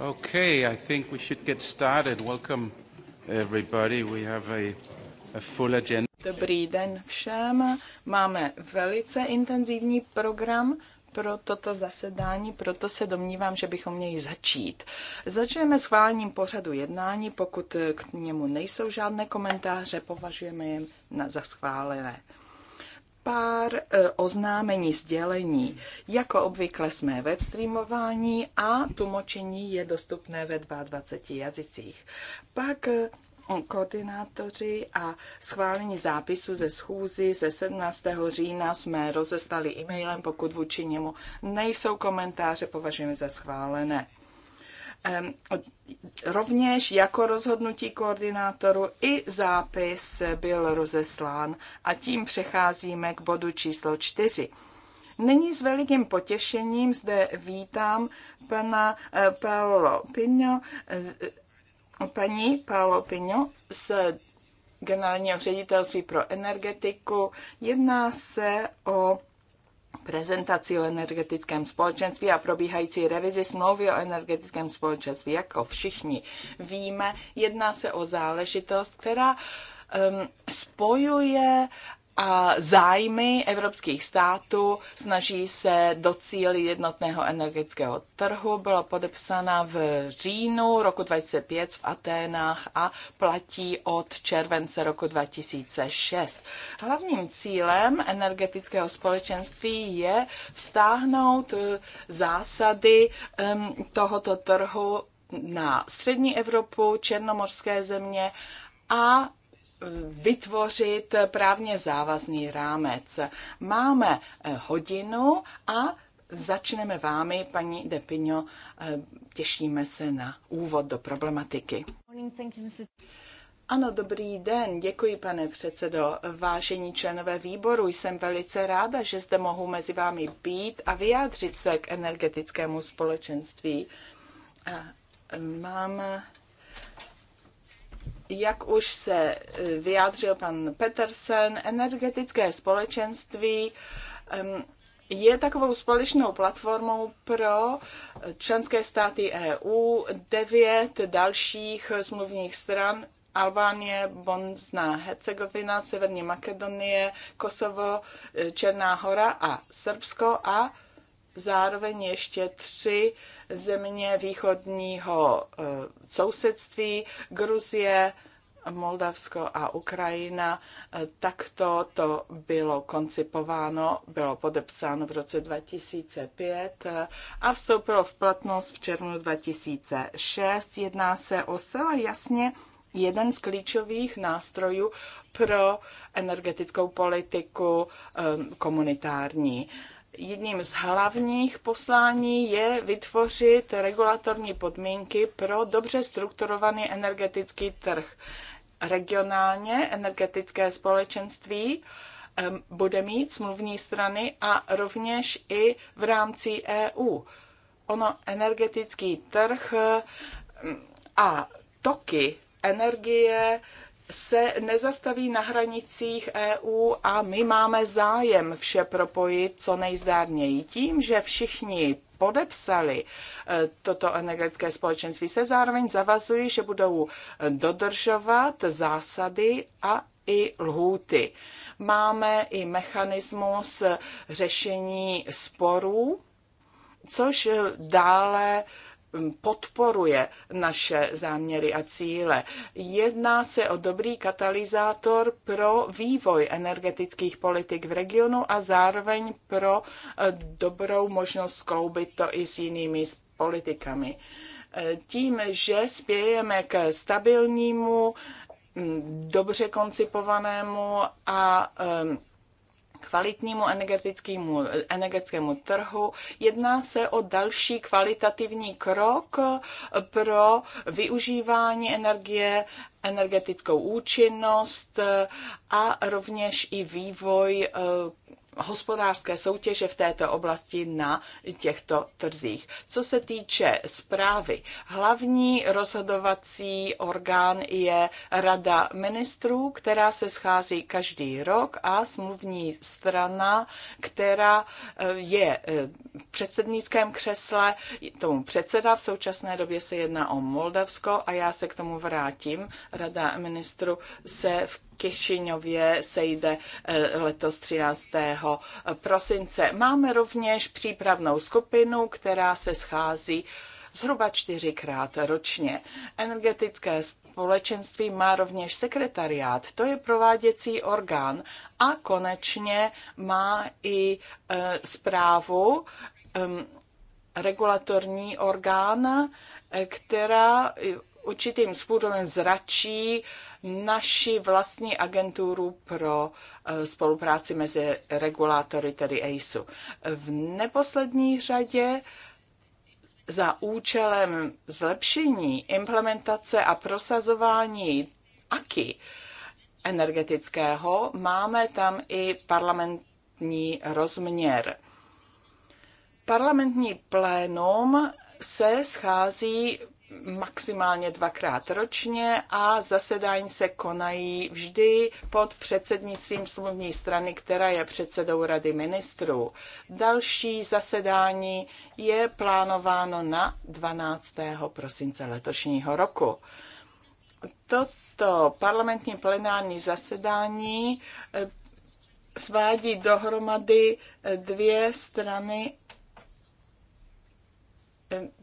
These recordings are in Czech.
Okay, I think we should get started. Welcome everybody. We have a, a full agenda. Dobrý den všem. Máme velice intenzivní program pro toto zasedání, proto se domnívám, že bychom měli začít. Začneme chválním pořadu jednání. Pokud k němu nejsou žádné komentáře, považujeme je na, za schválené pár eh, oznámení sdělení. Jako obvykle jsme webstreamování a tlumočení je dostupné ve 22 jazycích. Pak eh, koordinátoři a schválení zápisu ze schůzy ze 17. října jsme rozestali e-mailem, pokud vůči němu nejsou komentáře, považujeme za schválené. Rovněž jako rozhodnutí koordinátoru i zápis byl rozeslán a tím přecházíme k bodu číslo čtyři. Nyní s velikým potěšením zde vítám pana eh, Paolo Pino, eh, paní Paolo Pino z generálního ředitelství pro energetiku. Jedná se o prezentaci o energetickém společenství a probíhající revizi smlouvy o energetickém společenství. Jako všichni víme, jedná se o záležitost, která um, spojuje a zájmy evropských států, snaží se docílit jednotného energetického trhu. Byla podepsána v říjnu roku 2005 v Aténách a platí od července roku 2006. Hlavním cílem energetického společenství je vztáhnout eh, zásady tohoto trhu na střední Evropu, černomorské země a vytvořit právně závazný rámec. Máme eh, hodinu a začneme vámi, paní Depino. Eh, těšíme se na úvod do problematiky. Ano, dobrý den, děkuji pane předsedo. Vážení členové výboru, jsem velice ráda, že zde mohu mezi vámi být a vyjádřit se k energetickému společenství. Eh, mám jak už se eh, vyjádřil pan Petersen, energetické společenství je takovou společnou platformou pro členské státy EU, devět dalších smluvních stran, Albánie, Bosna, Hercegovina, Severní Makedonie, Kosovo, eh, Černá hora a Srbsko a zároveň ještě tři země východního eh, sousedství, Gruzie, Moldavsko a Ukrajina. Eh, takto to bylo koncipováno, bylo podepsáno v roce 2005 eh, a vstoupilo v platnost v červnu 2006. Jedná se o zcela jasně jeden z klíčových nástrojů pro energetickou politiku komunitární jedním z hlavních poslání je vytvořit regulatorní podmínky pro dobře strukturovaný energetický trh. Regionálně energetické společenství bude mít smluvní strany a rovněž i v rámci EU. Ono energetický trh a toky energie, se nezastaví na hranicích EU a my máme zájem vše propojit co nejzdárněji. Tím, že všichni podepsali e, toto energetické společenství, se zároveň zavazují, že budou e, dodržovat zásady a i lhůty. Máme i mechanismus řešení sporů, což e, dále podporuje naše záměry a cíle. Jedná se o dobrý katalyzátor pro vývoj energetických politik v regionu a zároveň pro eh, dobrou možnost skloubit to i s jinými politikami. Eh, tím, že spějeme k stabilnímu, mm, dobře koncipovanému a kvalitnímu energetickému, energetickému trhu. Jedná se o další kvalitativní krok pro využívání energie, energetickou účinnost a rovněž i vývoj eh, hospodářské soutěže v této oblasti na těchto trzích. Co se týče zprávy, hlavní rozhodovací orgán je Rada ministrů, která se schází každý rok a smluvní strana, která eh, je eh, v předsednickém křesle, tomu předseda, v současné době se jedná o Moldavsko a já se k tomu vrátím. Rada ministrů se v Kišiňově sejde eh, letos 13. prosince. Máme rovněž přípravnou skupinu, která se schází zhruba čtyřikrát ročně. Energetické společenství má rovněž sekretariát, to je prováděcí orgán a konečně má i e, zprávu e, regulatorní orgán, eh, která určitým způsobem zračí naši vlastní agenturu pro eh, spolupráci mezi regulátory, tedy ACEU. V neposlední řadě za účelem zlepšení implementace a prosazování AKI e energetického máme tam i parlamentní rozměr. Parlamentní plénum se schází maximálně dvakrát ročně a zasedání se konají vždy pod předsednictvím smluvní strany, která je předsedou Rady ministrů. Další zasedání je plánováno na 12. prosince letošního roku. Toto parlamentní plenární zasedání eh, svádí dohromady dvě strany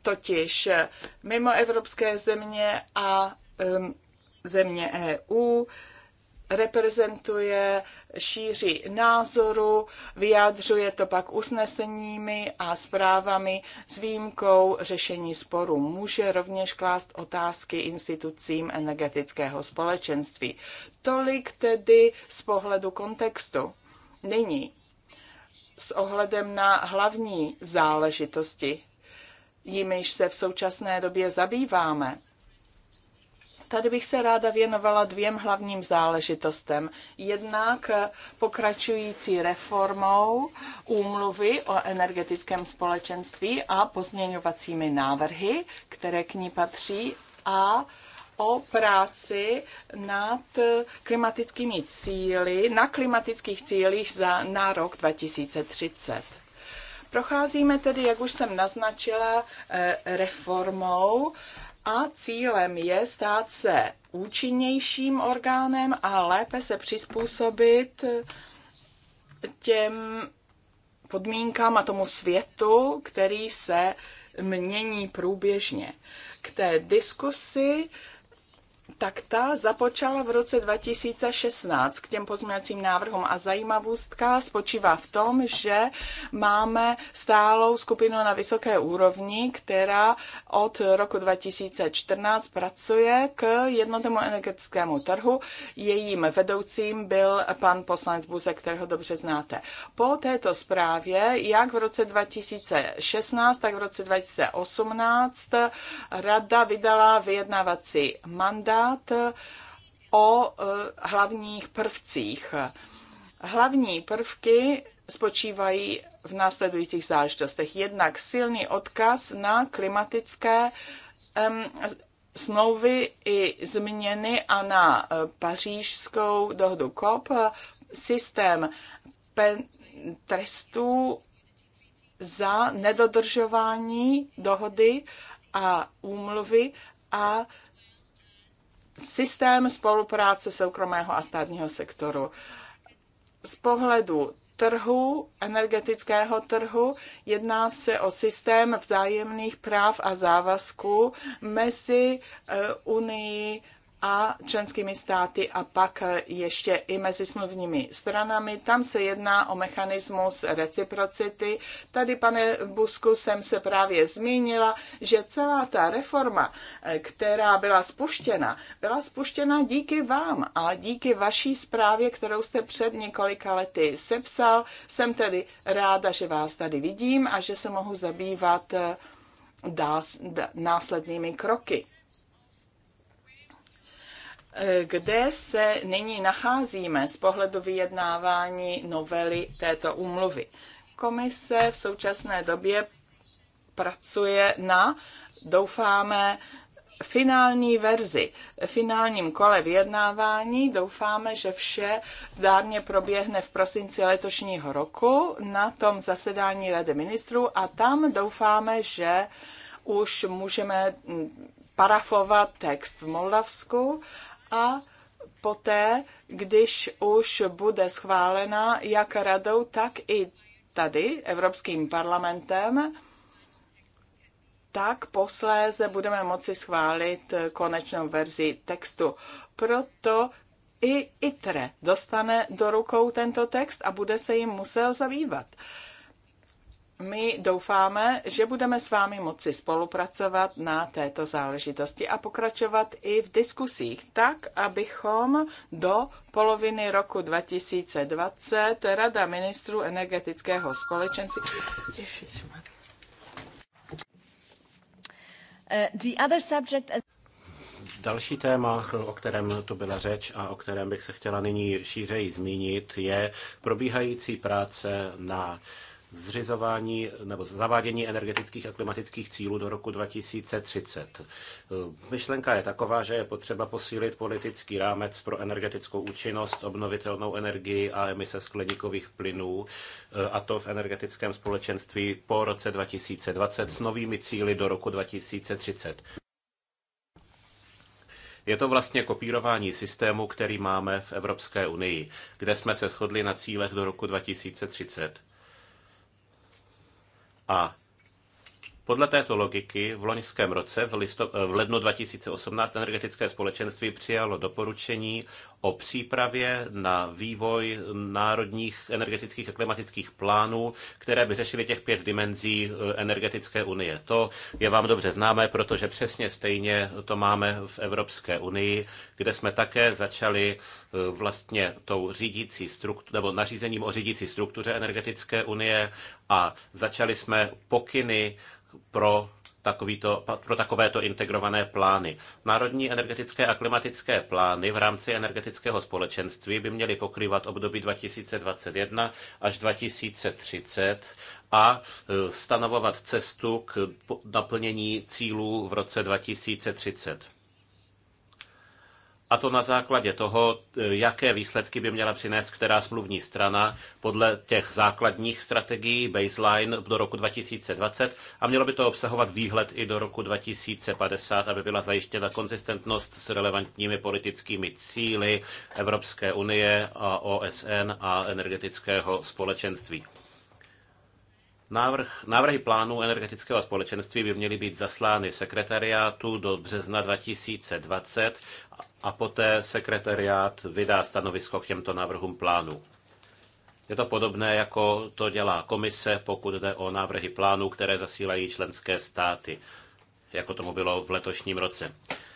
totiž eh, mimo evropské země a země EU reprezentuje, šíří názoru, vyjádřuje to pak usneseními a zprávami s výjimkou řešení sporů. Může rovněž klást otázky institucím energetického společenství. Tolik tedy z pohledu kontextu. Nyní s ohledem na hlavní záležitosti jimiž se v současné době zabýváme. Tady bych se ráda věnovala dvěm hlavním záležitostem. Jednak pokračující reformou úmluvy o energetickém společenství a pozměňovacími návrhy, které k ní patří, a o práci nad klimatickými cíly, na klimatických cílích za, na rok 2030. Procházíme tedy, jak už jsem naznačila, eh, reformou a cílem je stát se účinnějším orgánem a lépe se přizpůsobit eh, těm podmínkám a tomu světu, který se mění průběžně. K té diskusi tak ta započala v roce 2016 k těm pozměňovacím návrhům a zajímavostka spočívá v tom, že máme stálou skupinu na vysoké úrovni, která od roku 2014 pracuje k jednotnému energetickému trhu. Jejím vedoucím byl pan poslanec Buze, kterého dobře znáte. Po této zprávě, jak v roce 2016, tak v roce 2018, rada vydala vyjednávací mandát dvakrát eh, o eh, hlavních prvcích. Hlavní prvky spočívají v následujících záležitostech. Jednak silný odkaz na klimatické um, smlouvy i změny a na eh, pařížskou dohodu COP systém trestů za nedodržování dohody a úmluvy a systém spolupráce soukromého a státního sektoru. Z pohledu trhu, energetického trhu, jedná se o systém vzájemných práv a závazků mezi eh, Unii a členskými státy a pak ještě i mezi smluvními stranami. Tam se jedná o mechanismus reciprocity. Tady, pane Busku, jsem se právě zmínila, že celá ta reforma, která byla spuštěna, byla spuštěna díky vám a díky vaší zprávě, kterou jste před několika lety sepsal. Jsem tedy ráda, že vás tady vidím a že se mohu zabývat eh, dás, následnými kroky kde se nyní nacházíme z pohledu vyjednávání novely této úmluvy. Komise v současné době pracuje na, doufáme, finální verzi, finálním kole vyjednávání. Doufáme, že vše zdárně proběhne v prosinci letošního roku na tom zasedání Rady ministrů a tam doufáme, že už můžeme hm, parafovat text v Moldavsku a poté, když už bude schválena jak radou, tak i tady Evropským parlamentem, tak posléze budeme moci schválit konečnou verzi textu. Proto i ITRE dostane do rukou tento text a bude se jim musel zabývat my doufáme, že budeme s vámi moci spolupracovat na této záležitosti a pokračovat i v diskusích, tak, abychom do poloviny roku 2020 Rada ministrů energetického společenství. Eh, Další téma, o kterém tu byla řeč a o kterém bych se chtěla nyní šířeji zmínit, je probíhající práce na zřizování nebo zavádění energetických a klimatických cílů do roku 2030. Myšlenka je taková, že je potřeba posílit politický rámec pro energetickou účinnost, obnovitelnou energii a emise skleníkových plynů, a to v energetickém společenství po roce 2020 s novými cíly do roku 2030. Je to vlastně kopírování systému, který máme v Evropské unii, kde jsme se shodli na cílech do roku 2030 a podle této logiky v loňském roce, v, listo, v lednu 2018, energetické společenství přijalo doporučení o přípravě na vývoj národních energetických a klimatických plánů, které by řešily těch pět dimenzí eh, energetické unie. To je vám dobře známé, protože přesně stejně to máme v Evropské unii, kde jsme také začali eh, vlastně tou řídící struktu, nebo nařízením o řídící struktuře energetické unie a začali jsme pokyny pro, takovýto, pro takovéto integrované plány. Národní energetické a klimatické plány v rámci energetického společenství by měly pokrývat období 2021 až 2030 a e, stanovovat cestu k naplnění cílů v roce 2030 a to na základě toho, eh, jaké výsledky by měla přinést která smluvní strana podle těch základních strategií baseline do roku 2020 a mělo by to obsahovat výhled i do roku 2050, aby byla zajištěna konzistentnost s relevantními politickými cíly Evropské unie a OSN a energetického společenství. Návrh, návrhy plánů energetického společenství by měly být zaslány sekretariátu do března 2020 a poté sekretariát vydá stanovisko k těmto návrhům plánů. Je to podobné, jako to dělá komise, pokud jde o návrhy plánů, které zasílají členské státy, jako tomu bylo v letošním roce.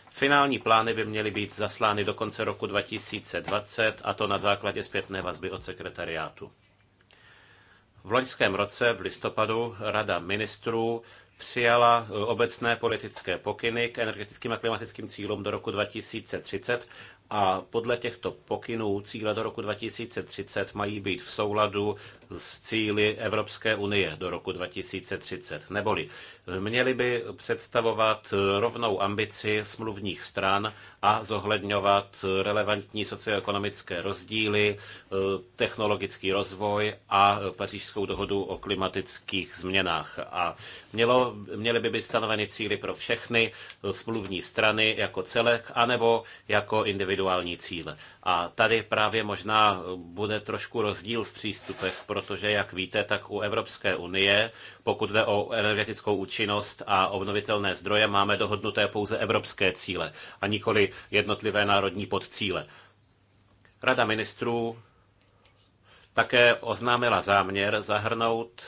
Finální plány by měly být zaslány do konce roku 2020, a to na základě zpětné vazby od sekretariátu. V loňském roce v listopadu Rada ministrů přijala e, obecné politické pokyny k energetickým a klimatickým cílům do roku 2030 a podle těchto pokynů cíle do roku 2030 mají být v souladu s cíly Evropské unie do roku 2030. Neboli e, měly by představovat e, rovnou ambici smluvních stran a zohledňovat relevantní socioekonomické rozdíly, eh, technologický rozvoj a pařížskou dohodu o klimatických změnách. A mělo, měly by být stanoveny cíly pro všechny eh, smluvní strany jako celek, anebo jako individuální cíle. A tady právě možná bude trošku rozdíl v přístupech, protože, jak víte, tak u Evropské unie, pokud jde o energetickou účinnost a obnovitelné zdroje, máme dohodnuté pouze evropské cíle a nikoli jednotlivé národní podcíle. Rada ministrů také oznámila záměr zahrnout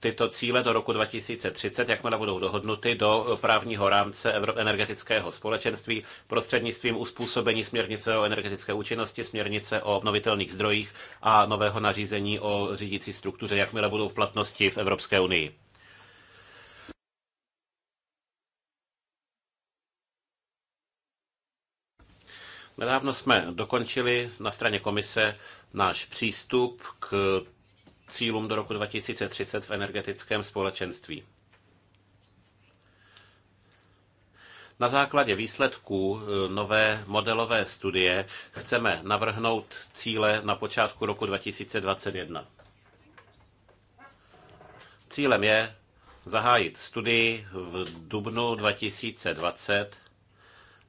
tyto cíle do roku 2030, jakmile budou dohodnuty, do právního rámce energetického společenství prostřednictvím uspůsobení směrnice o energetické účinnosti, směrnice o obnovitelných zdrojích a nového nařízení o řídící struktuře, jakmile budou v platnosti v Evropské unii. Nedávno jsme dokončili na straně komise náš přístup k cílům do roku 2030 v energetickém společenství. Na základě výsledků eh, nové modelové studie chceme navrhnout cíle na počátku roku 2021. Cílem je zahájit studii v dubnu 2020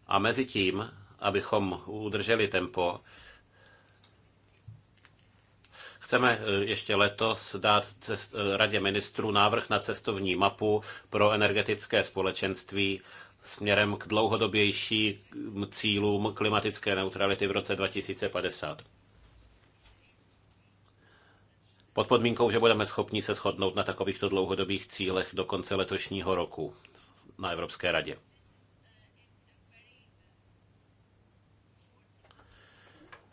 a mezi tím abychom udrželi tempo. Chceme eh, ještě letos dát cest, eh, Radě ministrů návrh na cestovní mapu pro energetické společenství směrem k dlouhodobějším cílům klimatické neutrality v roce 2050. Pod podmínkou, že budeme schopni se shodnout na takovýchto dlouhodobých cílech do konce letošního roku na Evropské radě.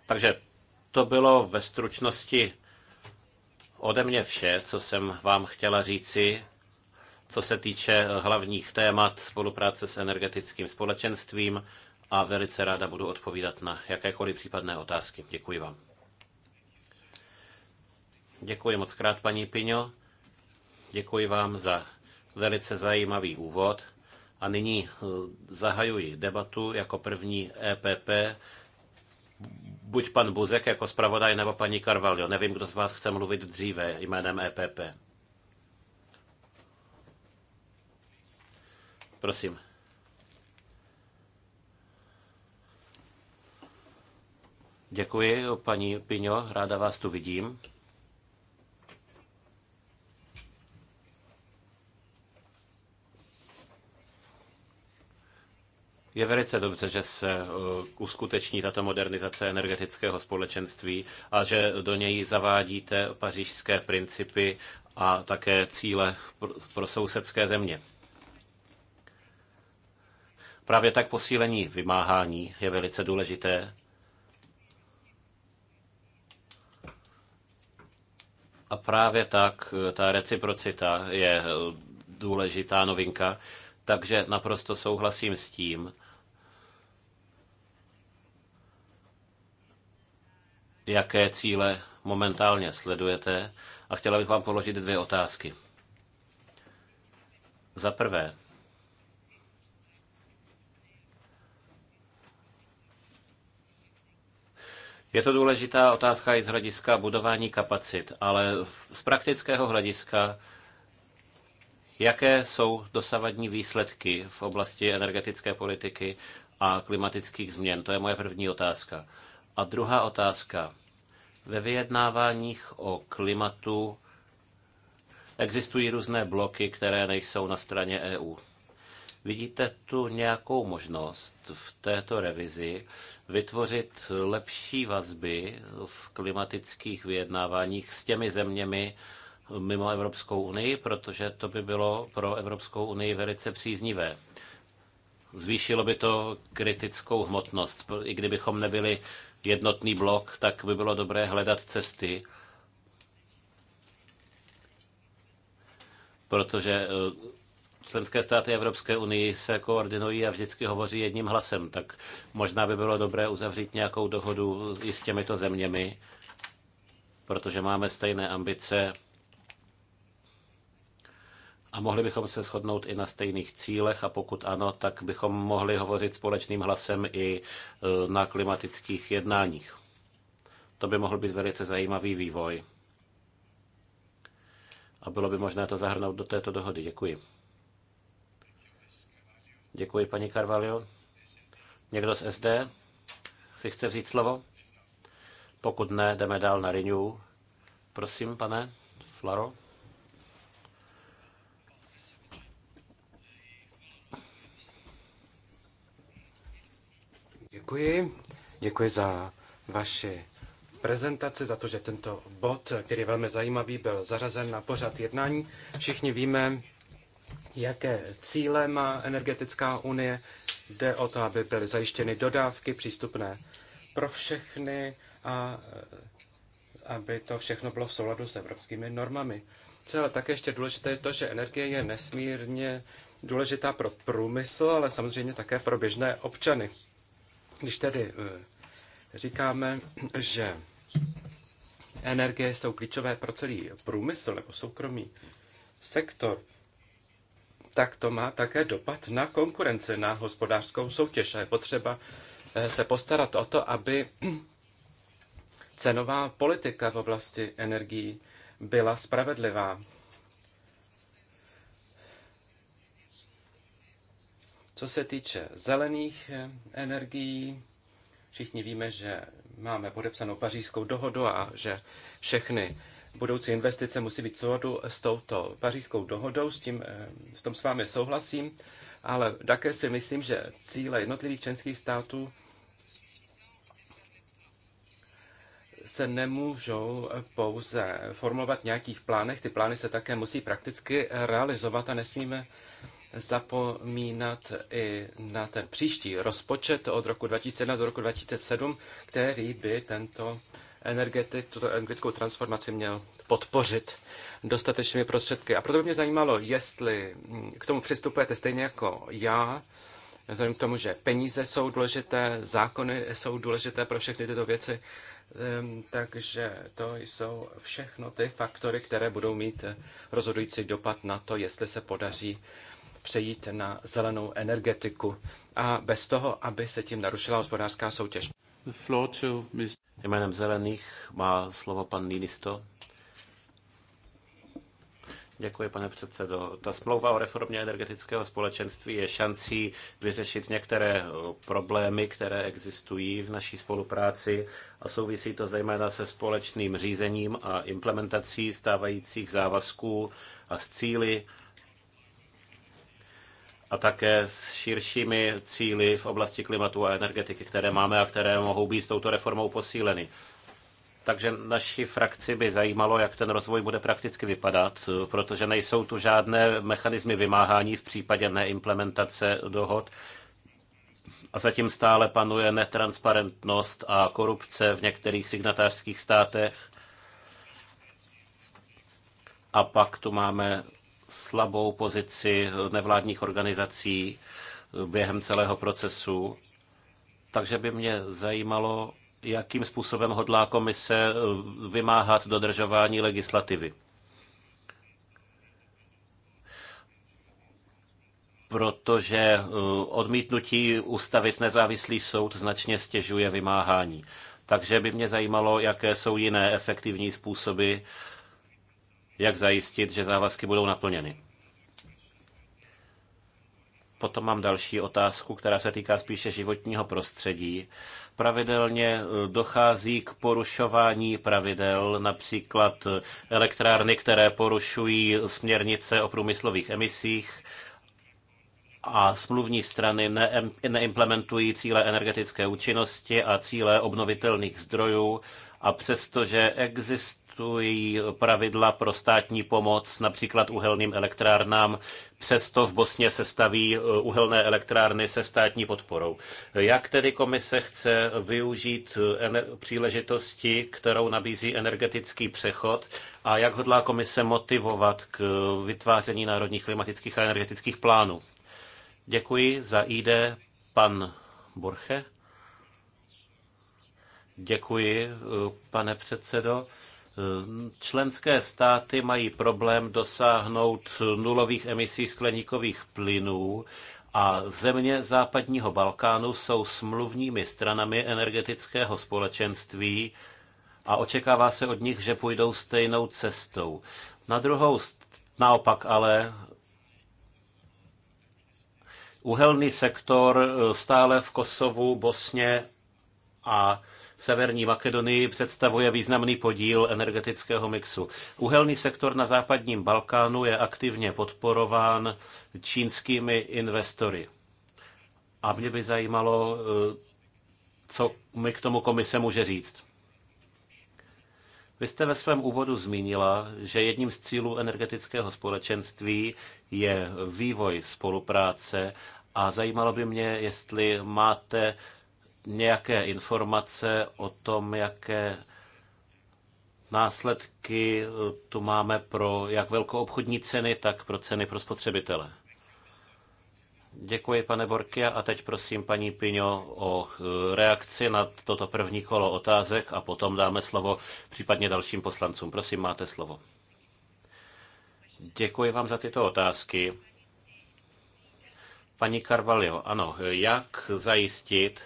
Takže to bylo ve stručnosti ode mě vše, co jsem vám chtěla říci, co se týče hlavních témat spolupráce s energetickým společenstvím a velice ráda budu odpovídat na jakékoliv případné otázky. Děkuji vám. Děkuji moc krát, paní Piňo. Děkuji vám za velice zajímavý úvod. A nyní eh, zahajuji debatu jako první EPP buď pan Buzek jako zpravodaj nebo paní Carvalho. Nevím, kdo z vás chce mluvit dříve jménem EPP. Prosím. Děkuji, paní Pino, ráda vás tu vidím. Je velice dobře, že se eh, uskuteční tato modernizace energetického společenství a že do něj zavádíte pařížské principy a také cíle pro sousedské země. Právě tak posílení vymáhání je velice důležité. A právě tak eh, ta reciprocita je eh, důležitá novinka, takže naprosto souhlasím s tím, jaké cíle momentálně sledujete a chtěla bych vám položit dvě otázky. Za prvé, Je to důležitá otázka i z hlediska budování kapacit, ale z praktického hlediska, jaké jsou dosavadní výsledky v oblasti energetické politiky a klimatických změn? To je moje první otázka. A druhá otázka. Ve vyjednáváních o klimatu existují různé bloky, které nejsou na straně EU. Vidíte tu nějakou možnost v této revizi vytvořit lepší vazby v klimatických vyjednáváních s těmi zeměmi mimo Evropskou unii, protože to by bylo pro Evropskou unii velice příznivé. Zvýšilo by to kritickou hmotnost, i kdybychom nebyli jednotný blok, tak by bylo dobré hledat cesty, protože eh, členské státy Evropské unii se koordinují a vždycky hovoří jedním hlasem, tak možná by bylo dobré uzavřít nějakou dohodu i s těmito zeměmi, protože máme stejné ambice a mohli bychom se shodnout i na stejných cílech a pokud ano, tak bychom mohli hovořit společným hlasem i e, na klimatických jednáních. To by mohl být velice zajímavý vývoj. A bylo by možné to zahrnout do této dohody. Děkuji. Děkuji, paní Carvalho. Někdo z SD si chce vzít slovo? Pokud ne, jdeme dál na Renew. Prosím, pane Flaro. Děkuji. Děkuji za vaši prezentaci, za to, že tento bod, který je velmi zajímavý, byl zařazen na pořad jednání. Všichni víme, jaké cíle má energetická unie. Jde o to, aby byly zajištěny dodávky přístupné pro všechny a e, aby to všechno bylo v souladu s evropskými normami. Co je ale také ještě důležité, je to, že energie je nesmírně důležitá pro průmysl, ale samozřejmě také pro běžné občany. Když tedy eh, říkáme, že energie jsou klíčové pro celý průmysl nebo soukromý sektor, tak to má také dopad na konkurenci, na hospodářskou soutěž. A je potřeba eh, se postarat o to, aby cenová politika v oblasti energií byla spravedlivá. Co se týče zelených eh, energií, všichni víme, že máme podepsanou pařížskou dohodu a že všechny budoucí investice musí být souhodu s touto pařížskou dohodou, s tím v eh, tom s vámi souhlasím, ale také si myslím, že cíle jednotlivých členských států se nemůžou pouze formulovat v nějakých plánech, ty plány se také musí prakticky realizovat a nesmíme zapomínat i na ten příští rozpočet od roku 2001 do roku 2007, který by tento energetik, tuto energetickou transformaci měl podpořit dostatečnými prostředky. A proto by mě zajímalo, jestli k tomu přistupujete stejně jako já, vzhledem k tomu, že peníze jsou důležité, zákony jsou důležité pro všechny tyto věci, ehm, takže to jsou všechno ty faktory, které budou mít rozhodující dopad na to, jestli se podaří přejít na zelenou energetiku a bez toho, aby se tím narušila hospodářská soutěž. Jménem zelených má slovo pan Ninisto. Děkuji, pane předsedo. Ta smlouva o reformě energetického společenství je šancí vyřešit některé problémy, které existují v naší spolupráci a souvisí to zejména se společným řízením a implementací stávajících závazků a s cíly a také s širšími cíly v oblasti klimatu a energetiky, které máme a které mohou být touto reformou posíleny. Takže naši frakci by zajímalo, jak ten rozvoj bude prakticky vypadat, protože nejsou tu žádné mechanismy vymáhání v případě neimplementace dohod a zatím stále panuje netransparentnost a korupce v některých signatářských státech. A pak tu máme slabou pozici nevládních organizací během celého procesu. Takže by mě zajímalo, jakým způsobem hodlá komise vymáhat dodržování legislativy. protože eh, odmítnutí ustavit nezávislý soud značně stěžuje vymáhání. Takže by mě zajímalo, jaké jsou jiné efektivní způsoby, jak zajistit, že závazky budou naplněny. Potom mám další otázku, která se týká spíše životního prostředí. Pravidelně eh, dochází k porušování pravidel, například eh, elektrárny, které porušují směrnice o průmyslových emisích a smluvní strany neimplementují cíle energetické účinnosti a cíle obnovitelných zdrojů a přestože exist existují pravidla pro státní pomoc, například uhelným elektrárnám, přesto v Bosně se staví eh, uhelné elektrárny se státní podporou. Jak tedy komise chce využít eh, příležitosti, kterou nabízí energetický přechod a jak hodlá komise motivovat k eh, vytváření národních klimatických a energetických plánů? Děkuji za ID pan Borche. Děkuji, pane předsedo. Členské státy mají problém dosáhnout nulových emisí skleníkových plynů a země západního Balkánu jsou smluvními stranami energetického společenství a očekává se od nich, že půjdou stejnou cestou. Na druhou naopak ale uhelný sektor stále v Kosovu, Bosně a Severní Makedonii představuje významný podíl energetického mixu. Uhelný sektor na západním Balkánu je aktivně podporován čínskými investory. A mě by zajímalo, eh, co mi k tomu komise může říct. Vy jste ve svém úvodu zmínila, že jedním z cílů energetického společenství je vývoj spolupráce a zajímalo by mě, jestli máte nějaké informace o tom, jaké následky eh, tu máme pro jak velkou obchodní ceny, tak pro ceny pro spotřebitele. Děkuji, pane Borkia. A teď prosím paní Piňo o eh, reakci na toto první kolo otázek a potom dáme slovo případně dalším poslancům. Prosím, máte slovo. Děkuji vám za tyto otázky. Paní Carvalho, ano, jak zajistit,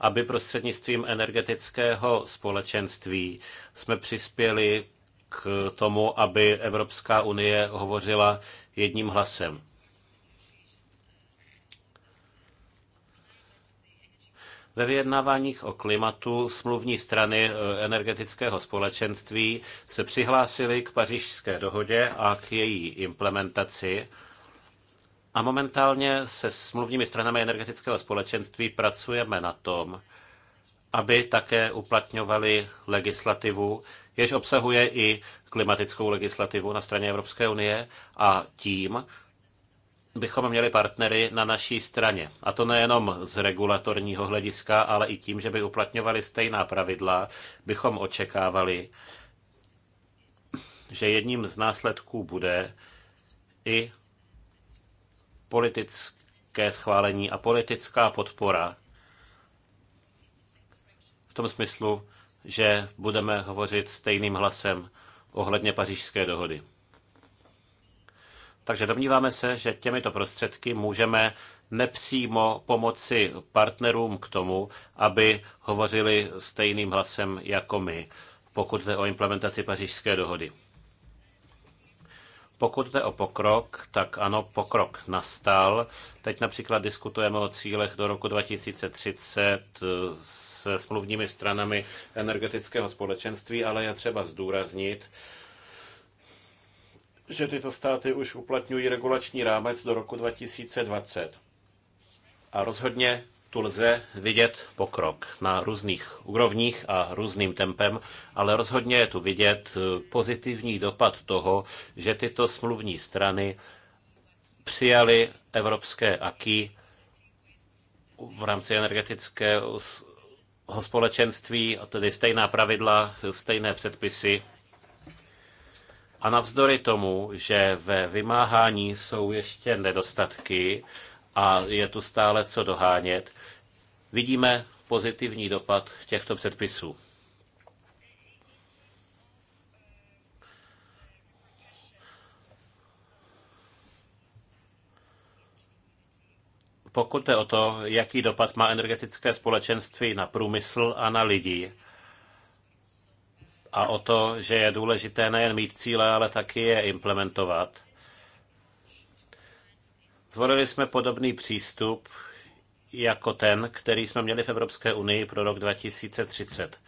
aby prostřednictvím energetického společenství jsme přispěli k tomu, aby Evropská unie hovořila jedním hlasem. Ve vyjednáváních o klimatu smluvní strany eh, energetického společenství se přihlásily k pařížské dohodě a k její implementaci a momentálně se smluvními stranami energetického společenství pracujeme na tom, aby také uplatňovali legislativu, jež obsahuje i klimatickou legislativu na straně Evropské unie a tím bychom měli partnery na naší straně. A to nejenom z regulatorního hlediska, ale i tím, že by uplatňovali stejná pravidla, bychom očekávali, že jedním z následků bude i politické schválení a politická podpora v tom smyslu, že budeme hovořit stejným hlasem ohledně pařížské dohody. Takže domníváme se, že těmito prostředky můžeme nepřímo pomoci partnerům k tomu, aby hovořili stejným hlasem jako my, pokud jde o implementaci pařížské dohody. Pokud jde o pokrok, tak ano, pokrok nastal. Teď například diskutujeme o cílech do roku 2030 eh, se smluvními stranami energetického společenství, ale je třeba zdůraznit, že tyto státy už uplatňují regulační rámec do roku 2020. A rozhodně tu lze vidět pokrok na různých úrovních a různým tempem, ale rozhodně je tu vidět eh, pozitivní dopad toho, že tyto smluvní strany přijaly evropské aky v rámci energetického společenství, a tedy stejná pravidla, stejné předpisy. A navzdory tomu, že ve vymáhání jsou ještě nedostatky, a je tu stále co dohánět, vidíme pozitivní dopad těchto předpisů. Pokud je o to, jaký dopad má energetické společenství na průmysl a na lidi, a o to, že je důležité nejen mít cíle, ale taky je implementovat, Zvolili jsme podobný přístup jako ten, který jsme měli v Evropské unii pro rok 2030.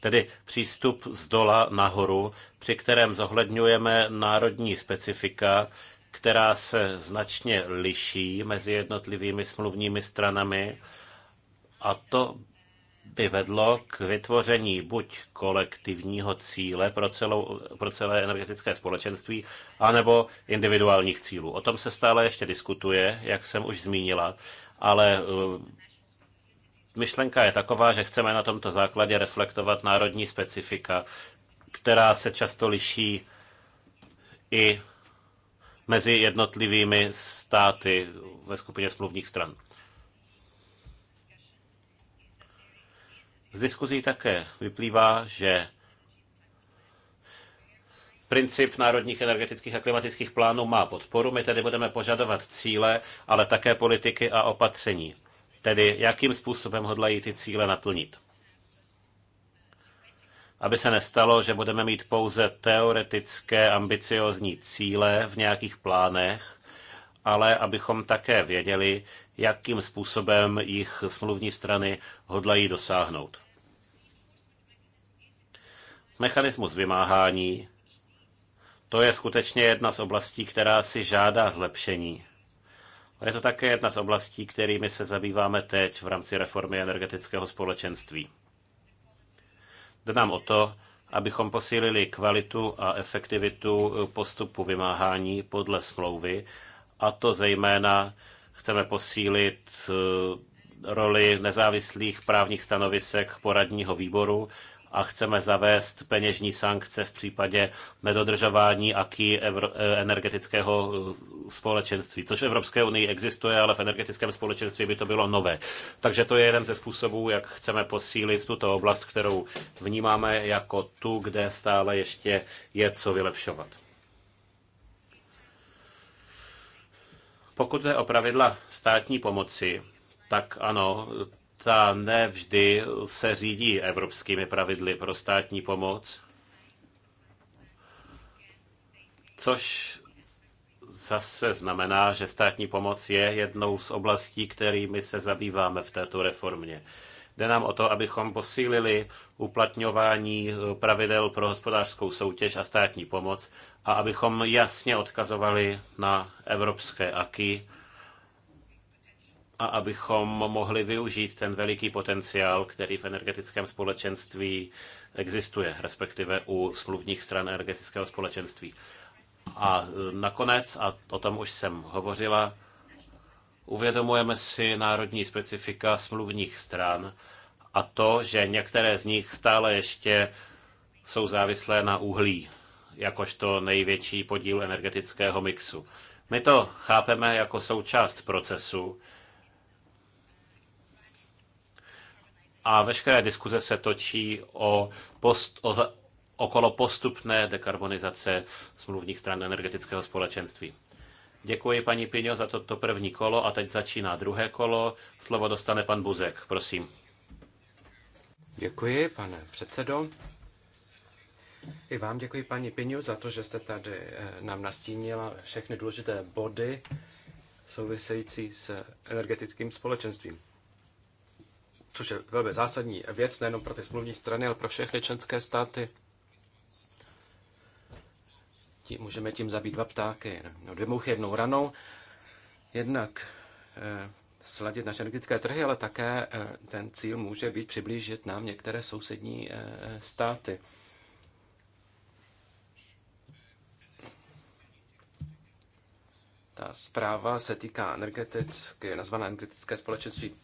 Tedy přístup z dola nahoru, při kterém zohledňujeme národní specifika, která se značně liší mezi jednotlivými smluvními stranami. A to by vedlo k vytvoření buď kolektivního cíle pro, celou, pro celé energetické společenství, anebo individuálních cílů. O tom se stále ještě diskutuje, jak jsem už zmínila, ale eh, myšlenka je taková, že chceme na tomto základě reflektovat národní specifika, která se často liší i mezi jednotlivými státy ve skupině smluvních stran. Z diskuzí také vyplývá, že Princip národních energetických a klimatických plánů má podporu, my tedy budeme požadovat cíle, ale také politiky a opatření, tedy jakým způsobem hodlají ty cíle naplnit. Aby se nestalo, že budeme mít pouze teoretické ambiciozní cíle v nějakých plánech, ale abychom také věděli, jakým způsobem jich smluvní strany hodlají dosáhnout. Mechanismus vymáhání, to je skutečně jedna z oblastí, která si žádá zlepšení. A je to také jedna z oblastí, kterými se zabýváme teď v rámci reformy energetického společenství. Jde nám o to, abychom posílili kvalitu a efektivitu postupu vymáhání podle smlouvy, a to zejména chceme posílit eh, roli nezávislých právních stanovisek poradního výboru, a chceme zavést peněžní sankce v případě nedodržování aký eh, energetického eh, společenství, což v Evropské unii existuje, ale v energetickém společenství by to bylo nové. Takže to je jeden ze způsobů, jak chceme posílit tuto oblast, kterou vnímáme jako tu, kde stále ještě je co vylepšovat. Pokud jde o pravidla státní pomoci, tak ano, ta nevždy se řídí evropskými pravidly pro státní pomoc, což zase znamená, že státní pomoc je jednou z oblastí, kterými se zabýváme v této reformě. Jde nám o to, abychom posílili uplatňování eh, pravidel pro hospodářskou soutěž a státní pomoc a abychom jasně odkazovali na evropské aky a abychom mohli využít ten veliký potenciál, který v energetickém společenství existuje, respektive u smluvních stran energetického společenství. A e, nakonec, a o tom už jsem hovořila, uvědomujeme si národní specifika smluvních stran a to, že některé z nich stále ještě jsou závislé na uhlí, jakožto největší podíl energetického mixu. My to chápeme jako součást procesu, a veškeré diskuze se točí o post, o, okolo postupné dekarbonizace smluvních stran energetického společenství. Děkuji paní Piňo za toto první kolo a teď začíná druhé kolo. Slovo dostane pan Buzek, prosím. Děkuji, pane předsedo. I vám děkuji, paní Piňu, za to, že jste tady eh, nám nastínila všechny důležité body související s energetickým společenstvím což je velmi zásadní věc nejenom pro ty smluvní strany, ale pro všechny členské státy. Tím, můžeme tím zabít dva ptáky, no, dvě mouchy jednou ranou. Jednak eh, sladit naše energetické trhy, ale také eh, ten cíl může být přiblížit nám některé sousední eh, státy. Ta zpráva se týká energetické, nazvaná energetické společenství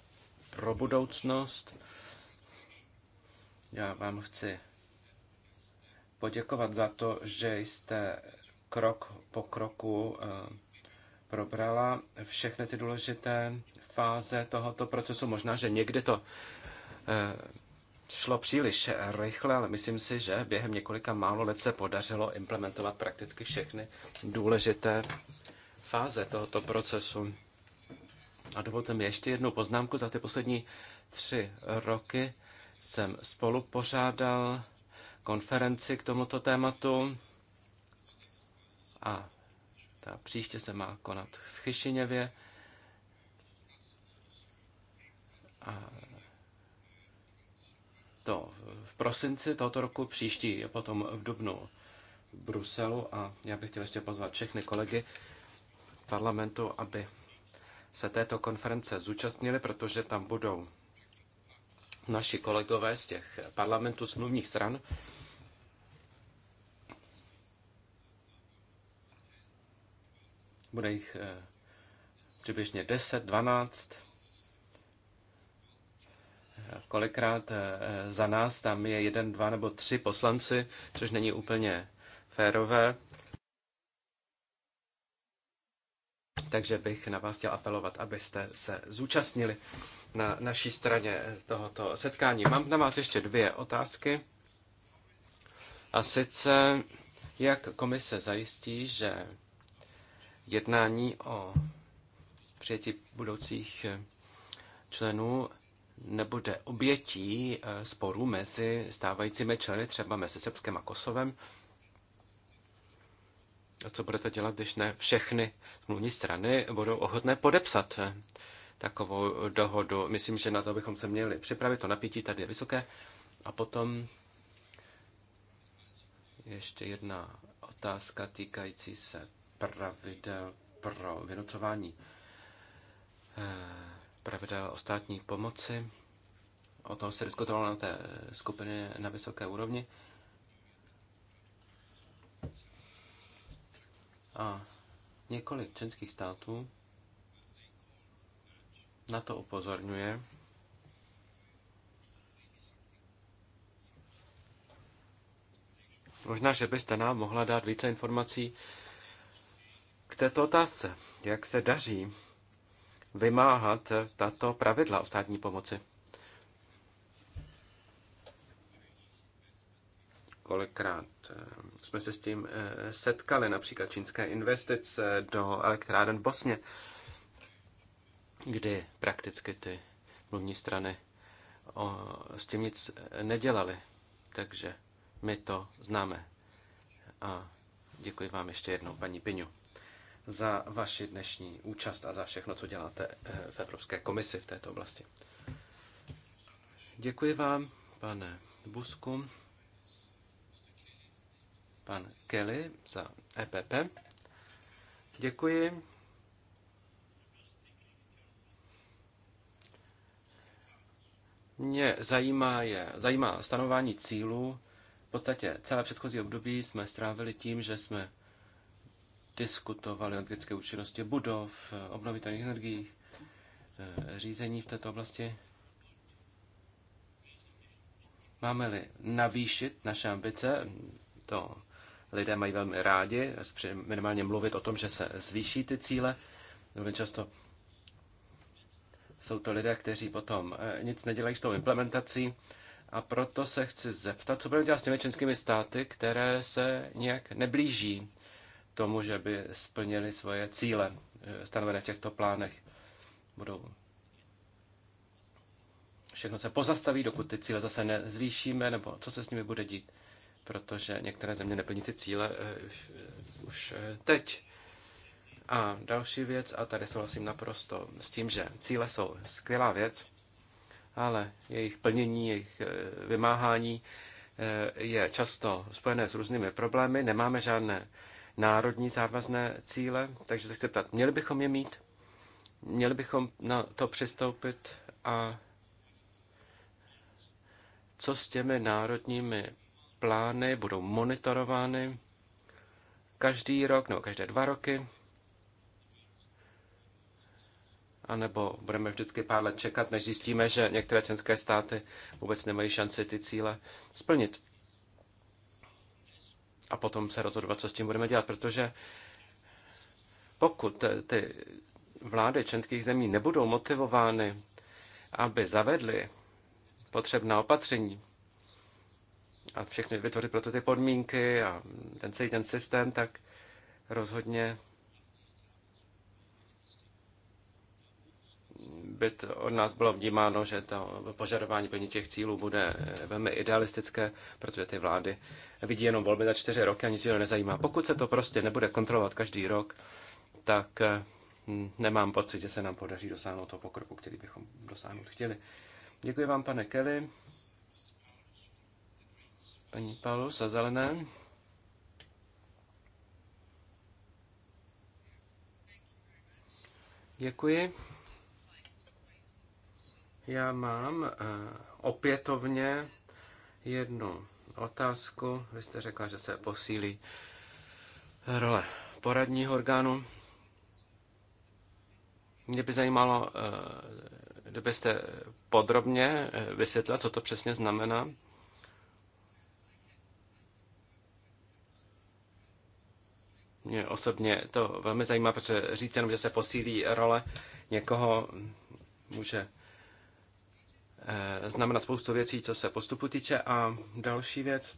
pro budoucnost. Já vám chci poděkovat za to, že jste krok po kroku eh, probrala všechny ty důležité fáze tohoto procesu. Možná, že někdy to eh, šlo příliš rychle, ale myslím si, že během několika málo let se podařilo implementovat prakticky všechny důležité fáze tohoto procesu. A dovolte mi ještě jednu poznámku. Za ty poslední tři roky jsem spolu pořádal konferenci k tomuto tématu a ta příště se má konat v Chyšiněvě. A to v prosinci tohoto roku, příští je potom v Dubnu v Bruselu a já bych chtěl ještě pozvat všechny kolegy parlamentu, aby se této konference zúčastnili, protože tam budou naši kolegové z těch parlamentů smluvních stran. Bude jich eh, přibližně 10, 12. Kolikrát eh, eh, za nás tam je jeden, dva nebo tři poslanci, což není úplně férové. Takže bych na vás chtěl apelovat, abyste se zúčastnili na naší straně tohoto setkání. Mám na vás ještě dvě otázky. A sice, jak komise zajistí, že jednání o přijetí budoucích členů nebude obětí eh, sporů mezi stávajícími členy, třeba mezi Srbskem a Kosovem, co budete dělat, když ne všechny smluvní strany budou ochotné podepsat eh, takovou dohodu. Myslím, že na to bychom se měli připravit. To napětí tady je vysoké. A potom ještě jedna otázka týkající se pravidel pro vynucování eh, pravidel o státní pomoci. O tom se diskutovalo na té skupině na vysoké úrovni. A několik členských států na to upozorňuje. Možná, že byste nám mohla dát více informací k této otázce. Jak se daří vymáhat tato pravidla o státní pomoci? Kolikrát eh, jsme se s tím eh, setkali, například čínské investice do elektráden v Bosně, kdy prakticky ty mluvní strany o, s tím nic eh, nedělali. Takže my to známe. A děkuji vám ještě jednou, paní Piňu, za vaši dnešní účast a za všechno, co děláte v Evropské komisi v této oblasti. Děkuji vám, pane Busku pan Kelly za EPP. Děkuji. Mě zajímá, je, zajímá stanování cílů. V podstatě celé předchozí období jsme strávili tím, že jsme diskutovali o energetické účinnosti budov, obnovitelných energií, eh, řízení v této oblasti. Máme-li navýšit naše ambice, to lidé mají velmi rádi, minimálně mluvit o tom, že se zvýší ty cíle. Velmi často jsou to lidé, kteří potom eh, nic nedělají s tou implementací. A proto se chci zeptat, co budeme dělat s těmi členskými státy, které se nějak neblíží tomu, že by splnili svoje cíle eh, stanovené v těchto plánech. Budou všechno se pozastaví, dokud ty cíle zase nezvýšíme, nebo co se s nimi bude dít protože některé země neplní ty cíle eh, už eh, teď. A další věc, a tady souhlasím naprosto s tím, že cíle jsou skvělá věc, ale jejich plnění, jejich eh, vymáhání je často spojené s různými problémy. Nemáme žádné národní závazné cíle, takže se chci ptát, měli bychom je mít, měli bychom na to přistoupit a co s těmi národními plány budou monitorovány každý rok nebo každé dva roky. A nebo budeme vždycky pár let čekat, než zjistíme, že některé členské státy vůbec nemají šanci ty cíle splnit. A potom se rozhodovat, co s tím budeme dělat, protože pokud ty vlády členských zemí nebudou motivovány, aby zavedly potřebná opatření, a všechny vytvořit pro to ty podmínky a ten celý ten systém, tak rozhodně by to od nás bylo vnímáno, že to požadování plní těch cílů bude velmi idealistické, protože ty vlády vidí jenom volby za čtyři roky a nic jiného nezajímá. Pokud se to prostě nebude kontrolovat každý rok, tak eh, hm, nemám pocit, že se nám podaří dosáhnout toho pokroku, který bychom dosáhnout chtěli. Děkuji vám, pane Kelly. Paní Paulus za zelené. Děkuji. Já mám eh, opětovně jednu otázku. Vy jste řekla, že se posílí role poradního orgánu. Mě by zajímalo, eh, kdybyste podrobně eh, vysvětlila, co to přesně znamená. Mě osobně to velmi zajímá, protože říct jenom, že se posílí role někoho, může eh, znamenat spoustu věcí, co se postupu týče. A další věc,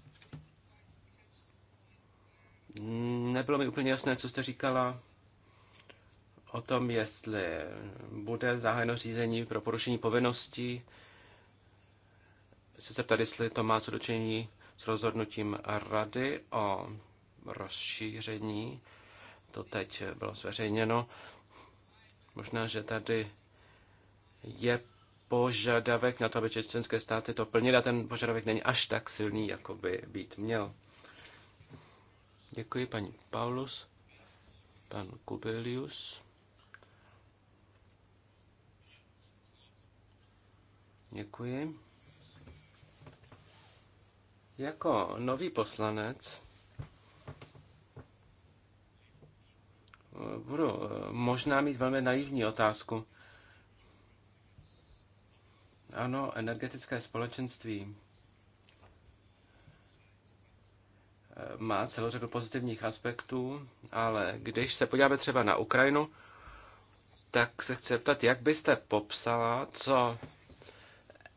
nebylo mi úplně jasné, co jste říkala o tom, jestli bude zahájeno řízení pro porušení povinností. Chci se ptát, jestli to má co dočení s rozhodnutím rady o rozšíření. To teď bylo zveřejněno. Možná, že tady je požadavek na to, aby čečenské státy to plnily a ten požadavek není až tak silný, jako by být měl. Děkuji, paní Paulus, pan Kubelius. Děkuji. Jako nový poslanec budu eh, možná mít velmi naivní otázku. Ano, energetické společenství eh, má celou řadu pozitivních aspektů, ale když se podíváme třeba na Ukrajinu, tak se chci zeptat, jak byste popsala, co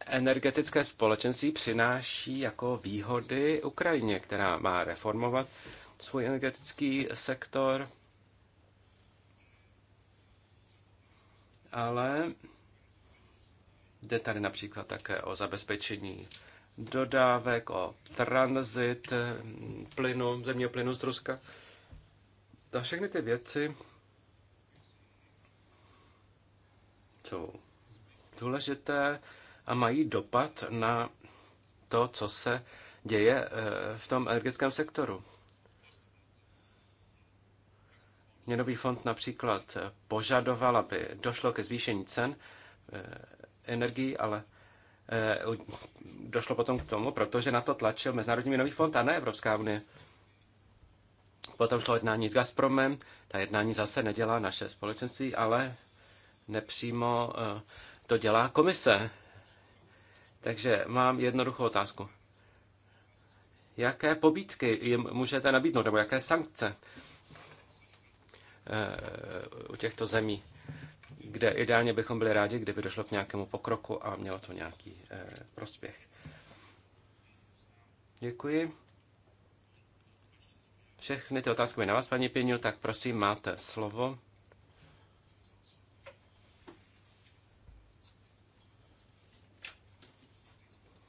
energetické společenství přináší jako výhody Ukrajině, která má reformovat svůj energetický sektor, ale jde tady například také o zabezpečení dodávek, o tranzit plynu, zemního plynu z Ruska. A všechny ty věci jsou důležité a mají dopad na to, co se děje eh, v tom energetickém sektoru. Měnový fond například požadoval, aby došlo ke zvýšení cen eh, energií, ale eh, došlo potom k tomu, protože na to tlačil Mezinárodní měnový fond a ne Evropská unie. Potom šlo jednání s Gazpromem, ta jednání zase nedělá naše společenství, ale nepřímo eh, to dělá komise. Takže mám jednoduchou otázku. Jaké pobídky jim můžete nabídnout, nebo jaké sankce? Eh, u těchto zemí, kde ideálně bychom byli rádi, kdyby došlo k nějakému pokroku a mělo to nějaký eh, prospěch. Děkuji. Všechny ty otázky na vás, paní Pěňu, tak prosím, máte slovo.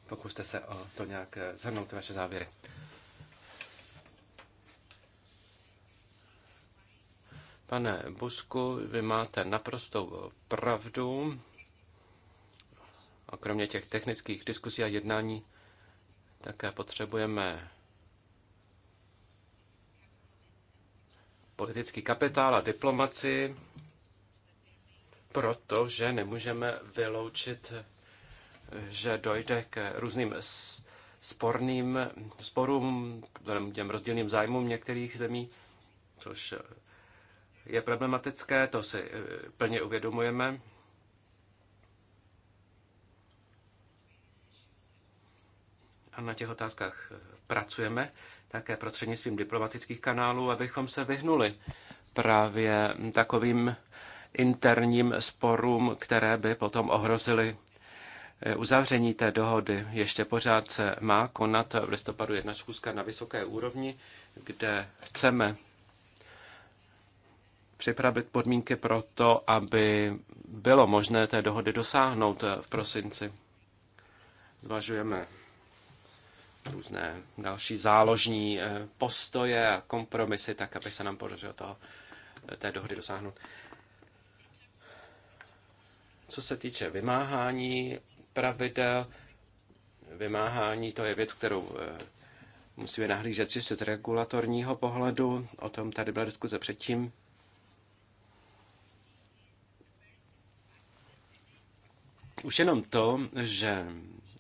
Pokuste se o to nějak zhrnout eh, vaše závěry. Pane Busku, vy máte naprostou pravdu. A kromě těch technických diskusí a jednání také potřebujeme politický kapitál a diplomaci, protože nemůžeme vyloučit, že dojde k různým sporným sporům, těm rozdílným zájmům některých zemí, což je problematické, to si eh, plně uvědomujeme. A na těch otázkách eh, pracujeme také prostřednictvím diplomatických kanálů, abychom se vyhnuli právě takovým interním sporům, které by potom ohrozily eh, uzavření té dohody. Ještě pořád se má konat v listopadu jedna schůzka na vysoké úrovni, kde chceme připravit podmínky pro to, aby bylo možné té dohody dosáhnout v prosinci. Zvažujeme různé další záložní eh, postoje a kompromisy, tak aby se nám podařilo toho, eh, té dohody dosáhnout. Co se týče vymáhání pravidel, vymáhání to je věc, kterou eh, musíme nahlížet čistě z regulatorního pohledu, o tom tady byla diskuze předtím. Už jenom to, že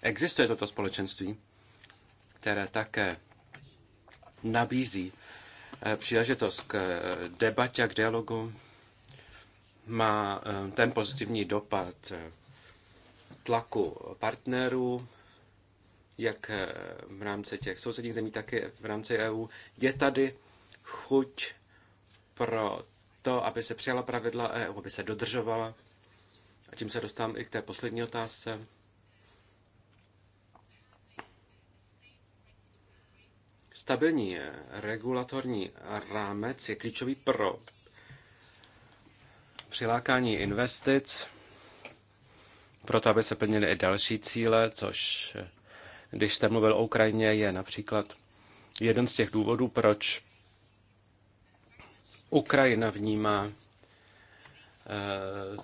existuje toto společenství, které také nabízí eh, příležitost k eh, debatě a k dialogu, má eh, ten pozitivní dopad tlaku partnerů, jak v rámci těch sousedních zemí, tak i v rámci EU. Je tady chuť pro to, aby se přijala pravidla EU, aby se dodržovala a tím se dostávám i k té poslední otázce. Stabilní regulatorní rámec je klíčový pro přilákání investic, proto aby se plnily i další cíle, což když jste mluvil o Ukrajině, je například jeden z těch důvodů, proč Ukrajina vnímá eh,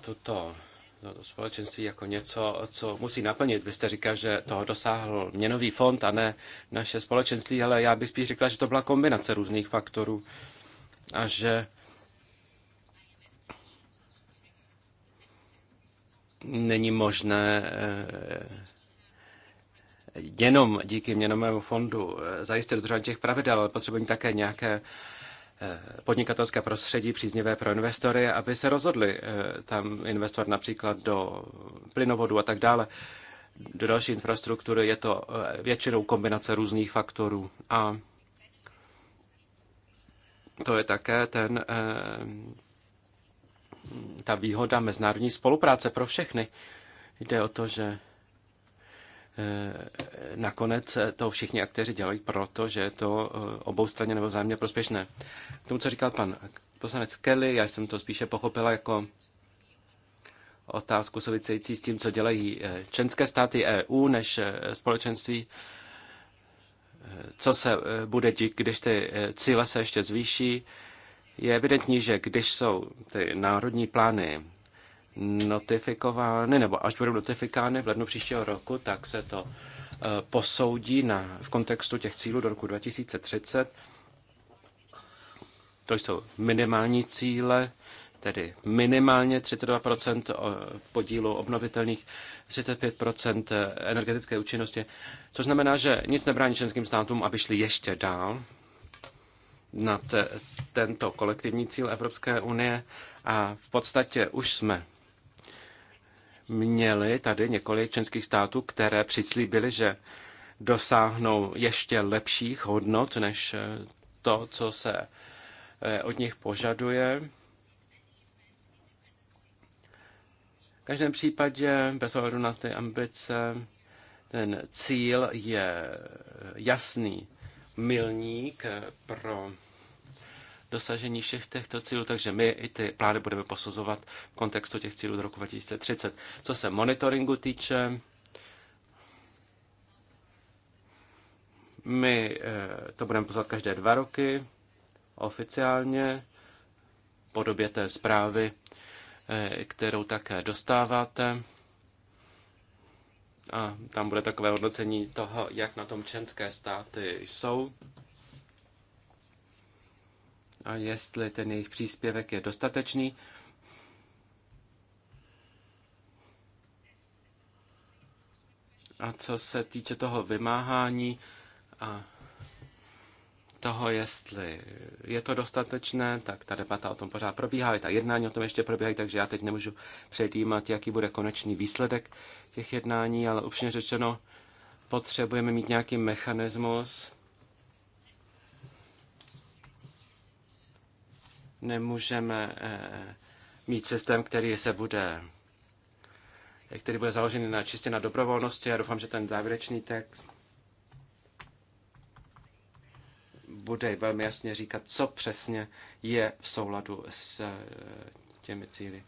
tuto no, to společenství jako něco, co musí naplnit. Vy jste říkal, že toho dosáhl měnový fond a ne naše společenství, ale já bych spíš řekla, že to byla kombinace různých faktorů a že není možné eh, jenom díky měnovému fondu eh, zajistit dodržování těch pravidel, ale potřebujeme také nějaké Eh, podnikatelské prostředí příznivé pro investory, aby se rozhodli eh, tam investovat například do plynovodu a tak dále. Do další infrastruktury je to eh, většinou kombinace různých faktorů a to je také ten, ta výhoda mezinárodní spolupráce pro všechny. Jde o to, že Eh, nakonec to všichni aktéři dělají, protože je to eh, oboustranně nebo vzájemně prospěšné. K tomu, co říkal pan poslanec Kelly, já jsem to spíše pochopila jako otázku související s tím, co dělají eh, členské státy EU než společenství. Co se bude dít, když ty cíle se ještě zvýší? Je evidentní, že když jsou ty národní plány notifikovány, nebo až budou notifikány v lednu příštího roku, tak se to e, posoudí na, v kontextu těch cílů do roku 2030. To jsou minimální cíle, tedy minimálně 32 podílu obnovitelných, 35 e, energetické účinnosti, což znamená, že nic nebrání členským státům, aby šli ještě dál nad e, tento kolektivní cíl Evropské unie a v podstatě už jsme měli tady několik členských států, které přislíbily, že dosáhnou ještě lepších hodnot než eh, to, co se eh, od nich požaduje. V každém případě, bez ohledu na ty ambice, ten cíl je eh, jasný milník pro dosažení všech těchto cílů, takže my i ty plány budeme posuzovat v kontextu těch cílů do roku 2030. Co se monitoringu týče, my eh, to budeme pozvat každé dva roky oficiálně v podobě té zprávy, eh, kterou také dostáváte. A tam bude takové hodnocení toho, jak na tom členské státy jsou a jestli ten jejich příspěvek je dostatečný. A co se týče toho vymáhání a toho, jestli je to dostatečné, tak ta debata o tom pořád probíhá, i ta jednání o tom ještě probíhají, takže já teď nemůžu předjímat, jaký bude konečný výsledek těch jednání, ale upřímně řečeno, potřebujeme mít nějaký mechanismus, nemůžeme eh, mít systém, který se bude který bude založený na, čistě na dobrovolnosti. Já doufám, že ten závěrečný text bude velmi jasně říkat, co přesně je v souladu s eh, těmi cíly.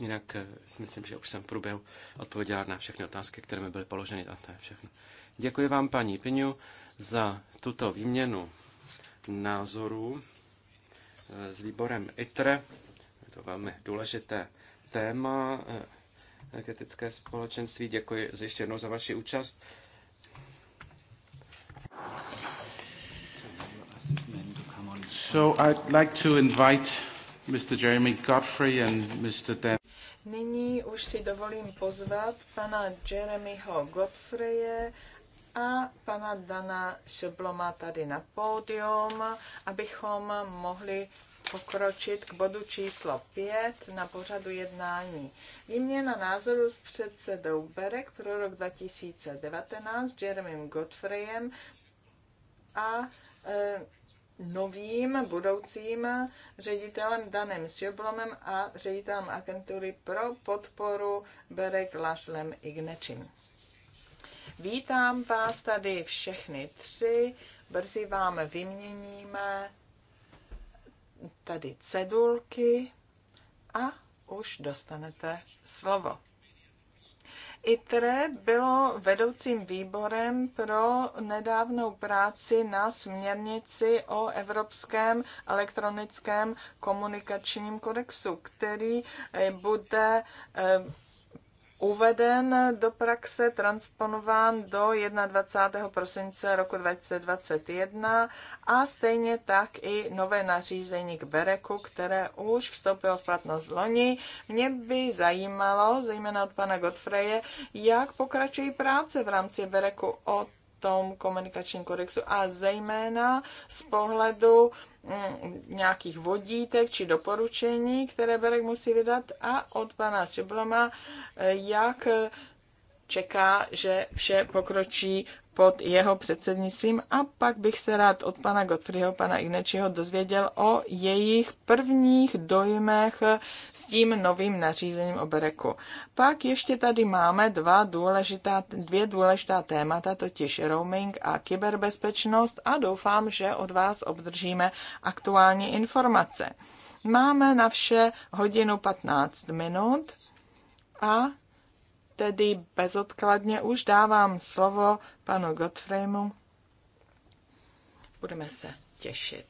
Jinak eh, myslím, že už jsem v průběhu odpověděl na všechny otázky, které mi byly položeny a to je všechno. Děkuji vám, paní Pinu za tuto výměnu názorů eh, s výborem ITRE. Je to velmi důležité téma eh, energetické společenství. Děkuji ještě jednou za vaši účast. So I'd like to invite Mr. Jeremy Godfrey and Mr. Dan. Nyní už si dovolím pozvat pana Jeremyho Godfreye a pana Dana Šobloma tady na pódium, abychom mohli pokročit k bodu číslo 5 na pořadu jednání. Výměna názoru s předsedou Berek pro rok 2019 Jeremym Godfreyem a e, novým budoucím ředitelem Danem Sjoblomem a ředitelem agentury pro podporu Berek Lašlem Ignečim. Vítám vás tady všechny tři, brzy vám vyměníme tady cedulky a už dostanete slovo. ITRE bylo vedoucím výborem pro nedávnou práci na směrnici o Evropském elektronickém komunikačním kodexu, který eh, bude eh, uveden do praxe, transponován do 21. prosince roku 2021 a stejně tak i nové nařízení k Bereku, které už vstoupilo v platnost loni. Mě by zajímalo, zejména od pana Godfreje, jak pokračují práce v rámci Bereku od tom komunikačním kodexu a zejména z pohledu mm, nějakých vodítek či doporučení, které Berek musí vydat a od pana Šebloma, eh, jak čeká, že vše pokročí pod jeho předsednictvím a pak bych se rád od pana Gottfriedho, pana Ignečiho dozvěděl o jejich prvních dojmech s tím novým nařízením o Bereku. Pak ještě tady máme dva důležitá, dvě důležitá témata, totiž roaming a kyberbezpečnost a doufám, že od vás obdržíme aktuální informace. Máme na vše hodinu 15 minut a tedy bezodkladně už dávám slovo panu Gottfriemu. Budeme se těšit.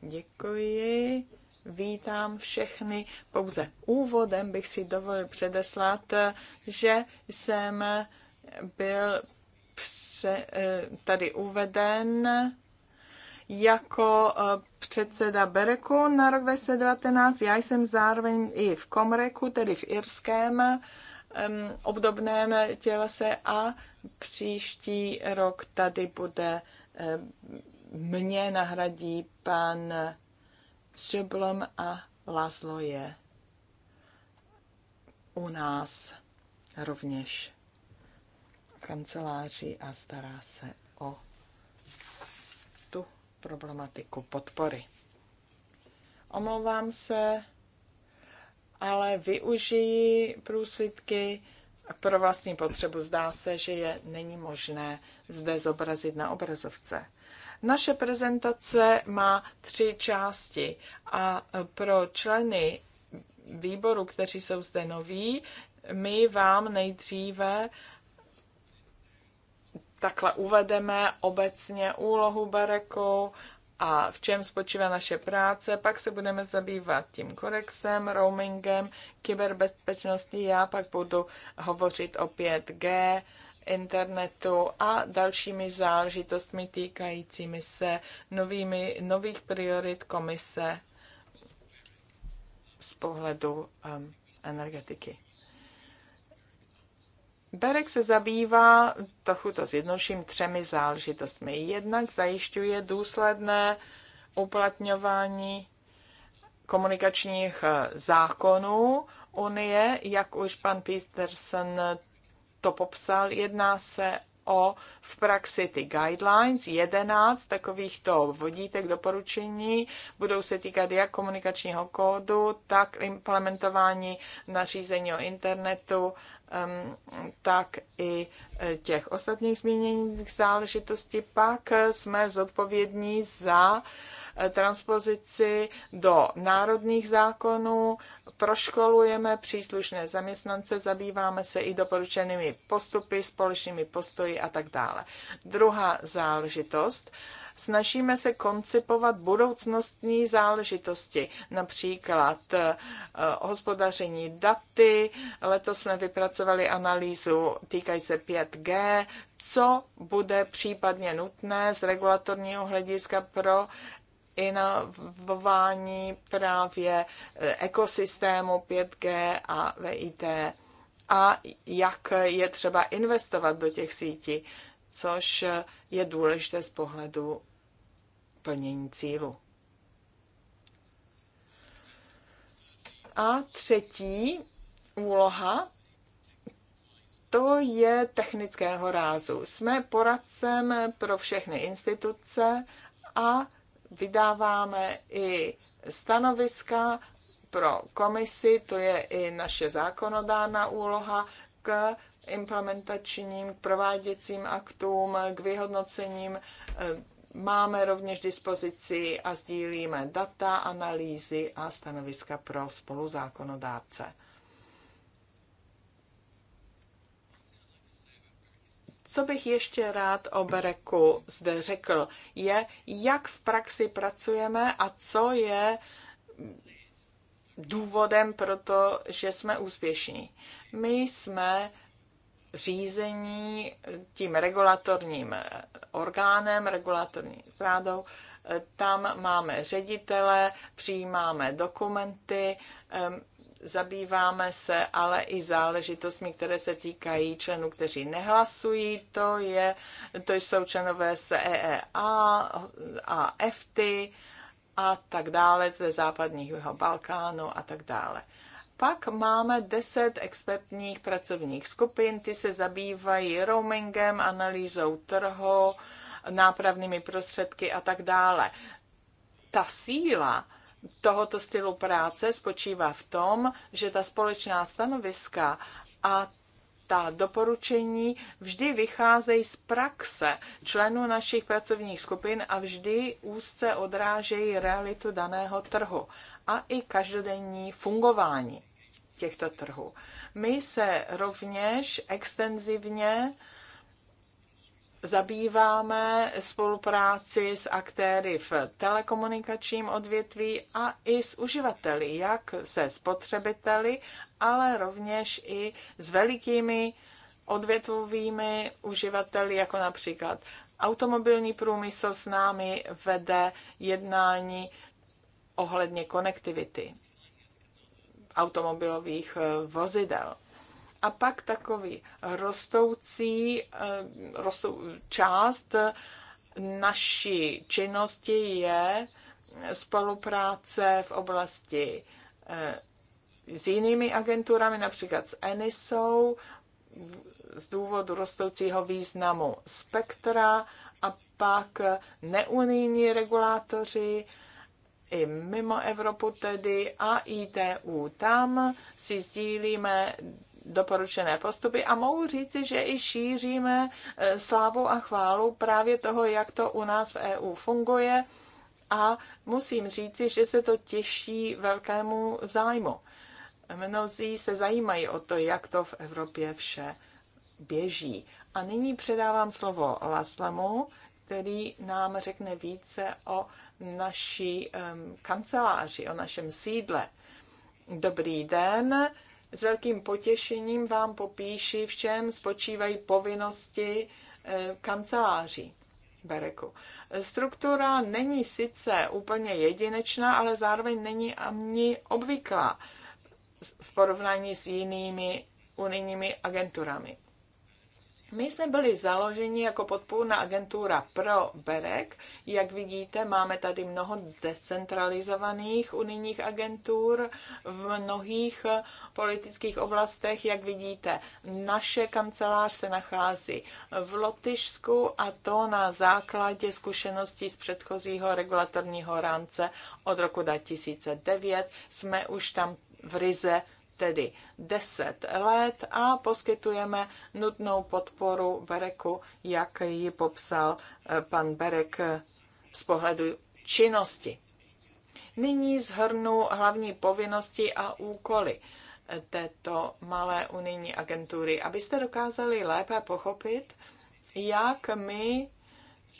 Děkuji. Vítám všechny. Pouze úvodem bych si dovolil předeslat, že jsem byl pře, eh, tady uveden jako eh, předseda Bereku na rok 2019. Já jsem zároveň i v Komreku, tedy v Irském obdobném tělese a příští rok tady bude mě nahradí pan Šeblom a Laslo je u nás rovněž v kanceláři a stará se o tu problematiku podpory. Omlouvám se, ale využijí průsvitky pro vlastní potřebu. Zdá se, že je není možné zde zobrazit na obrazovce. Naše prezentace má tři části a pro členy výboru, kteří jsou zde noví, my vám nejdříve takhle uvedeme obecně úlohu Bareku, a v čem spočívá naše práce. Pak se budeme zabývat tím korexem, roamingem, kyberbezpečností. Já pak budu hovořit o 5G, internetu a dalšími záležitostmi týkajícími se novými, nových priorit komise z pohledu um, energetiky. Berek se zabývá, trochu to zjednoduším, třemi záležitostmi. Jednak zajišťuje důsledné uplatňování komunikačních eh, zákonů Unie, jak už pan Peterson to popsal, jedná se o v praxi ty guidelines, 11 takovýchto vodítek doporučení, budou se týkat jak komunikačního kódu, tak implementování nařízení o internetu, tak i e, těch ostatních zmíněných záležitostí. Pak e, jsme zodpovědní za Eh, transpozici do národních zákonů, proškolujeme příslušné zaměstnance, zabýváme se i doporučenými postupy, společnými postoji a tak dále. Druhá záležitost snažíme se koncipovat budoucnostní záležitosti, například eh, hospodaření daty. Letos jsme vypracovali analýzu týkající se 5G, co bude případně nutné z regulatorního hlediska pro inovování právě e, ekosystému 5G a VIT a jak je třeba investovat do těch sítí, což je důležité z pohledu plnění cílu. A třetí úloha, to je technického rázu. Jsme poradcem pro všechny instituce a vydáváme i stanoviska pro komisi, to je i naše zákonodárná úloha k implementačním, k prováděcím aktům, k vyhodnocením. Máme rovněž dispozici a sdílíme data, analýzy a stanoviska pro spoluzákonodárce. Co bych ještě rád o Bereku zde řekl, je, jak v praxi pracujeme a co je důvodem pro to, že jsme úspěšní. My jsme řízení tím regulatorním orgánem, regulatorní vládou. Tam máme ředitele, přijímáme dokumenty, Zabýváme se ale i záležitostmi, které se týkají členů, kteří nehlasují. To, je, to jsou členové z EEA a EFTY a tak dále, ze západního Balkánu a tak dále. Pak máme deset expertních pracovních skupin, ty se zabývají roamingem, analýzou trhu, nápravnými prostředky a tak dále. Ta síla tohoto stylu práce spočívá v tom, že ta společná stanoviska a ta doporučení vždy vycházejí z praxe členů našich pracovních skupin a vždy úzce odrážejí realitu daného trhu a i každodenní fungování těchto trhů. My se rovněž extenzivně zabýváme spolupráci s aktéry v telekomunikačním odvětví a i s uživateli, jak se spotřebiteli, ale rovněž i s velikými odvětvovými uživateli, jako například automobilní průmysl s námi vede jednání ohledně konektivity automobilových eh, vozidel. A pak takový rostoucí eh, rostou, část naší činnosti je spolupráce v oblasti eh, s jinými agenturami, například s ENISou, z důvodu rostoucího významu spektra a pak neunijní regulátoři i mimo Evropu tedy a ITU. Tam si sdílíme doporučené postupy a mohu říci, že i šíříme e, slávu a chválu právě toho, jak to u nás v EU funguje a musím říci, že se to těší velkému zájmu. Mnozí se zajímají o to, jak to v Evropě vše běží. A nyní předávám slovo Laslamu, který nám řekne více o naší um, kanceláři, o našem sídle. Dobrý den, s velkým potěšením vám popíši, v čem spočívají povinnosti eh, kanceláří. Bereku. Struktura není sice úplně jedinečná, ale zároveň není ani obvyklá v porovnání s jinými unijními agenturami. My jsme byli založeni jako podpůrná agentura pro Berek. Jak vidíte, máme tady mnoho decentralizovaných unijních agentur v mnohých politických oblastech. Jak vidíte, naše kancelář se nachází v Lotyšsku a to na základě zkušeností z předchozího regulatorního rámce od roku 2009. Jsme už tam v Rize tedy 10 let a poskytujeme nutnou podporu Bereku, jak ji popsal eh, pan Berek eh, z pohledu činnosti. Nyní zhrnu hlavní povinnosti a úkoly eh, této malé unijní agentury, abyste dokázali lépe pochopit, jak my,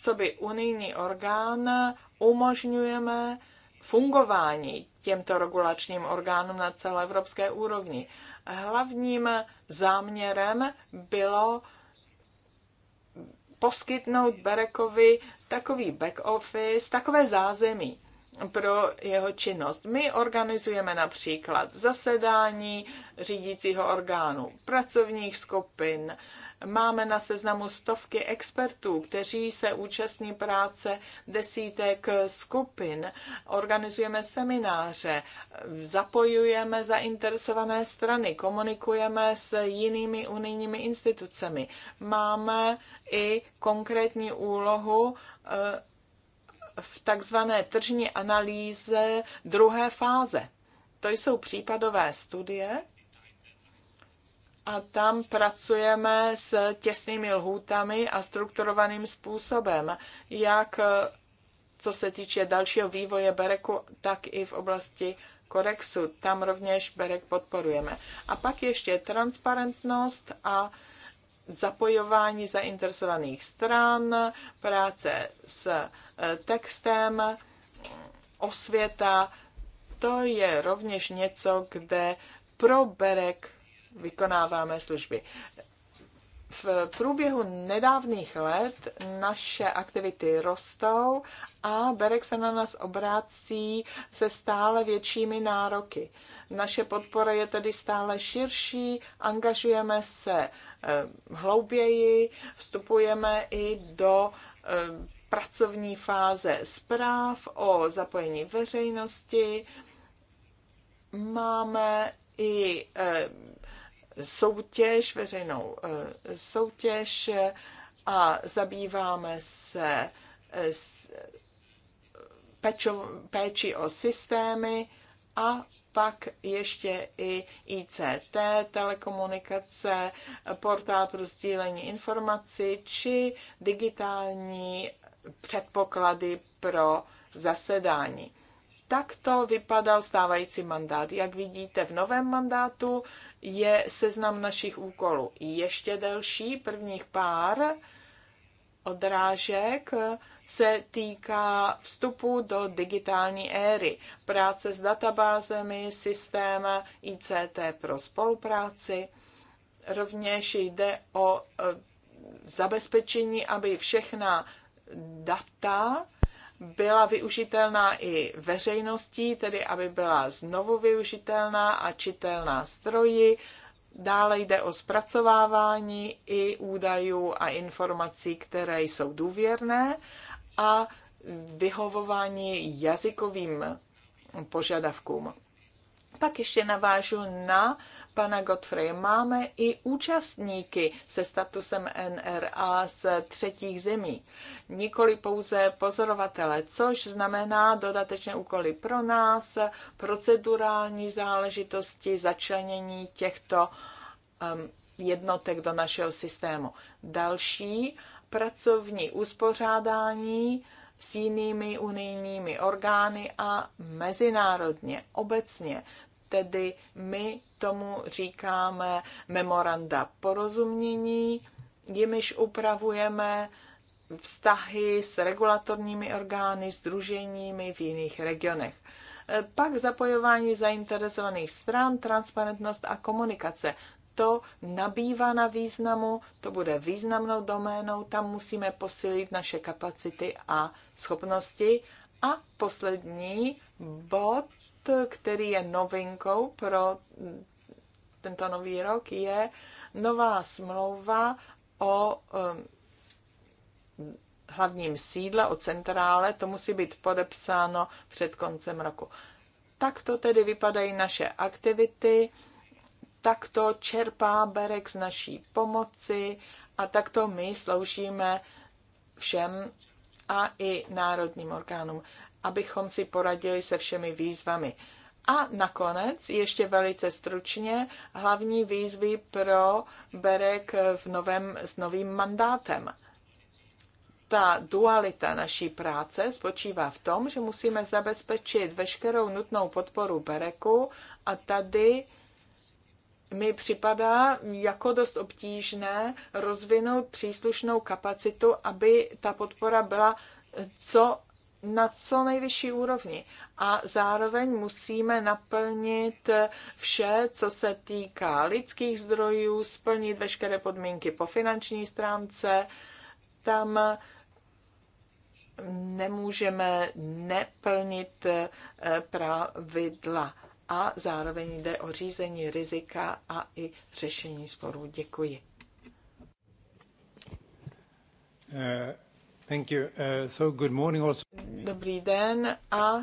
co by unijní orgán, umožňujeme fungování těmto regulačním orgánům na celoevropské úrovni. Hlavním záměrem bylo poskytnout Berekovi takový back office, takové zázemí pro jeho činnost. My organizujeme například zasedání řídícího orgánu, pracovních skupin, Máme na seznamu stovky expertů, kteří se účastní práce desítek skupin. Organizujeme semináře, zapojujeme zainteresované strany, komunikujeme s jinými unijními institucemi. Máme i konkrétní úlohu eh, v takzvané tržní analýze druhé fáze. To jsou případové studie, a tam pracujeme s těsnými lhůtami a strukturovaným způsobem, jak eh, co se týče dalšího vývoje Bereku, tak i v oblasti Korexu. Tam rovněž Berek podporujeme. A pak ještě transparentnost a zapojování zainteresovaných stran, práce s eh, textem, osvěta. To je rovněž něco, kde pro Berek vykonáváme služby. V průběhu nedávných let naše aktivity rostou a Berek se na nás obrácí se stále většími nároky. Naše podpora je tedy stále širší, angažujeme se eh, hlouběji, vstupujeme i do eh, pracovní fáze zpráv o zapojení veřejnosti. Máme i eh, soutěž, veřejnou eh, soutěž a zabýváme se eh, s péči o systémy a pak ještě i ICT, telekomunikace, portál pro sdílení informací či digitální předpoklady pro zasedání takto vypadal stávající mandát. Jak vidíte, v novém mandátu je seznam našich úkolů ještě delší. Prvních pár odrážek se týká vstupu do digitální éry, práce s databázemi, systém ICT pro spolupráci. Rovněž jde o e, zabezpečení, aby všechna data byla využitelná i veřejností, tedy aby byla znovu využitelná a čitelná stroji. Dále jde o zpracovávání i údajů a informací, které jsou důvěrné a vyhovování jazykovým požadavkům. Pak ještě navážu na pana Godfrey. Máme i účastníky se statusem NRA z třetích zemí, nikoli pouze pozorovatele, což znamená dodatečné úkoly pro nás, procedurální záležitosti, začlenění těchto um, jednotek do našeho systému. Další pracovní uspořádání s jinými unijními orgány a mezinárodně obecně tedy my tomu říkáme memoranda porozumění, jimiž upravujeme vztahy s regulatorními orgány, združeními v jiných regionech. E, pak zapojování zainteresovaných stran, transparentnost a komunikace. To nabývá na významu, to bude významnou doménou, tam musíme posilit naše kapacity a schopnosti. A poslední bod který je novinkou pro tento nový rok, je nová smlouva o um, hlavním sídle, o centrále. To musí být podepsáno před koncem roku. Takto tedy vypadají naše aktivity, takto čerpá Berek z naší pomoci a takto my sloužíme všem a i národním orgánům abychom si poradili se všemi výzvami. A nakonec, ještě velice stručně, hlavní výzvy pro Berek v novém, s novým mandátem. Ta dualita naší práce spočívá v tom, že musíme zabezpečit veškerou nutnou podporu Bereku a tady mi připadá jako dost obtížné rozvinout příslušnou kapacitu, aby ta podpora byla co na co nejvyšší úrovni. A zároveň musíme naplnit vše, co se týká lidských zdrojů, splnit veškeré podmínky po finanční stránce. Tam nemůžeme neplnit eh, pravidla. A zároveň jde o řízení rizika a i řešení sporů. Děkuji. Eh, Thank you. Uh, so good morning also. Dobrý den a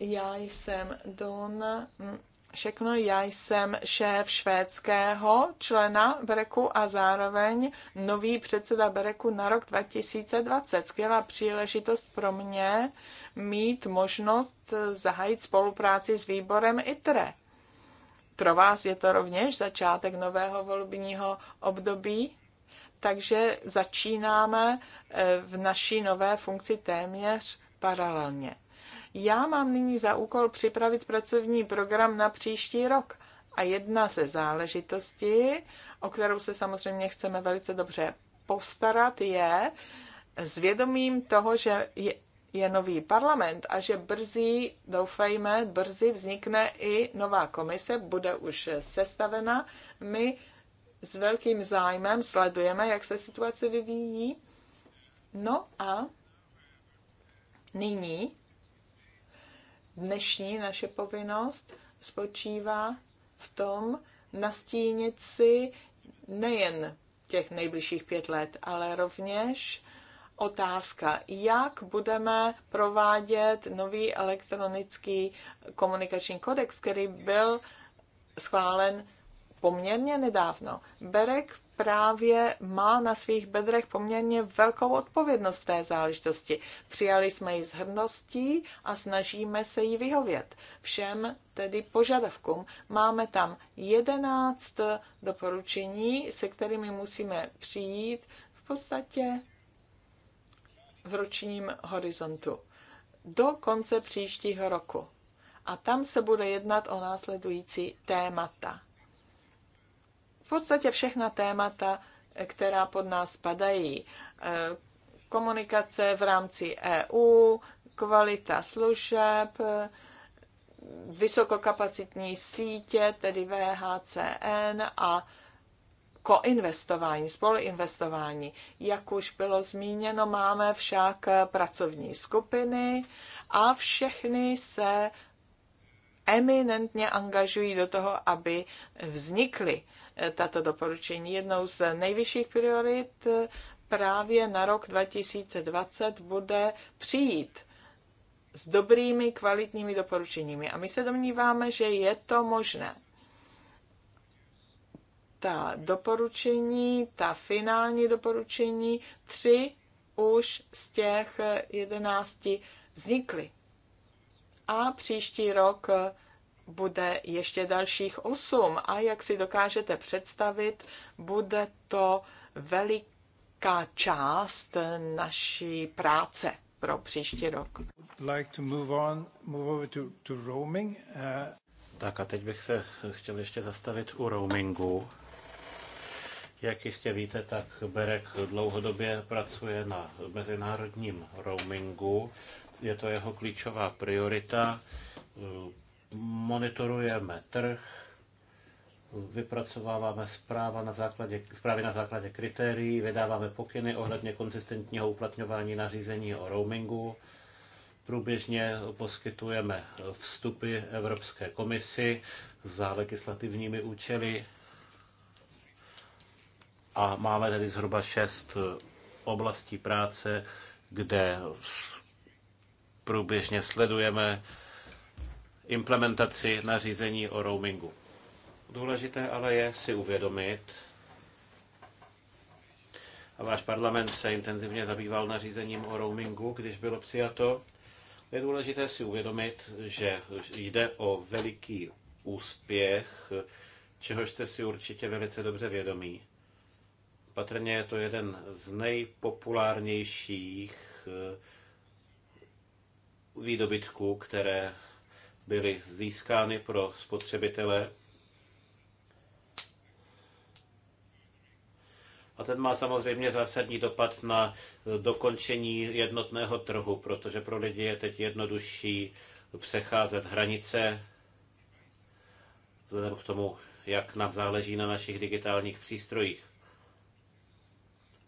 já jsem Dona mm, všechno. Já jsem šéf švédského člena Bereku a zároveň nový předseda Bereku na rok 2020. Skvělá příležitost pro mě mít možnost zahájit spolupráci s výborem ITRE. Pro vás je to rovněž začátek nového volbního období takže začínáme eh, v naší nové funkci téměř paralelně. Já mám nyní za úkol připravit pracovní program na příští rok a jedna ze záležitostí, o kterou se samozřejmě chceme velice dobře postarat, je zvědomím toho, že je, je nový parlament a že brzy, doufejme, brzy vznikne i nová komise, bude už sestavena. My s velkým zájmem sledujeme, jak se situace vyvíjí. No a nyní dnešní naše povinnost spočívá v tom nastínit si nejen těch nejbližších pět let, ale rovněž otázka, jak budeme provádět nový elektronický komunikační kodex, který byl schválen poměrně nedávno. Berek právě má na svých bedrech poměrně velkou odpovědnost v té záležitosti. Přijali jsme ji s hrností a snažíme se jí vyhovět. Všem tedy požadavkům. Máme tam jedenáct doporučení, se kterými musíme přijít v podstatě v ročním horizontu do konce příštího roku. A tam se bude jednat o následující témata podstatě všechna témata, která pod nás padají. Eh, komunikace v rámci EU, kvalita služeb, eh, vysokokapacitní sítě, tedy VHCN a koinvestování, spoluinvestování. Jak už bylo zmíněno, máme však pracovní skupiny a všechny se eminentně angažují do toho, aby vznikly tato doporučení. Jednou z nejvyšších priorit právě na rok 2020 bude přijít s dobrými, kvalitními doporučeními. A my se domníváme, že je to možné. Ta doporučení, ta finální doporučení, tři už z těch jedenácti vznikly. A příští rok bude ještě dalších osm a jak si dokážete představit, bude to veliká část naší práce pro příští rok. Like to move on, move over to, to roaming. Uh... Tak a teď bych se chtěl ještě zastavit u roamingu. Jak jistě víte, tak Berek dlouhodobě pracuje na mezinárodním roamingu. Je to jeho klíčová priorita monitorujeme trh, vypracováváme zpráva na základě, zprávy na základě kritérií, vydáváme pokyny ohledně konzistentního uplatňování nařízení o roamingu, průběžně poskytujeme vstupy Evropské komisi za legislativními účely a máme tedy zhruba šest oblastí práce, kde průběžně sledujeme implementaci nařízení o roamingu. Důležité ale je si uvědomit, a váš parlament se intenzivně zabýval nařízením o roamingu, když bylo přijato, je důležité si uvědomit, že jde o veliký úspěch, čehož jste si určitě velice dobře vědomí. Patrně je to jeden z nejpopulárnějších eh, výdobytků, které byly získány pro spotřebitele. A ten má samozřejmě zásadní dopad na dokončení jednotného trhu, protože pro lidi je teď jednodušší přecházet hranice, vzhledem k tomu, jak nám záleží na našich digitálních přístrojích.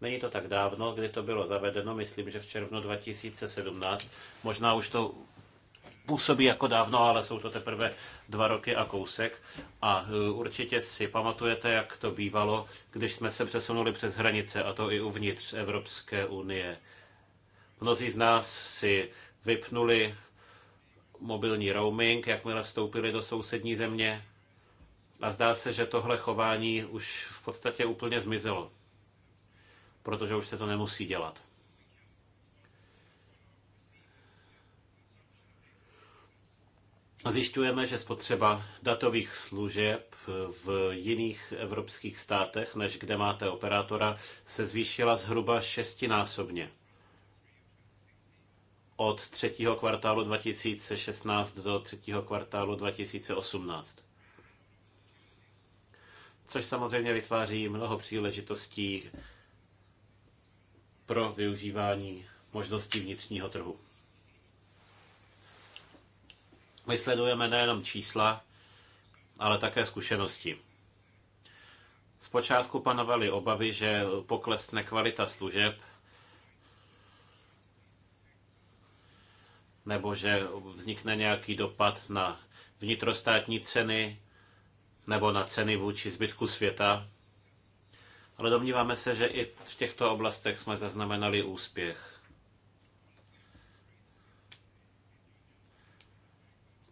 Není to tak dávno, kdy to bylo zavedeno, myslím, že v červnu 2017. Možná už to působí jako dávno, ale jsou to teprve dva roky a kousek. A e, určitě si pamatujete, jak to bývalo, když jsme se přesunuli přes hranice, a to i uvnitř Evropské unie. Mnozí z nás si vypnuli mobilní roaming, jakmile vstoupili do sousední země. A zdá se, že tohle chování už v podstatě úplně zmizelo, protože už se to nemusí dělat. Zjišťujeme, že spotřeba datových služeb v jiných evropských státech, než kde máte operátora, se zvýšila zhruba šestinásobně. Od třetího kvartálu 2016 do třetího kvartálu 2018. Což samozřejmě vytváří mnoho příležitostí pro využívání možností vnitřního trhu. My sledujeme nejenom čísla, ale také zkušenosti. Zpočátku panovaly obavy, že poklesne kvalita služeb nebo že vznikne nějaký dopad na vnitrostátní ceny nebo na ceny vůči zbytku světa. Ale domníváme se, že i v těchto oblastech jsme zaznamenali úspěch.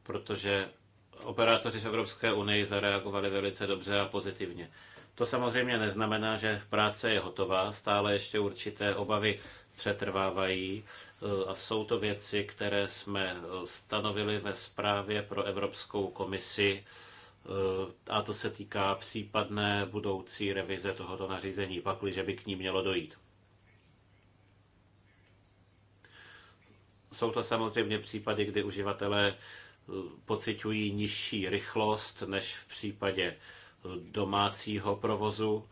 protože operátoři v Evropské unii zareagovali velice dobře a pozitivně. To samozřejmě neznamená, že práce je hotová, stále ještě určité obavy přetrvávají e, a jsou to věci, které jsme e, stanovili ve zprávě pro Evropskou komisi e, a to se týká případné budoucí revize tohoto nařízení, pakliže by k ní mělo dojít. Jsou to samozřejmě případy, kdy uživatelé pociťují nižší rychlost než v případě eh, domácího provozu.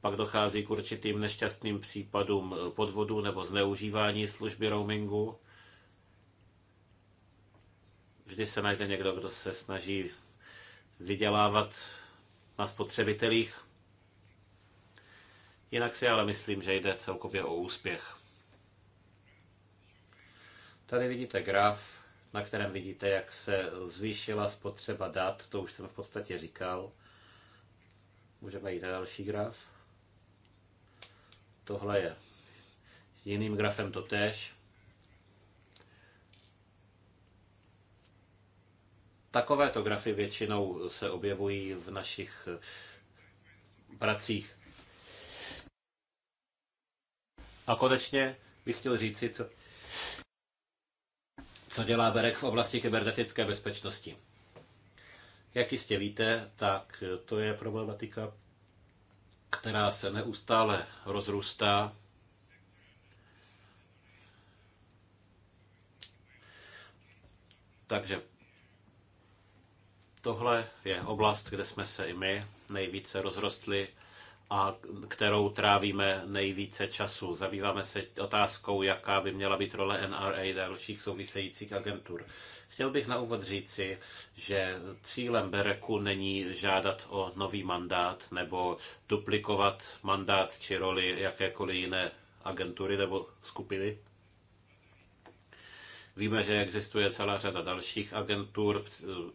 Pak dochází k určitým nešťastným případům eh, podvodu nebo zneužívání služby roamingu. Vždy se najde někdo, kdo se snaží vydělávat na spotřebitelích. Jinak si ale myslím, že jde celkově o úspěch. Tady vidíte graf, na kterém vidíte, jak se zvýšila spotřeba dat, to už jsem v podstatě říkal. Můžeme jít na další graf. Tohle je jiným grafem to tež. Takovéto grafy většinou se objevují v našich pracích. A konečně bych chtěl říci, co, co dělá Berek v oblasti kybernetické bezpečnosti. Jak jistě víte, tak to je problematika, která se neustále rozrůstá. Takže tohle je oblast, kde jsme se i my nejvíce rozrostli a kterou trávíme nejvíce času. Zabýváme se otázkou, jaká by měla být role NRA a dalších souvisejících agentur. Chtěl bych na úvod říci, že cílem Bereku není žádat o nový mandát nebo duplikovat mandát či roli jakékoliv jiné agentury nebo skupiny. Víme, že existuje celá řada dalších agentur,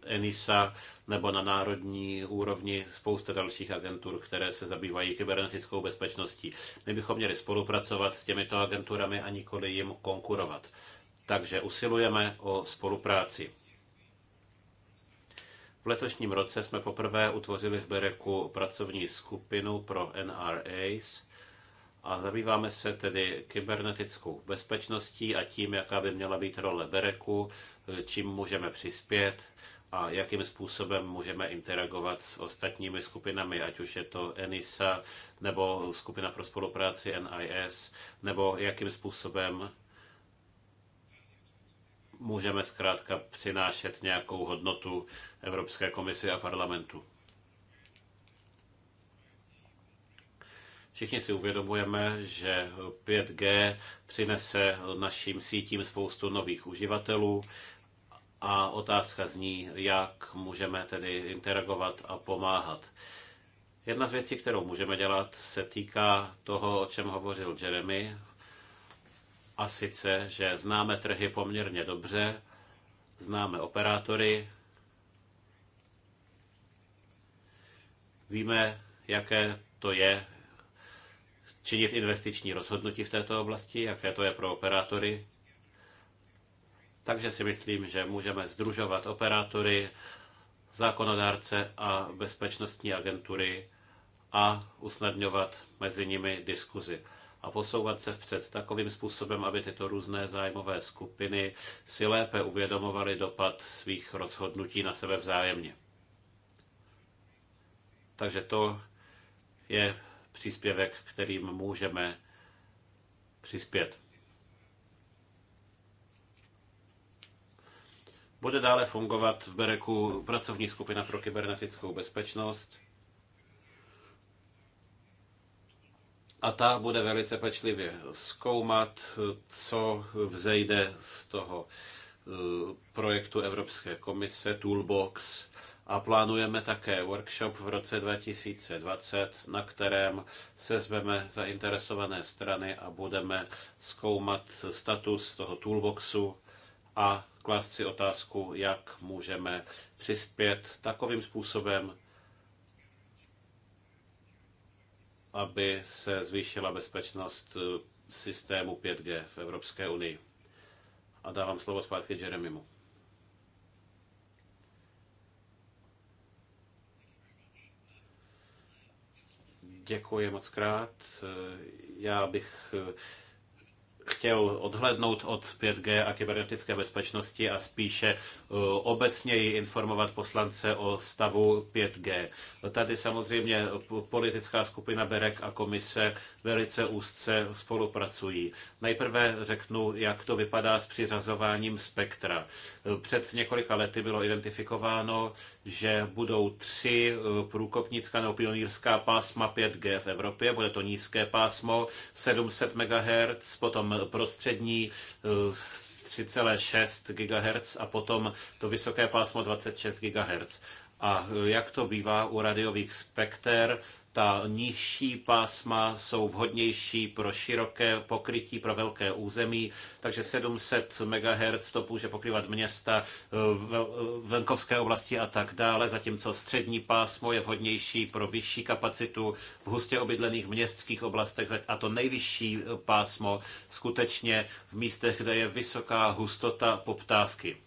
ENISA nebo na národní úrovni spousta dalších agentur, které se zabývají kybernetickou bezpečností. My bychom měli spolupracovat s těmito agenturami a nikoli jim konkurovat. Takže usilujeme o spolupráci. V letošním roce jsme poprvé utvořili v Bereku pracovní skupinu pro NRAs, a zabýváme se tedy kybernetickou bezpečností a tím, jaká by měla být role Bereku, čím můžeme přispět a jakým způsobem můžeme interagovat s ostatními skupinami, ať už je to ENISA nebo skupina pro spolupráci NIS, nebo jakým způsobem můžeme zkrátka přinášet nějakou hodnotu Evropské komisi a parlamentu. Všichni si uvědomujeme, že 5G přinese našim sítím spoustu nových uživatelů a otázka zní, jak můžeme tedy interagovat a pomáhat. Jedna z věcí, kterou můžeme dělat, se týká toho, o čem hovořil Jeremy, a sice, že známe trhy poměrně dobře, známe operátory, víme, jaké to je činit investiční rozhodnutí v této oblasti, jaké to je pro operátory. Takže si myslím, že můžeme združovat operátory, zákonodárce a bezpečnostní agentury a usnadňovat mezi nimi diskuzi a posouvat se vpřed takovým způsobem, aby tyto různé zájmové skupiny si lépe uvědomovaly dopad svých rozhodnutí na sebe vzájemně. Takže to je příspěvek, kterým můžeme přispět. Bude dále fungovat v Bereku pracovní skupina pro kybernetickou bezpečnost a ta bude velice pečlivě zkoumat, co vzejde z toho eh, projektu Evropské komise Toolbox, a plánujeme také workshop v roce 2020, na kterém se zveme zainteresované strany a budeme zkoumat status toho toolboxu a klást si otázku, jak můžeme přispět takovým způsobem, aby se zvýšila bezpečnost systému 5G v Evropské unii. A dávám slovo zpátky Jeremimu. Děkuji moc krát. Já bych chtěl odhlednout od 5G a kybernetické bezpečnosti a spíše uh, obecněji informovat poslance o stavu 5G. Tady samozřejmě politická skupina Berek a komise velice úzce spolupracují. Nejprve řeknu, jak to vypadá s přiřazováním spektra. Před několika lety bylo identifikováno, že budou tři uh, průkopnická nebo pionýrská pásma 5G v Evropě. Bude to nízké pásmo 700 MHz, potom prostřední 3,6 eh, GHz a potom to vysoké pásmo 26 GHz. A jak to bývá u radiových spekter, ta nižší pásma jsou vhodnější pro široké pokrytí, pro velké území, takže 700 MHz to může pokrývat města, eh, eh, venkovské oblasti a tak dále, zatímco střední pásmo je vhodnější pro vyšší kapacitu v hustě obydlených městských oblastech a to nejvyšší eh, pásmo skutečně v místech, kde je vysoká hustota poptávky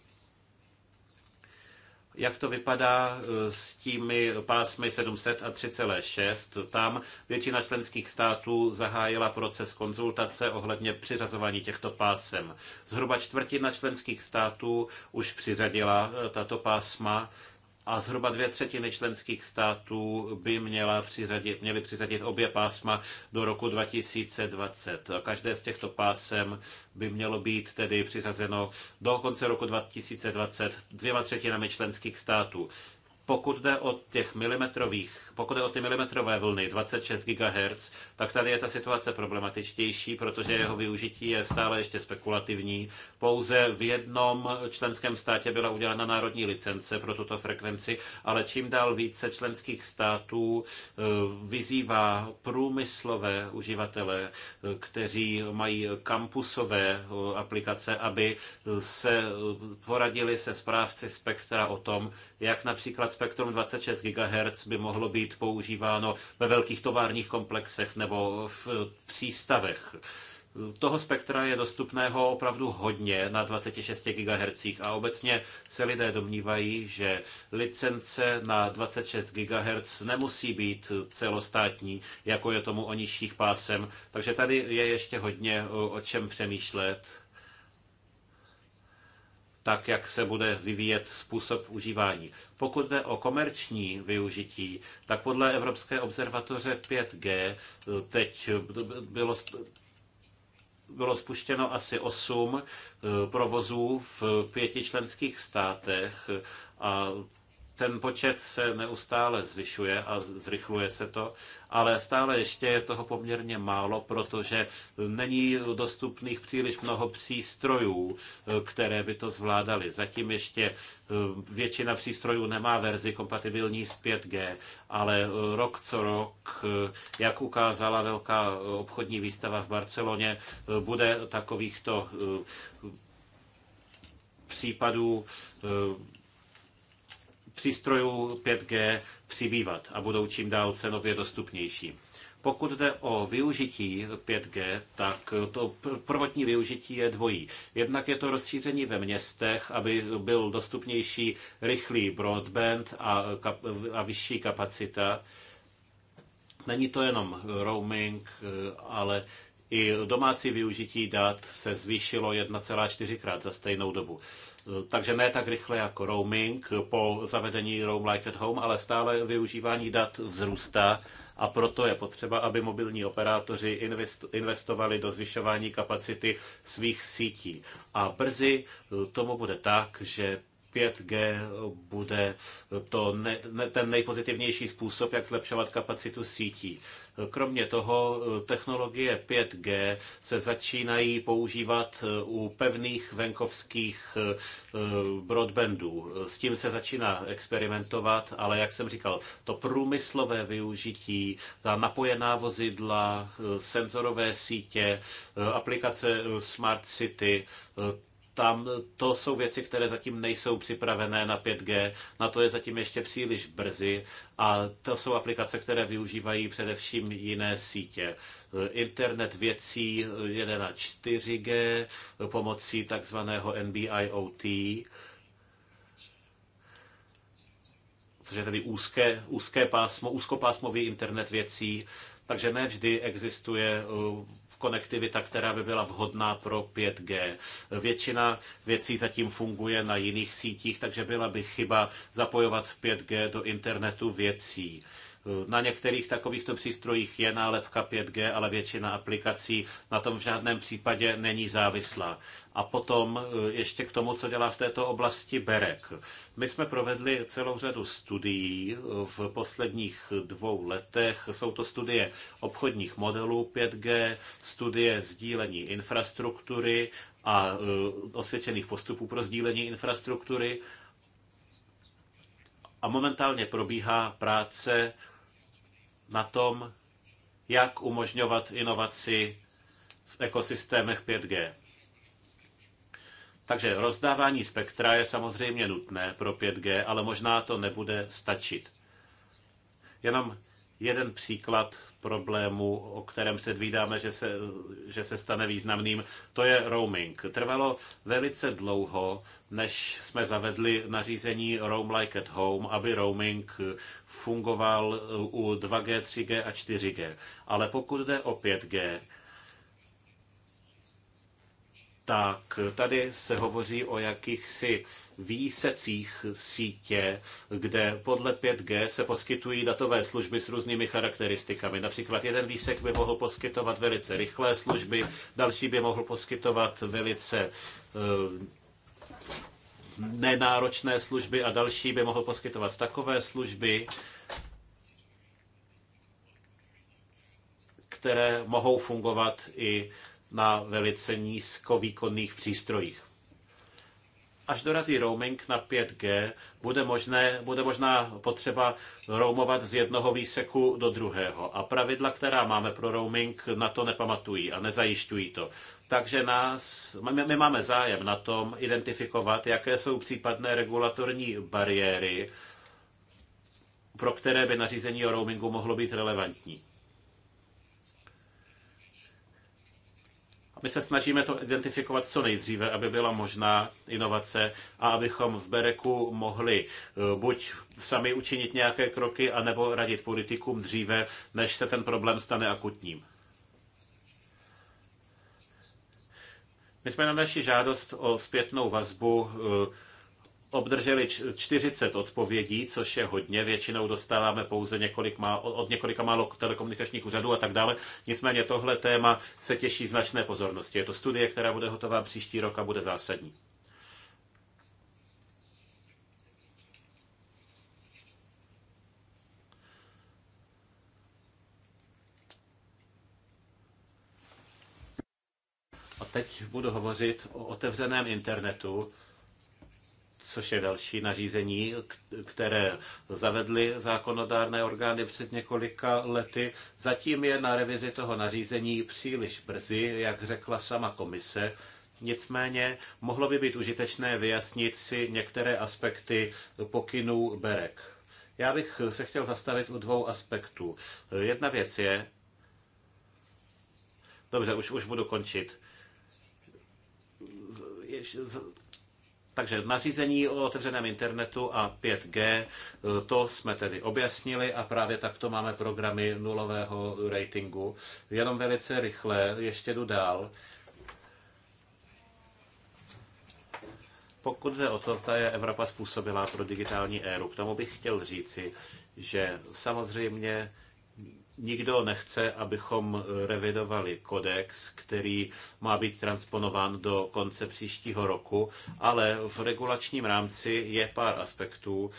jak to vypadá e, s těmi pásmy 700 a 3,6. Tam většina členských států zahájila proces konzultace ohledně přiřazování těchto pásem. Zhruba čtvrtina členských států už přiřadila e, tato pásma a zhruba dvě třetiny členských států by měla přiřadit, měly přiřadit obě pásma do roku 2020. Každé z těchto pásem by mělo být tedy přiřazeno do konce roku 2020 dvěma třetinami členských států. Pokud jde o těch milimetrových, pokud jde o ty milimetrové vlny 26 GHz, tak tady je ta situace problematičtější, protože jeho využití je stále ještě spekulativní. Pouze v jednom členském státě byla udělena národní licence pro tuto frekvenci, ale čím dál více členských států eh, vyzývá průmyslové uživatele, eh, kteří mají kampusové eh, aplikace, aby se poradili se správci spektra o tom, jak například spektrum 26 GHz by mohlo být používáno ve velkých továrních komplexech nebo v eh, přístavech. Toho spektra je dostupného opravdu hodně na 26 GHz a obecně se lidé domnívají, že licence na 26 GHz nemusí být celostátní, jako je tomu o nižších pásem. Takže tady je ještě hodně eh, o čem přemýšlet tak, jak se bude vyvíjet způsob užívání. Pokud jde o komerční využití, tak podle Evropské observatoře 5G eh, teď bylo bylo spuštěno asi 8 eh, provozů v pěti členských státech eh, a ten počet se neustále zvyšuje a zrychluje se to, ale stále ještě je toho poměrně málo, protože není dostupných příliš mnoho přístrojů, eh, které by to zvládaly. Zatím ještě eh, většina přístrojů nemá verzi kompatibilní s 5G, ale eh, rok co rok, jak ukázala velká obchodní výstava v Barceloně, bude takovýchto případů přístrojů 5G přibývat a budou čím dál cenově dostupnější. Pokud jde o využití 5G, tak to prvotní využití je dvojí. Jednak je to rozšíření ve městech, aby byl dostupnější rychlý broadband a, kap, a vyšší kapacita. Není to jenom roaming, ale i domácí využití dat se zvýšilo 1,4 krát za stejnou dobu takže ne tak rychle jako roaming po zavedení Roam Like at Home, ale stále využívání dat vzrůstá a proto je potřeba, aby mobilní operátoři investovali do zvyšování kapacity svých sítí. A brzy eh, tomu bude tak, že 5G bude to ne, ne, ten nejpozitivnější způsob, jak zlepšovat kapacitu sítí. Kromě toho eh, technologie 5G se začínají používat eh, u pevných venkovských eh, broadbandů. S tím se začíná experimentovat, ale jak jsem říkal, to průmyslové využití, ta napojená vozidla, senzorové sítě, aplikace Smart City, tam to jsou věci, které zatím nejsou připravené na 5G, na to je zatím ještě příliš brzy a to jsou aplikace, které využívají především jiné sítě. Internet věcí jede na 4G pomocí takzvaného NB-IoT, což je tedy úzké, úzké pásmo, úzkopásmový internet věcí, takže ne vždy existuje konektivita, která by byla vhodná pro 5G. Většina věcí zatím funguje na jiných sítích, takže byla by chyba zapojovat 5G do internetu věcí. Na některých takovýchto přístrojích je nálepka 5G, ale většina aplikací na tom v žádném případě není závislá. A potom e, ještě k tomu, co dělá v této oblasti Berek. My jsme provedli celou řadu studií e, v posledních dvou letech. Jsou to studie obchodních modelů 5G, studie sdílení infrastruktury a e, osvědčených postupů pro sdílení infrastruktury. A momentálně probíhá práce na tom, jak umožňovat inovaci v ekosystémech 5G. Takže rozdávání spektra je samozřejmě nutné pro 5G, ale možná to nebude stačit. Jenom jeden příklad problému, o kterém předvídáme, že se, že se stane významným, to je roaming. Trvalo velice dlouho, než jsme zavedli nařízení Roam Like at Home, aby roaming fungoval u 2G, 3G a 4G. Ale pokud jde o 5G, tak tady se hovoří o jakýchsi výsecích sítě, kde podle 5G se poskytují datové služby s různými charakteristikami. Například jeden výsek by mohl poskytovat velice rychlé služby, další by mohl poskytovat velice eh, nenáročné služby a další by mohl poskytovat takové služby, které mohou fungovat i na velice nízkovýkonných přístrojích až dorazí roaming na 5G, bude, možné, bude možná potřeba roamovat z jednoho výseku do druhého. A pravidla, která máme pro roaming, na to nepamatují a nezajišťují to. Takže nás, my, my máme zájem na tom identifikovat, jaké jsou případné regulatorní bariéry, pro které by nařízení o roamingu mohlo být relevantní. My se snažíme to identifikovat co nejdříve, aby byla možná inovace a abychom v Bereku mohli e, buď sami učinit nějaké kroky, anebo radit politikům dříve, než se ten problém stane akutním. My jsme na naši žádost o zpětnou vazbu e, obdrželi 40 odpovědí, což je hodně, většinou dostáváme pouze několik má, od několika málo telekomunikačních úřadů a tak dále. Nicméně tohle téma se těší značné pozornosti. Je to studie, která bude hotová příští rok a bude zásadní. A teď budu hovořit o otevřeném internetu, což je další nařízení, které zavedly zákonodárné orgány před několika lety. Zatím je na revizi toho nařízení příliš brzy, jak řekla sama komise. Nicméně mohlo by být užitečné vyjasnit si některé aspekty pokynů Berek. Já bych se chtěl zastavit u dvou aspektů. Jedna věc je, dobře, už, už budu končit takže nařízení o otevřeném internetu a 5G, e, to jsme tedy objasnili a právě takto máme programy nulového ratingu. Jenom velice rychle, ještě jdu dál. Pokud jde o to, zda je Evropa způsobila pro digitální éru, k tomu bych chtěl říci, že samozřejmě nikdo nechce, abychom eh, revidovali kodex, který má být transponován do konce příštího roku, ale v regulačním rámci je pár aspektů,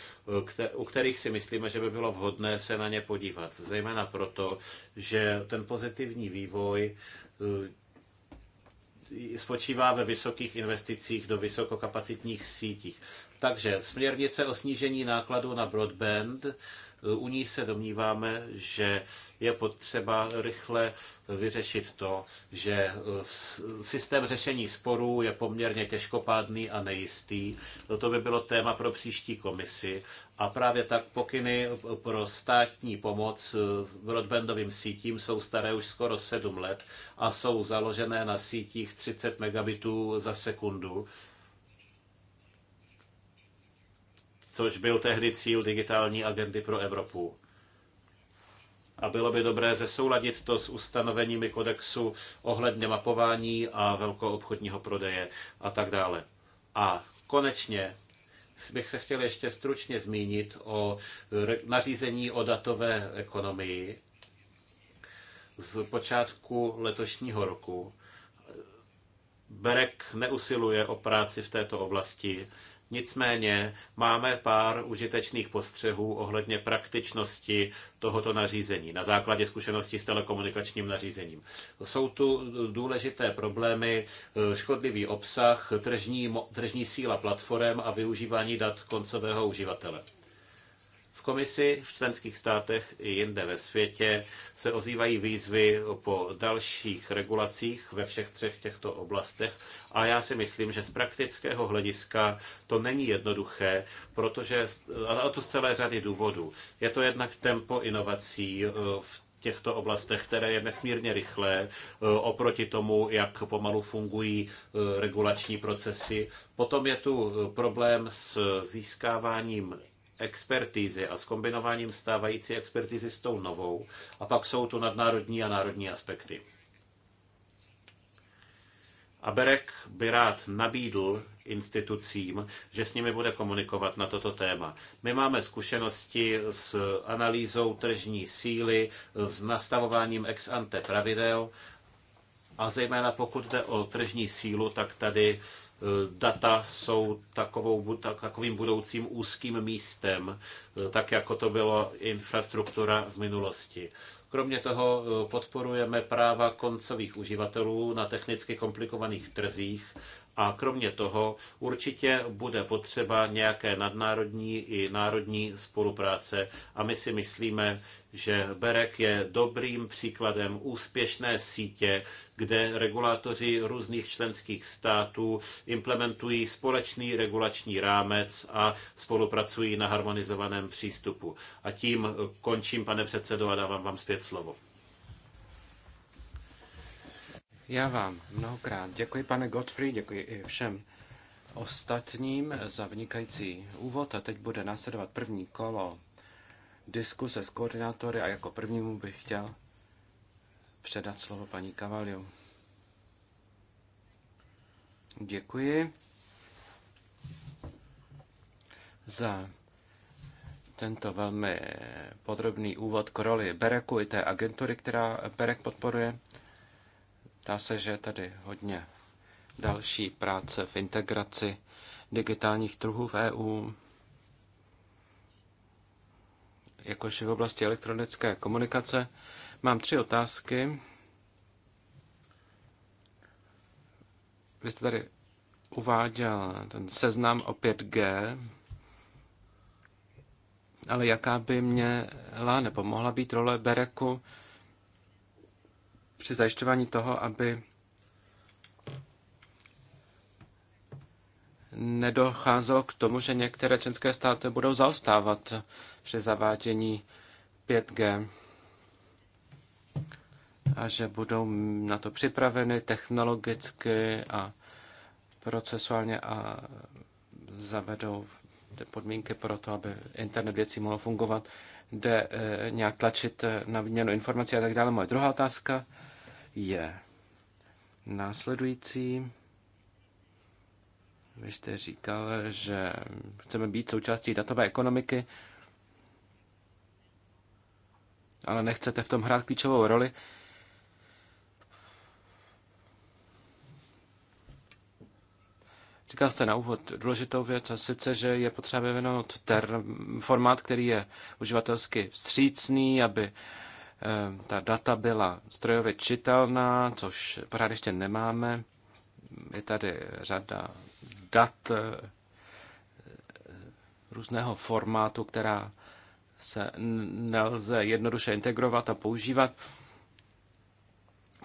eh, u kterých si myslíme, že by bylo vhodné se na ně podívat. Zejména proto, že ten pozitivní vývoj eh, spočívá ve vysokých investicích do vysokokapacitních sítích. Takže směrnice o snížení nákladů na broadband u ní se domníváme, že je potřeba rychle vyřešit to, že eh, systém řešení sporů je poměrně těžkopádný a nejistý. To by bylo téma pro příští komisi. A právě tak pokyny pro státní pomoc eh, broadbandovým sítím jsou staré už skoro 7 let a jsou založené na sítích 30 megabitů za sekundu, což byl tehdy cíl digitální agendy pro Evropu. A bylo by dobré zesouladit to s ustanoveními kodexu ohledně mapování a velkoobchodního prodeje a tak dále. A konečně bych se chtěl ještě stručně zmínit o nařízení o datové ekonomii z počátku letošního roku. Berek neusiluje o práci v této oblasti Nicméně máme pár užitečných postřehů ohledně praktičnosti tohoto nařízení na základě zkušenosti s telekomunikačním nařízením. Jsou tu důležité problémy, eh, škodlivý obsah, tržní, tržní síla platform a využívání dat koncového uživatele. V komisi, v členských státech i jinde ve světě se ozývají výzvy po dalších regulacích ve všech třech těchto oblastech a já si myslím, že z praktického hlediska to není jednoduché, protože, a to z celé řady důvodů. Je to jednak tempo inovací e, v těchto oblastech, které je nesmírně rychlé e, oproti tomu, jak pomalu fungují e, regulační procesy. Potom je tu problém s získáváním expertízy a s kombinováním stávající expertízy s tou novou. A pak jsou tu nadnárodní a národní aspekty. A Berek by rád nabídl institucím, že s nimi bude komunikovat na toto téma. My máme zkušenosti s analýzou tržní síly, s nastavováním ex ante pravidel a zejména pokud jde o tržní sílu, tak tady Eh, data jsou takovou, takovým budoucím úzkým místem, eh, tak jako to bylo infrastruktura v minulosti. Kromě toho eh, podporujeme práva koncových uživatelů na technicky komplikovaných trzích a kromě toho určitě bude potřeba nějaké nadnárodní i národní spolupráce a my si myslíme, že Berek je dobrým příkladem úspěšné sítě, kde regulátoři různých členských států implementují společný regulační rámec a spolupracují na harmonizovaném přístupu. A tím končím, pane předsedo, a dávám vám zpět slovo. Já vám mnohokrát děkuji, pane Godfrey, děkuji i všem ostatním za vynikající úvod a teď bude následovat první kolo diskuse s koordinátory a jako prvnímu bych chtěl předat slovo paní Kavaliu. Děkuji za tento velmi podrobný úvod k roli Bereku i té agentury, která Berek podporuje. Dá se, že je tady hodně další práce v integraci digitálních trhů v EU, jakož i v oblasti elektronické komunikace. Mám tři otázky. Vy jste tady uváděl ten seznam o 5G, ale jaká by měla nebo mohla být role Bereku při zajišťování toho, aby nedocházelo k tomu, že některé členské státy budou zaostávat při zavádění 5G a že budou na to připraveny technologicky a procesuálně a zavedou podmínky pro to, aby internet věcí mohl fungovat, jde eh, nějak tlačit na výměnu informací a tak dále. Moje druhá otázka je následující. Vy jste říkal, že chceme být součástí datové ekonomiky, ale nechcete v tom hrát klíčovou roli. Říkal jste na úvod důležitou věc, a sice, že je potřeba vyvinout formát, který je uživatelsky vstřícný, aby Ehm, ta data byla strojově čitelná, což pořád ještě nemáme. Je tady řada dat eh, eh, různého formátu, která se nelze jednoduše integrovat a používat,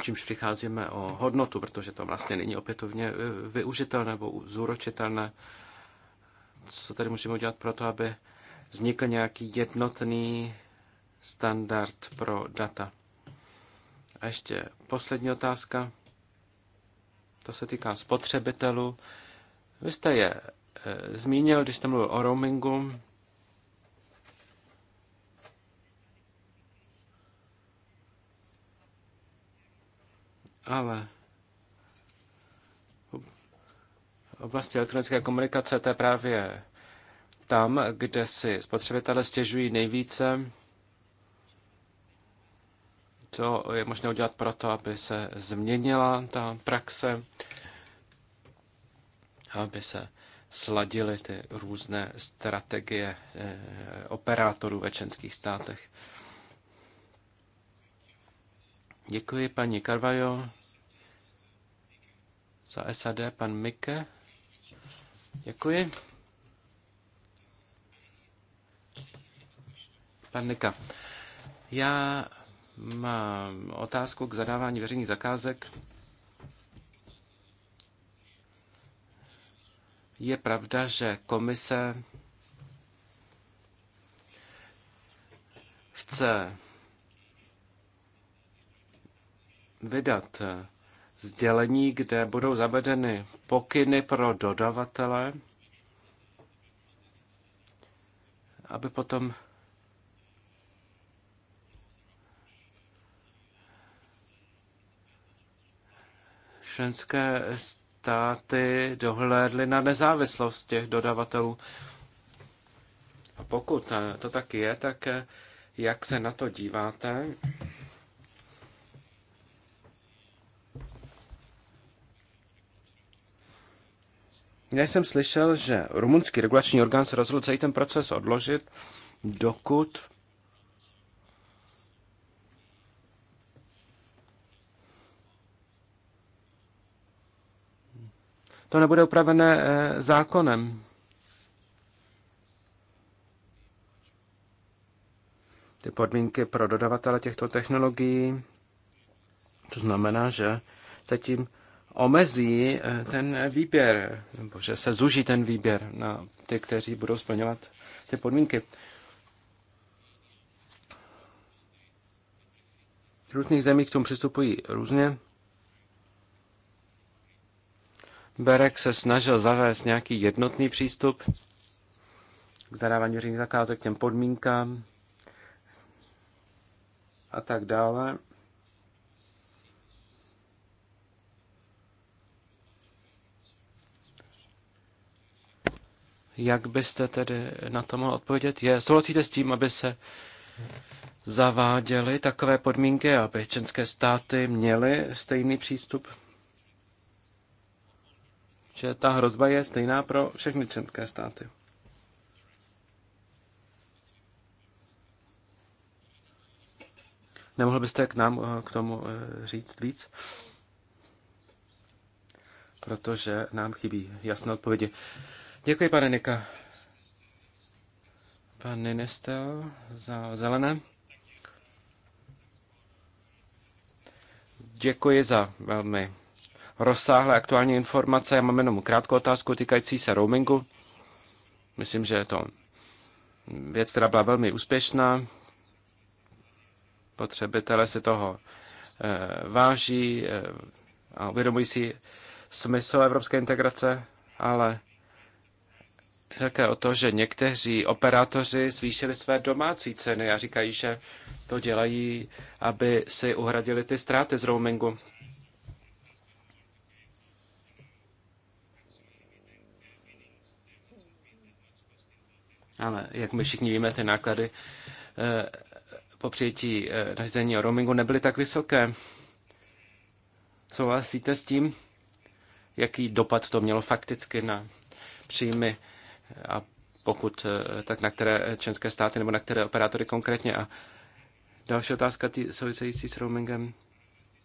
čímž přicházíme o hodnotu, protože to vlastně není opětovně eh, využitelné nebo zúročitelné. Co tady můžeme udělat pro to, aby vznikl nějaký jednotný standard pro data. A ještě poslední otázka. To se týká spotřebitelů. Vy jste je e, zmínil, když jste mluvil o roamingu. Ale v oblasti elektronické komunikace to je právě tam, kde si spotřebitelé stěžují nejvíce co je možné udělat pro to, aby se změnila ta praxe, aby se sladily ty různé strategie eh, operátorů ve členských státech. Děkuji paní Carvajo za SAD, pan Mike. Děkuji. Pan Nika. Já má otázku k zadávání veřejných zakázek. Je pravda, že komise chce vydat sdělení, kde budou zavedeny pokyny pro dodavatele, aby potom členské státy dohlédly na nezávislost těch dodavatelů. A pokud to tak je, tak jak se na to díváte? Já jsem slyšel, že rumunský regulační orgán se rozhodl celý ten proces odložit, dokud to nebude upravené eh, zákonem. Ty podmínky pro dodavatele těchto technologií, to znamená, že tím omezí eh, ten výběr, nebo že se zuží ten výběr na ty, kteří budou splňovat ty podmínky. V různých zemích k tomu přistupují různě. Berek se snažil zavést nějaký jednotný přístup k zadávání veřejných zakázek, k těm podmínkám a tak dále. Jak byste tedy na to mohl odpovědět? Je, souhlasíte s tím, aby se zaváděly takové podmínky, aby členské státy měly stejný přístup? že ta hrozba je stejná pro všechny členské státy. Nemohl byste k nám eh, k tomu eh, říct víc? Protože nám chybí jasné odpovědi. Děkuji, pane Nika. Pan Ninestel za zelené. Děkuji za velmi rozsáhlé aktuální informace. Já mám jenom krátkou otázku týkající se roamingu. Myslím, že je to věc, která byla velmi úspěšná. Potřebitelé si toho eh, váží eh, a uvědomují si smysl evropské integrace, ale také o to, že někteří operátoři zvýšili své domácí ceny a říkají, že to dělají, aby si uhradili ty ztráty z roamingu. Ale jak my všichni víme, ty náklady eh, po přijetí eh, nařízení o roamingu nebyly tak vysoké. Souhlasíte s tím, jaký dopad to mělo fakticky na příjmy a pokud eh, tak na které členské státy nebo na které operátory konkrétně. A další otázka tý, související s roamingem.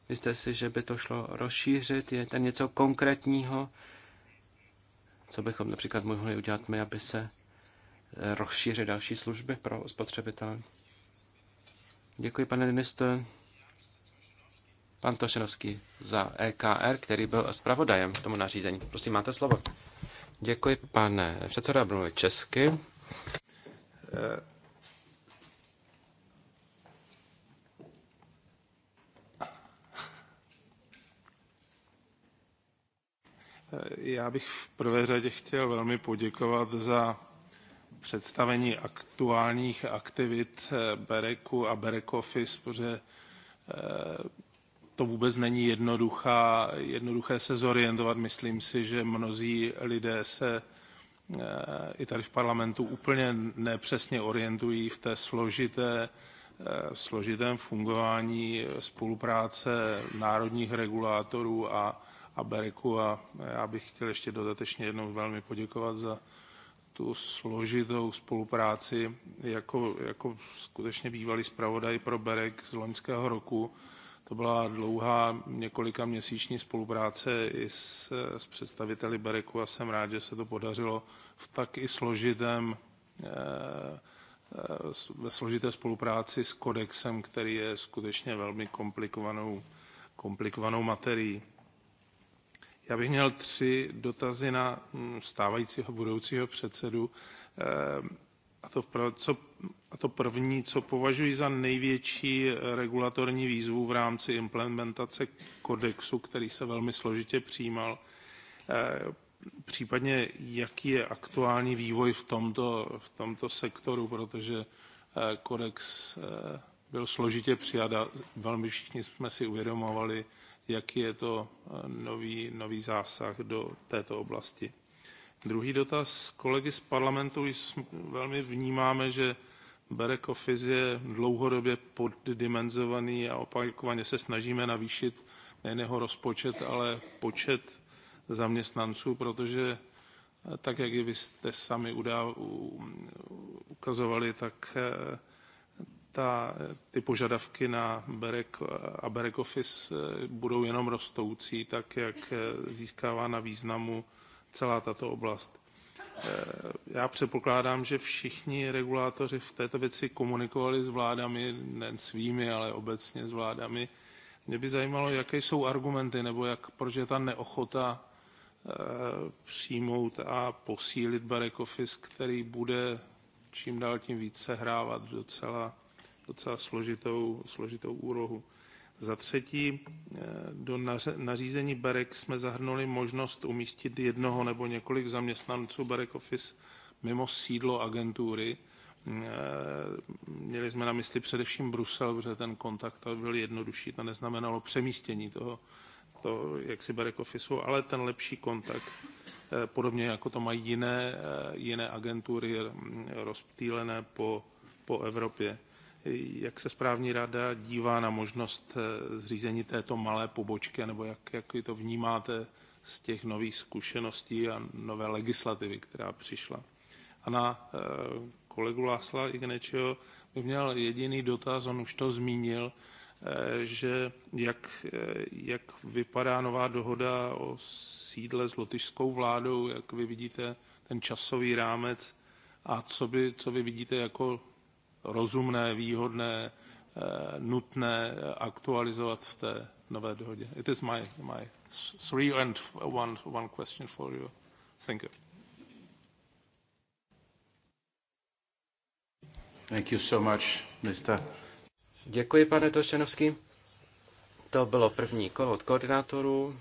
Myslíte si, že by to šlo rozšířit? Je tam něco konkrétního, co bychom například mohli udělat my, aby se rozšířit další služby pro spotřebitele. Děkuji, pane ministře. Pan Tošenovský za EKR, který byl zpravodajem k tomu nařízení. Prosím, máte slovo. Děkuji, pane předseda, mluvím česky. Já bych v prvé řadě chtěl velmi poděkovat za představení aktuálních aktivit eh, Bereku a Berek Office, protože eh, to vůbec není jednoduchá, jednoduché se zorientovat. Myslím si, že mnozí lidé se eh, i tady v parlamentu úplně nepřesně orientují v té složité, složitém fungování spolupráce národních regulátorů a, a Bereku a já bych chtěl ještě dodatečně jednou velmi poděkovat za tu složitou spolupráci jako, jako skutečně bývalý zpravodaj pro Berek z loňského roku. To byla dlouhá několika měsíční spolupráce i s, s představiteli Bereku a jsem rád, že se to podařilo v tak i složitém ve eh, eh, složité spolupráci s kodexem, který je skutečně velmi komplikovanou, komplikovanou materií. Já bych měl tři dotazy na mm, stávajícího budoucího předsedu. Eh, a to, co, a to první, co považuji za největší eh, regulatorní výzvu v rámci implementace kodexu, který se velmi složitě přijímal, eh, případně jaký je aktuální vývoj v tomto, v tomto sektoru, protože kodex byl složitě přijat a velmi všichni jsme si uvědomovali jaký je to eh, nový, nový zásah do této oblasti. Druhý dotaz kolegy z parlamentu. Velmi vnímáme, že Berek Office je dlouhodobě poddimenzovaný a opakovaně se snažíme navýšit nejen jeho rozpočet, ale počet zaměstnanců, protože eh, tak, jak i vy jste sami udá, ukazovali, tak eh, ta, ty požadavky na Berek a Berek Office eh, budou jenom rostoucí, tak jak eh, získává na významu celá tato oblast. Eh, já předpokládám, že všichni regulátoři v této věci komunikovali s vládami, ne svými, ale obecně s vládami. Mě by zajímalo, jaké jsou argumenty, nebo jak, proč je ta neochota přijmout a posílit Barek Office, který bude čím dál tím více hrávat docela docela složitou, složitou úlohu. Za třetí, eh, do nařízení Berek jsme zahrnuli možnost umístit jednoho nebo několik zaměstnanců Berek Office mimo sídlo agentury. Eh, měli jsme na mysli především Brusel, protože ten kontakt byl jednodušší, to neznamenalo přemístění toho, to, jak si Berek Office, ale ten lepší kontakt, eh, podobně jako to mají jiné, jiné agentury rozptýlené po, po Evropě jak se správní rada dívá na možnost eh, zřízení této malé pobočky, nebo jak, jak to vnímáte z těch nových zkušeností a nové legislativy, která přišla. A na eh, kolegu Lásla Ignečeho bych měl jediný dotaz, on už to zmínil, eh, že jak, jak vypadá nová dohoda o sídle s lotyšskou vládou, jak vy vidíte ten časový rámec a co, by, co vy vidíte jako rozumné, výhodné, eh, nutné eh, aktualizovat v té nové dohodě. It is my, my three and one, one question for you. Thank you. Thank you so much, Mr. Děkuji, pane Tošenovský. To bylo první kolo od koordinátorů.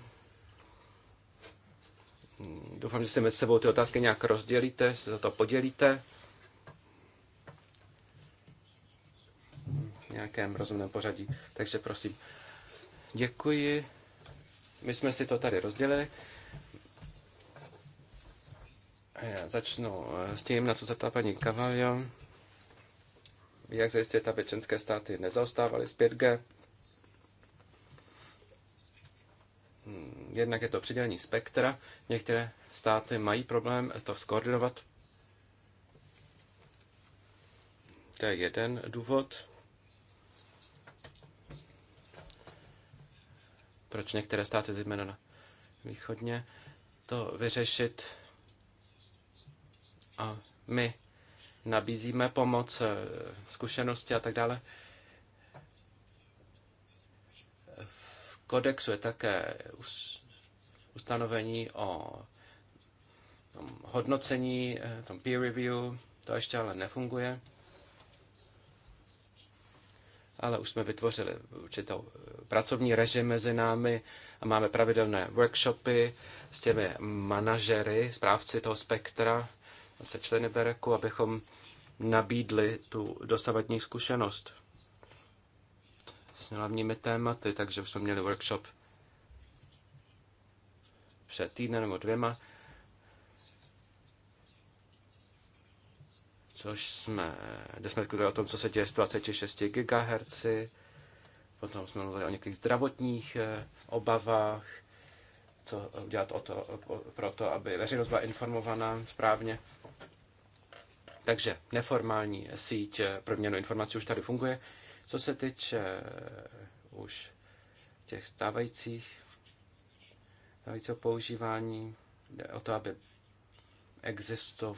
Doufám, že si mezi sebou ty otázky nějak rozdělíte, se za to podělíte. nějakém rozumném pořadí. Takže prosím, děkuji. My jsme si to tady rozdělili. Já začnu eh, s tím, na co se ptá paní Cavalio. Jak zajistit, aby členské státy nezaostávaly z 5G? Hmm, jednak je to přidělení spektra. Některé státy mají problém to skoordinovat. To je jeden důvod. proč některé státy, zejména na východně, to vyřešit. A my nabízíme pomoc, eh, zkušenosti a tak dále. V kodexu je také ustanovení o hodnocení, eh, tom peer review, to ještě ale nefunguje ale už jsme vytvořili určitou eh, pracovní režim mezi námi a máme pravidelné workshopy s těmi manažery, správci toho spektra, se členy Bereku, abychom nabídli tu dosavadní zkušenost s hlavními tématy, takže už jsme měli workshop před týdnem nebo dvěma což jsme, kde jsme o tom, co se děje s 26 GHz, potom jsme mluvili o některých zdravotních eh, obavách, co udělat o to, o, pro to, aby veřejnost byla informovaná správně. Takže neformální síť eh, pro měnu informací už tady funguje. Co se týče eh, už těch stávajících, stávajícího používání, jde o to, aby existoval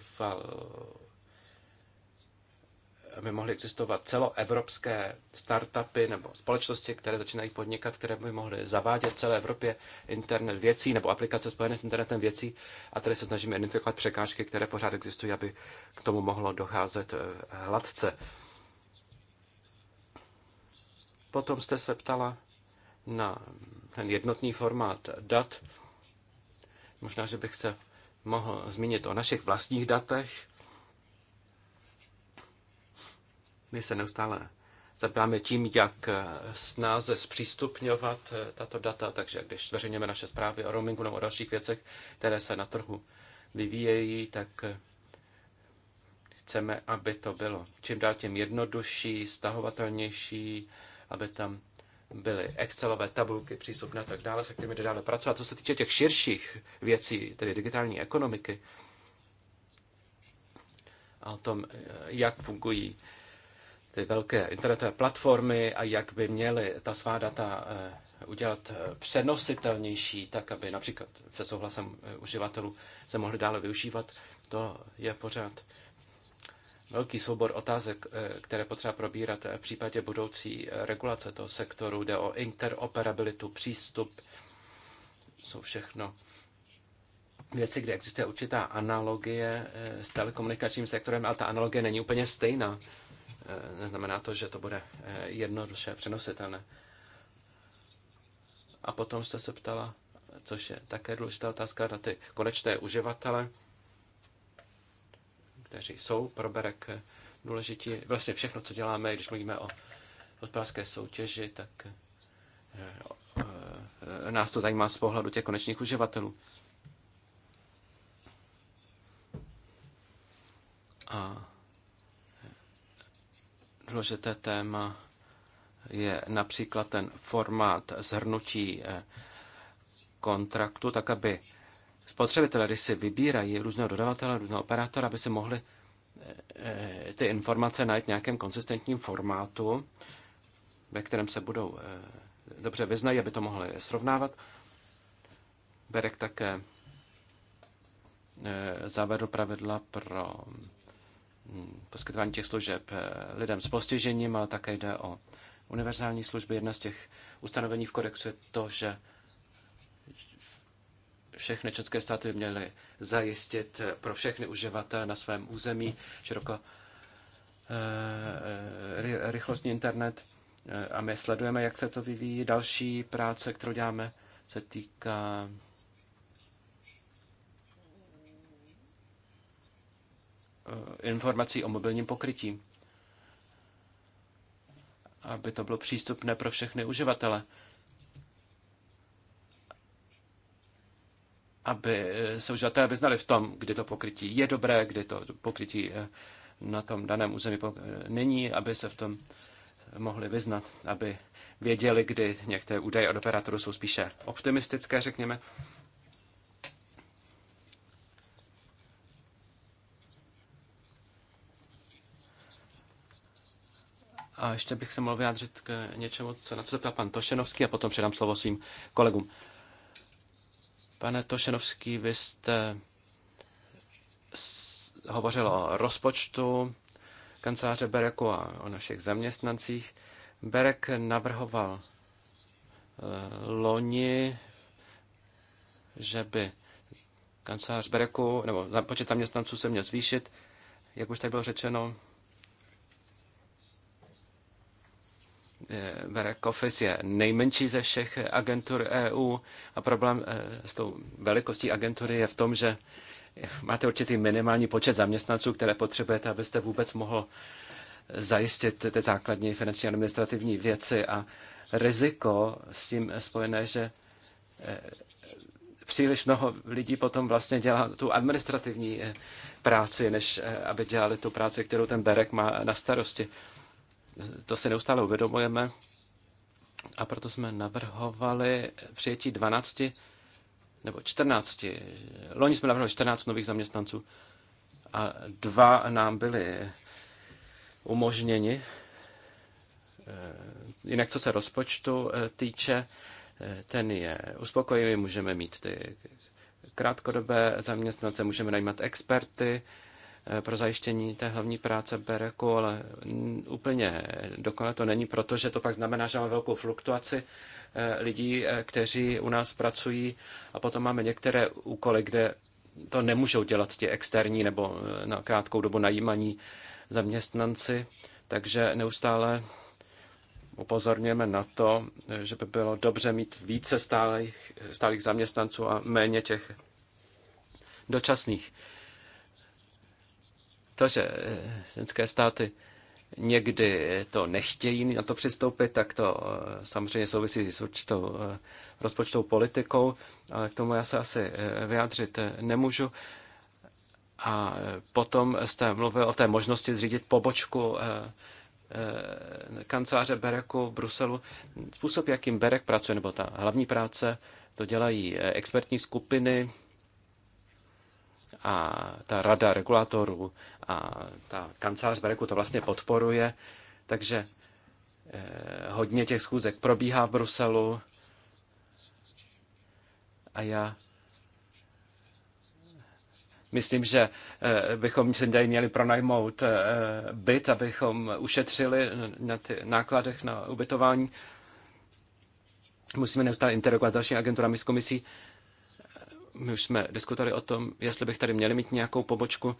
by mohly existovat celoevropské startupy nebo společnosti, které začínají podnikat, které by mohly zavádět v celé Evropě internet věcí nebo aplikace spojené s internetem věcí. A tady se snažíme identifikovat překážky, které pořád existují, aby k tomu mohlo docházet eh, hladce. Potom jste se ptala na ten jednotný formát dat. Možná, že bych se mohl zmínit o našich vlastních datech My se neustále zabýváme tím, jak snáze zpřístupňovat eh, tato data, takže když zveřejňujeme naše zprávy o roamingu nebo o dalších věcech, které se na trhu vyvíjejí, tak eh, chceme, aby to bylo čím dál tím jednodušší, stahovatelnější, aby tam byly Excelové tabulky přístupné a tak dále, se kterými jde dále pracovat. Co se týče těch širších věcí, tedy digitální ekonomiky, a o tom, eh, jak fungují ty velké internetové platformy a jak by měly ta svá data eh, udělat eh, přenositelnější, tak aby například se souhlasem eh, uživatelů se mohly dále využívat, to je pořád velký soubor otázek, které potřeba probírat v případě budoucí regulace toho sektoru. Jde o interoperabilitu, přístup, jsou všechno věci, kde existuje určitá analogie s telekomunikačním sektorem, ale ta analogie není úplně stejná. Eh, neznamená to, že to bude eh, jednoduše přenositelné. A potom jste se ptala, což je také důležitá otázka na ty konečné uživatele, kteří jsou pro Berek eh, důležití. Vlastně všechno, co děláme, když mluvíme o hospodářské soutěži, tak nás to zajímá z pohledu těch konečných uživatelů. A Důležité téma je například ten formát zhrnutí eh, kontraktu, tak aby spotřebitelé, když si vybírají různého dodavatele, různého operátora, aby si mohli eh, eh, ty informace najít v nějakém konsistentním formátu, ve kterém se budou dobře vyznají, aby to mohli srovnávat. Berek také zavedl pravidla pro Mm, poskytování těch služeb eh, lidem s postižením, ale také jde o univerzální služby. Jedna z těch ustanovení v kodexu je to, že všechny české státy měly zajistit eh, pro všechny uživatele na svém území široko eh, rychlostní internet. A my sledujeme, jak se to vyvíjí. Další práce, kterou děláme, se týká Eh, informací o mobilním pokrytí, aby to bylo přístupné pro všechny uživatele, aby eh, se uživatelé vyznali v tom, kdy to pokrytí je dobré, kdy to pokrytí eh, na tom daném území není, aby se v tom mohli vyznat, aby věděli, kdy některé údaje od operátorů jsou spíše optimistické, řekněme, A ještě bych se mohl vyjádřit k něčemu, co na co se ptal pan Tošenovský a potom předám slovo svým kolegům. Pane Tošenovský, vy jste hovořil o rozpočtu kanceláře Bereku a o našich zaměstnancích. Berek navrhoval eh, loni, že by kancelář Bereku, nebo počet zaměstnanců se měl zvýšit, jak už tak bylo řečeno, Eh, Back Office je nejmenší ze všech agentur EU a problém eh, s tou velikostí agentury je v tom, že máte určitý minimální počet zaměstnanců, které potřebujete, abyste vůbec mohl zajistit ty základní finanční administrativní věci a riziko s tím spojené, že eh, příliš mnoho lidí potom vlastně dělá tu administrativní práci, než aby dělali tu práci, kterou ten Berek má na starosti to si neustále uvědomujeme a proto jsme navrhovali přijetí 12 nebo 14. Loni jsme navrhovali 14 nových zaměstnanců a dva nám byly umožněni. Eh, jinak, co se rozpočtu eh, týče, eh, ten je uspokojivý, můžeme mít ty krátkodobé zaměstnance, můžeme najímat experty, Eh, pro zajištění té hlavní práce Bereku, ale úplně dokonale to není, protože to pak znamená, že máme velkou fluktuaci eh, lidí, eh, kteří u nás pracují a potom máme některé úkoly, kde to nemůžou dělat ti externí nebo na krátkou dobu najímaní zaměstnanci, takže neustále upozorňujeme na to, že by bylo dobře mít více stálých, stálých zaměstnanců a méně těch dočasných to, že eh, ženské státy někdy to nechtějí na to přistoupit, tak to eh, samozřejmě souvisí s určitou eh, rozpočtovou politikou, ale k tomu já se asi vyjádřit nemůžu. A potom jste mluvil o té možnosti zřídit pobočku kanceláře Bereku v Bruselu. Způsob, jakým Berek pracuje, nebo ta hlavní práce, to dělají expertní skupiny a ta rada regulatorů a ta kancelář Bereku to vlastně podporuje, takže eh, hodně těch schůzek probíhá v Bruselu a já myslím, že eh, bychom si tady měli pronajmout eh, byt, abychom ušetřili na ty nákladech na ubytování. Musíme neustále interagovat s dalšími agenturami, s komisí. My už jsme diskutovali o tom, jestli bych tady měli mít nějakou pobočku.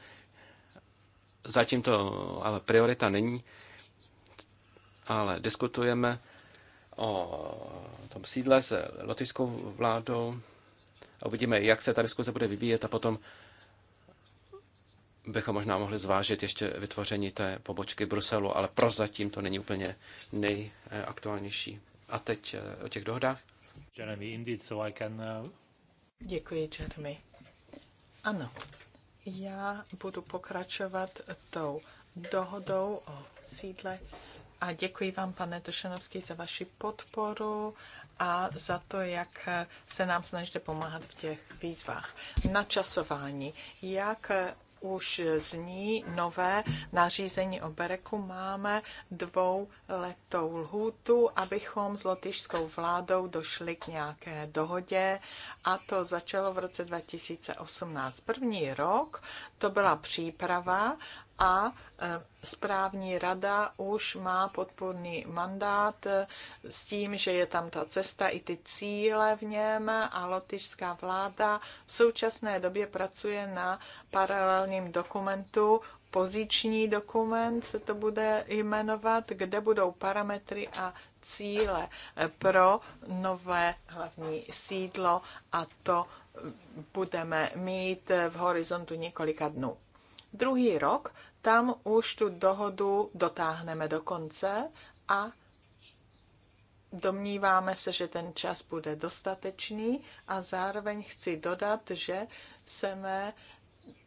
Zatím to ale priorita není, ale diskutujeme o tom sídle s lotyšskou vládou a uvidíme, jak se ta diskuze bude vyvíjet a potom bychom možná mohli zvážit ještě vytvoření té pobočky Bruselu, ale prozatím to není úplně nejaktuálnější. A teď o těch dohodách. Děkuji, Jeremy. Ano, já budu pokračovat tou dohodou o sídle a děkuji vám, pane Tošenovský, za vaši podporu a za to, jak se nám snažíte pomáhat v těch výzvách. Načasování. Jak už zní nové nařízení o Bereku. Máme dvou letou lhůtu, abychom s lotyšskou vládou došli k nějaké dohodě a to začalo v roce 2018. První rok to byla příprava a e, správní rada už má podporný mandát e, s tím, že je tam ta cesta i ty cíle v něm a lotyšská vláda v současné době pracuje na paralelním dokumentu poziční dokument se to bude jmenovat, kde budou parametry a cíle e, pro nové hlavní sídlo a to budeme mít v horizontu několika dnů. Druhý rok tam už tu dohodu dotáhneme do konce a domníváme se, že ten čas bude dostatečný a zároveň chci dodat, že jsme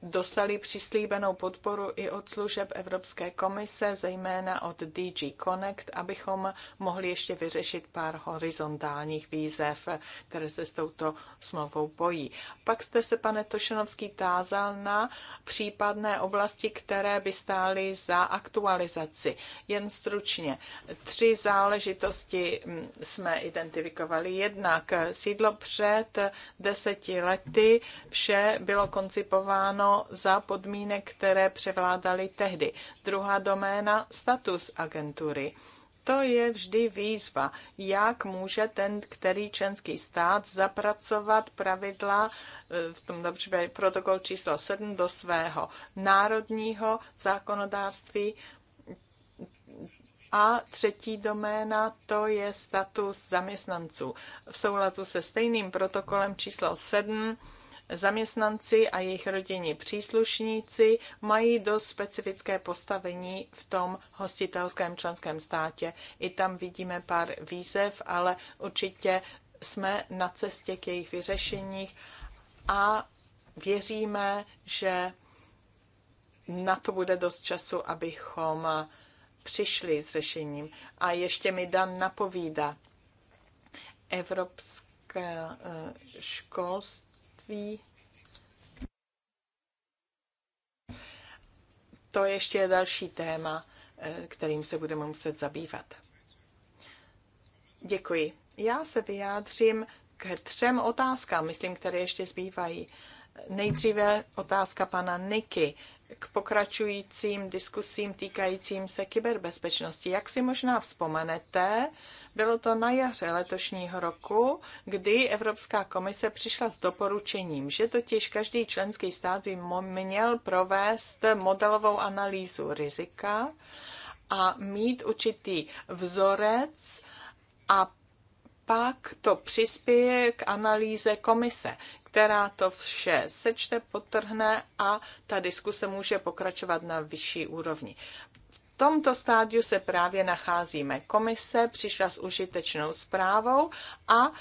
dostali přislíbenou podporu i od služeb Evropské komise, zejména od DG Connect, abychom mohli ještě vyřešit pár horizontálních výzev, které se s touto smlouvou bojí. Pak jste se, pane Tošenovský, tázal na případné oblasti, které by stály za aktualizaci. Jen stručně. Tři záležitosti mm, jsme identifikovali. Jednak sídlo před deseti lety, vše bylo koncipováno za podmínek, které převládaly tehdy. Druhá doména, status agentury. To je vždy výzva, jak může ten, který členský stát zapracovat pravidla, e, v tom dobře protokol číslo 7, do svého národního zákonodárství. A třetí doména to je status zaměstnanců. V souladu se stejným protokolem číslo 7 Zaměstnanci a jejich rodinní příslušníci mají dost specifické postavení v tom hostitelském členském státě. I tam vidíme pár výzev, ale určitě jsme na cestě k jejich vyřešení a věříme, že na to bude dost času, abychom přišli s řešením. A ještě mi Dan napovídá. Evropské eh, školství odvětví. To ještě je další téma, eh, kterým se budeme muset zabývat. Děkuji. Já se vyjádřím k třem otázkám, myslím, které ještě zbývají. Nejdříve otázka pana Niky k pokračujícím diskusím týkajícím se kyberbezpečnosti. Jak si možná vzpomenete, bylo to na jaře letošního roku, kdy Evropská komise přišla s doporučením, že totiž každý členský stát by měl provést modelovou analýzu rizika a mít určitý vzorec a pak to přispěje k analýze komise, která to vše sečte, potrhne a ta diskuse může pokračovat na vyšší úrovni tomto stádiu se právě nacházíme. Komise přišla s užitečnou zprávou a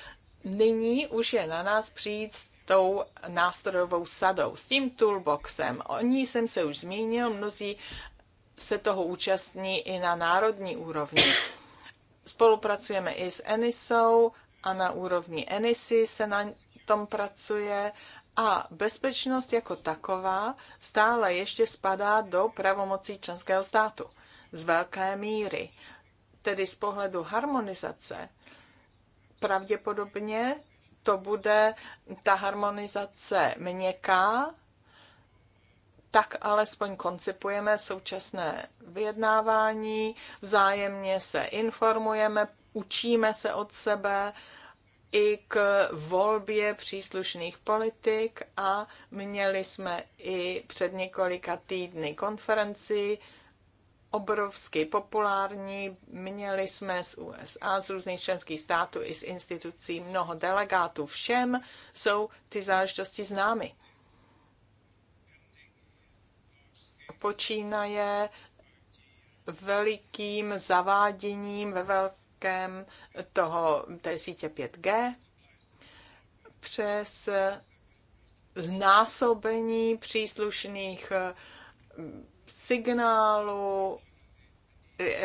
nyní už je na nás přijít s tou nástrojovou sadou, s tím toolboxem. O ní jsem se už zmínil, mnozí se toho účastní i na národní úrovni. Spolupracujeme i s Enisou a na úrovni Enisy se na tom pracuje a bezpečnost jako taková stále ještě spadá do pravomocí členského státu z velké míry. Tedy z pohledu harmonizace pravděpodobně to bude ta harmonizace měkká, tak alespoň koncipujeme současné vyjednávání, vzájemně se informujeme, učíme se od sebe i k volbě příslušných politik a měli jsme i před několika týdny konferenci obrovsky populární. Měli jsme z USA, z různých členských států i z institucí mnoho delegátů. Všem jsou ty záležitosti známy. Počínaje velikým zaváděním ve velkém toho, té sítě 5G přes znásobení příslušných signálu,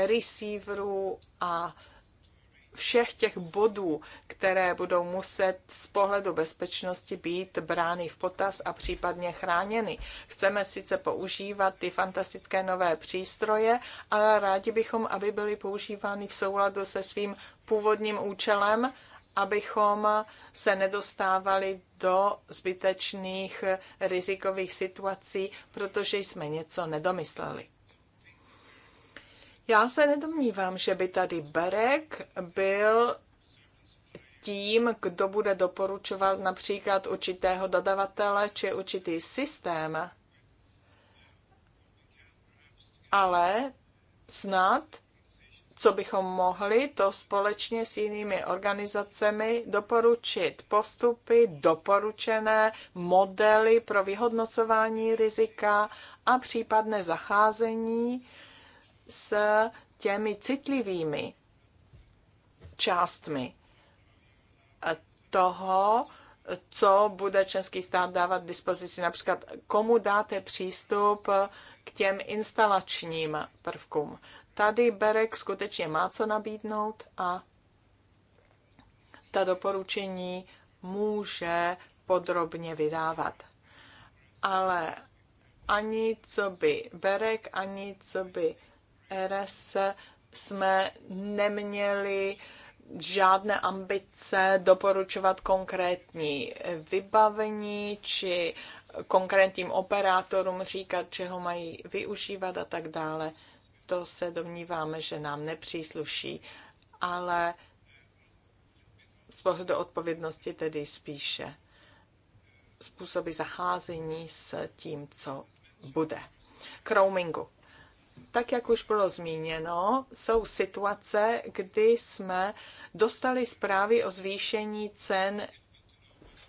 receiveru a všech těch bodů, které budou muset z pohledu bezpečnosti být brány v potaz a případně chráněny. Chceme sice používat ty fantastické nové přístroje, ale rádi bychom, aby byly používány v souladu se svým původním účelem abychom se nedostávali do zbytečných rizikových situací, protože jsme něco nedomysleli. Já se nedomnívám, že by tady Berek byl tím, kdo bude doporučovat například určitého dodavatele či určitý systém, ale snad co bychom mohli, to společně s jinými organizacemi doporučit postupy, doporučené modely pro vyhodnocování rizika a případné zacházení s těmi citlivými částmi toho, co bude český stát dávat dispozici, například komu dáte přístup k těm instalačním prvkům. Tady Berek skutečně má co nabídnout a ta doporučení může podrobně vydávat. Ale ani co by Berek, ani co by RS jsme neměli žádné ambice doporučovat konkrétní vybavení či konkrétním operátorům říkat, čeho mají využívat a tak dále to se domníváme, že nám nepřísluší, ale z pohledu odpovědnosti tedy spíše způsoby zacházení s tím, co bude. K roamingu. Tak, jak už bylo zmíněno, jsou situace, kdy jsme dostali zprávy o zvýšení cen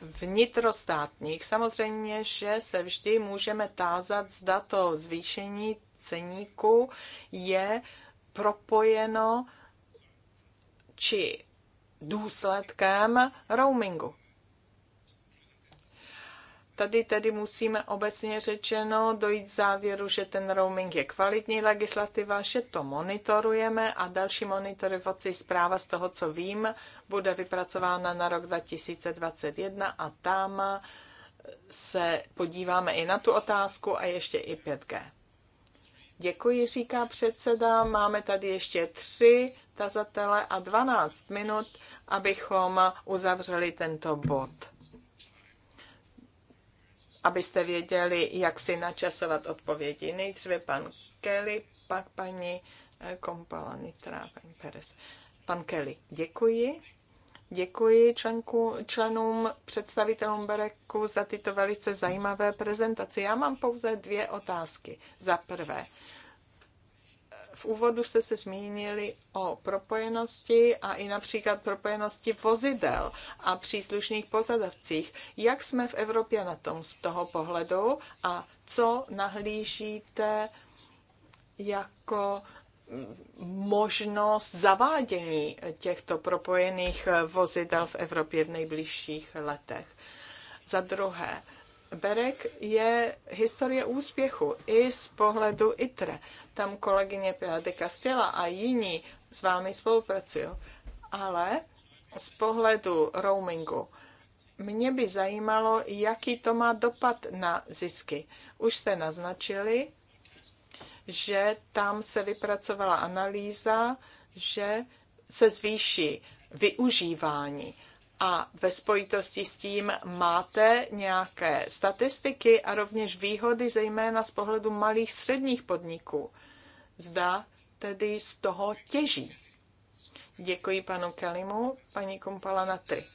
vnitrostátních. Samozřejmě, že se vždy můžeme tázat, zda to zvýšení ceníku je propojeno či důsledkem roamingu. Tady tedy musíme obecně řečeno dojít k závěru, že ten roaming je kvalitní legislativa, že to monitorujeme a další monitorovací zpráva z toho, co vím, bude vypracována na rok 2021 a tam se podíváme i na tu otázku a ještě i 5G. Děkuji, říká předseda. Máme tady ještě tři tazatele a 12 minut, abychom uzavřeli tento bod. Abyste věděli, jak si načasovat odpovědi. Nejdříve pan Kelly, pak paní eh, Kompala Nitra, paní Perez. Pan Kelly, děkuji. Děkuji členku, členům představitelům Bereku za tyto velice zajímavé prezentace. Já mám pouze dvě otázky. Za prvé, v úvodu jste se zmínili o propojenosti a i například propojenosti vozidel a příslušných pozadavcích. Jak jsme v Evropě na tom z toho pohledu a co nahlížíte jako možnost zavádění těchto propojených vozidel v Evropě v nejbližších letech. Za druhé, Berek je historie úspěchu i z pohledu ITRE. Tam kolegyně Pilar de Castella a jiní s vámi spolupracují. Ale z pohledu roamingu, mě by zajímalo, jaký to má dopad na zisky. Už jste naznačili, že tam se vypracovala analýza, že se zvýší využívání. A ve spojitosti s tím máte nějaké statistiky a rovněž výhody, zejména z pohledu malých středních podniků. Zda tedy z toho těží. Děkuji panu Kelimu, paní Kumpala na ty.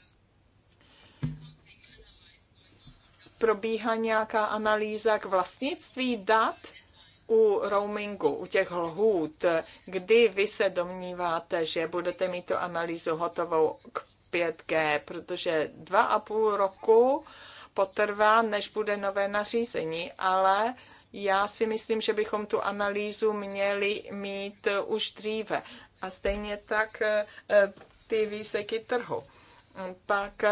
Probíhá nějaká analýza k vlastnictví dat? u roamingu, u těch lhůt, kdy vy se domníváte, že budete mít tu analýzu hotovou k 5G, protože dva a půl roku potrvá, než bude nové nařízení, ale já si myslím, že bychom tu analýzu měli mít už dříve. A stejně tak eh, ty výseky trhu. Pak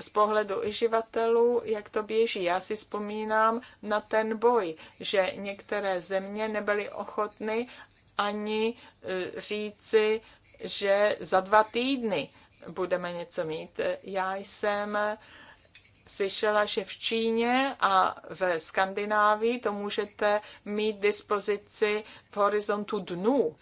z pohledu uživatelů, jak to běží. Já si vzpomínám na ten boj, že některé země nebyly ochotny ani e, říci, že za dva týdny budeme něco mít. Já jsem slyšela, že v Číně a v Skandinávii to můžete mít dispozici v horizontu dnů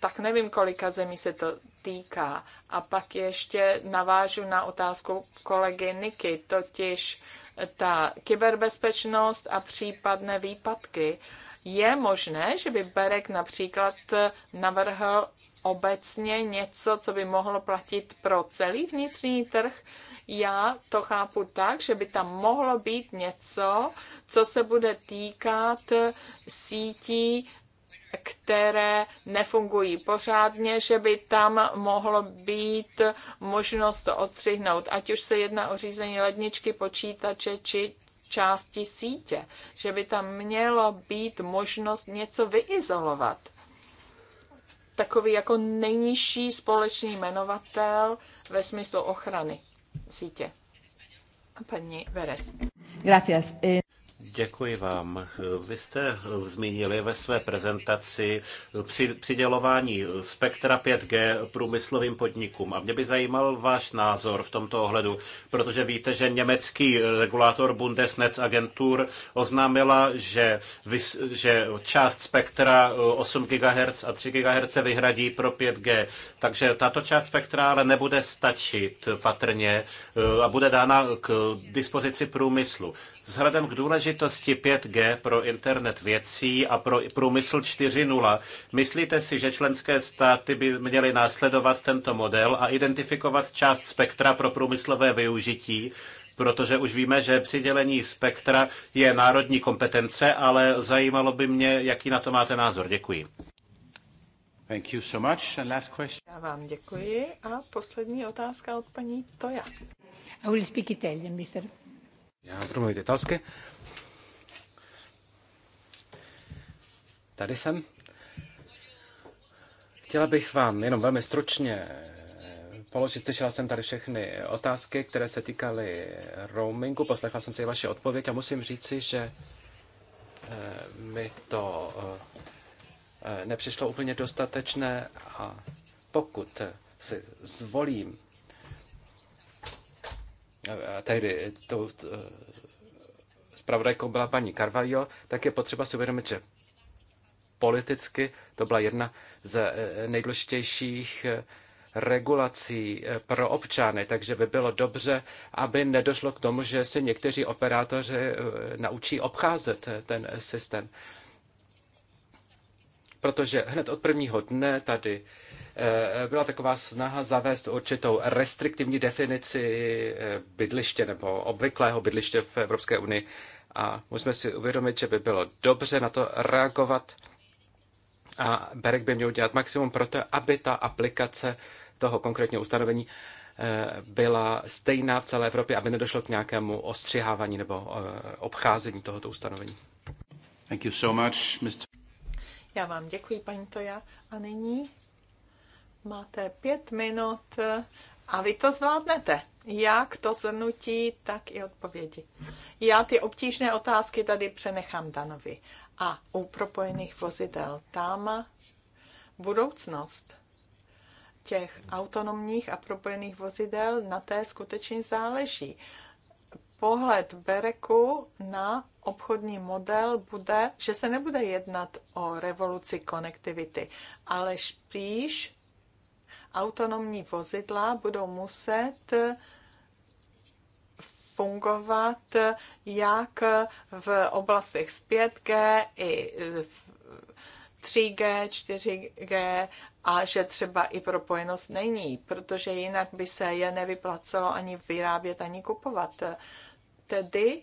tak nevím, kolika zemí se to týká. A pak ještě navážu na otázku kolegy Niky, totiž ta kyberbezpečnost a případné výpadky. Je možné, že by Berek například navrhl obecně něco, co by mohlo platit pro celý vnitřní trh? Já to chápu tak, že by tam mohlo být něco, co se bude týkat sítí které nefungují pořádně, že by tam mohlo být možnost to odstřihnout, ať už se jedná o řízení ledničky, počítače či části sítě, že by tam mělo být možnost něco vyizolovat. Takový jako nejnižší společný jmenovatel ve smyslu ochrany sítě. Paní Veres. Gracias. Eh, Děkuji vám. Vy jste zmínili ve své prezentaci při, přidělování spektra 5G průmyslovým podnikům. A mě by zajímal váš názor v tomto ohledu, protože víte, že německý regulátor Bundesnetzagentur oznámila, že, vys, že část spektra 8 GHz a 3 GHz vyhradí pro 5G. Takže tato část spektra ale nebude stačit patrně e, a bude dána k dispozici průmyslu. Vzhledem k důležitosti 5G pro internet věcí a pro průmysl 4.0, myslíte si, že členské státy by měly následovat tento model a identifikovat část spektra pro průmyslové využití, protože už víme, že přidělení spektra je národní kompetence, ale zajímalo by mě, jaký na to máte názor. Děkuji. Thank you so much. And last question. Já vám děkuji a poslední otázka od paní Toja. I will speak Italian, Mr. Já budu mluvit italsky. Tady jsem. Chtěla bych vám jenom velmi stručně eh, položit. Slyšela jsem tady všechny otázky, které se týkaly roamingu. Poslechla jsem si vaše odpověď a musím říci, že eh, mi to eh, nepřišlo úplně dostatečné a pokud si zvolím tehdy tou eh, zpravodajkou byla paní Carvalho, tak je potřeba si uvědomit, že politicky to byla jedna z eh, nejdůležitějších eh, regulací pro občany, takže by bylo dobře, aby nedošlo k tomu, že se někteří operátoři naučí obcházet ten systém. Protože hned od prvního dne tady Eh, byla taková snaha zavést určitou restriktivní definici eh, bydliště nebo obvyklého bydliště v Evropské unii. A musíme si uvědomit, že by bylo dobře na to reagovat a Berek by měl dělat maximum pro to, aby ta aplikace toho konkrétního ustanovení eh, byla stejná v celé Evropě, aby nedošlo k nějakému ostřihávání nebo obcházení tohoto ustanovení. Thank you so much, Mr. Já vám děkuji, paní Toja. A nyní Máte pět minut eh, a vy to zvládnete. Jak to zhrnutí, tak i odpovědi. Já ty obtížné otázky tady přenechám Danovi. A u propojených vozidel tam budoucnost těch autonomních a propojených vozidel na té skutečně záleží. Pohled Bereku na obchodní model bude, že se nebude jednat o revoluci konektivity, ale spíš autonomní vozidla budou muset fungovat jak v oblastech 5G i v 3G, 4G a že třeba i propojenost není, protože jinak by se je nevyplacelo ani vyrábět, ani kupovat. Tedy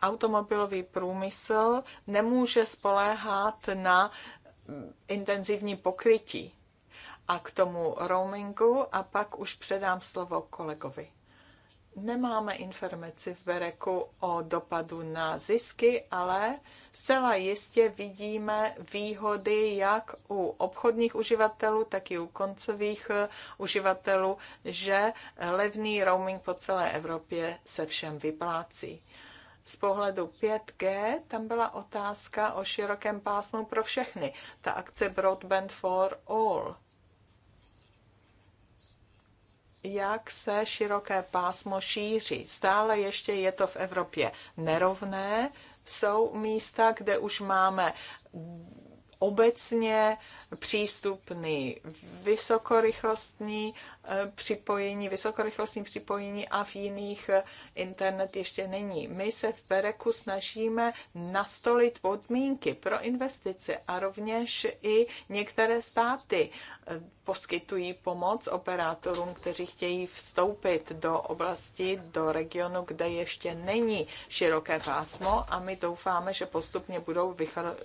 automobilový průmysl nemůže spoléhat na intenzivní pokrytí a k tomu roamingu a pak už předám slovo kolegovi. Nemáme informaci v Bereku o dopadu na zisky, ale zcela jistě vidíme výhody jak u obchodních uživatelů, tak i u koncových uživatelů, že levný roaming po celé Evropě se všem vyplácí. Z pohledu 5G tam byla otázka o širokém pásmu pro všechny. Ta akce Broadband for All jak se široké pásmo šíří. Stále ještě je to v Evropě nerovné. Jsou místa, kde už máme obecně přístupný vysokorychlostní eh, připojení, vysokorychlostní připojení a v jiných eh, internet ještě není. My se v Pereku snažíme nastolit podmínky pro investice a rovněž i některé státy eh, poskytují pomoc operátorům, kteří chtějí vstoupit do oblasti, do regionu, kde ještě není široké pásmo a my doufáme, že postupně budou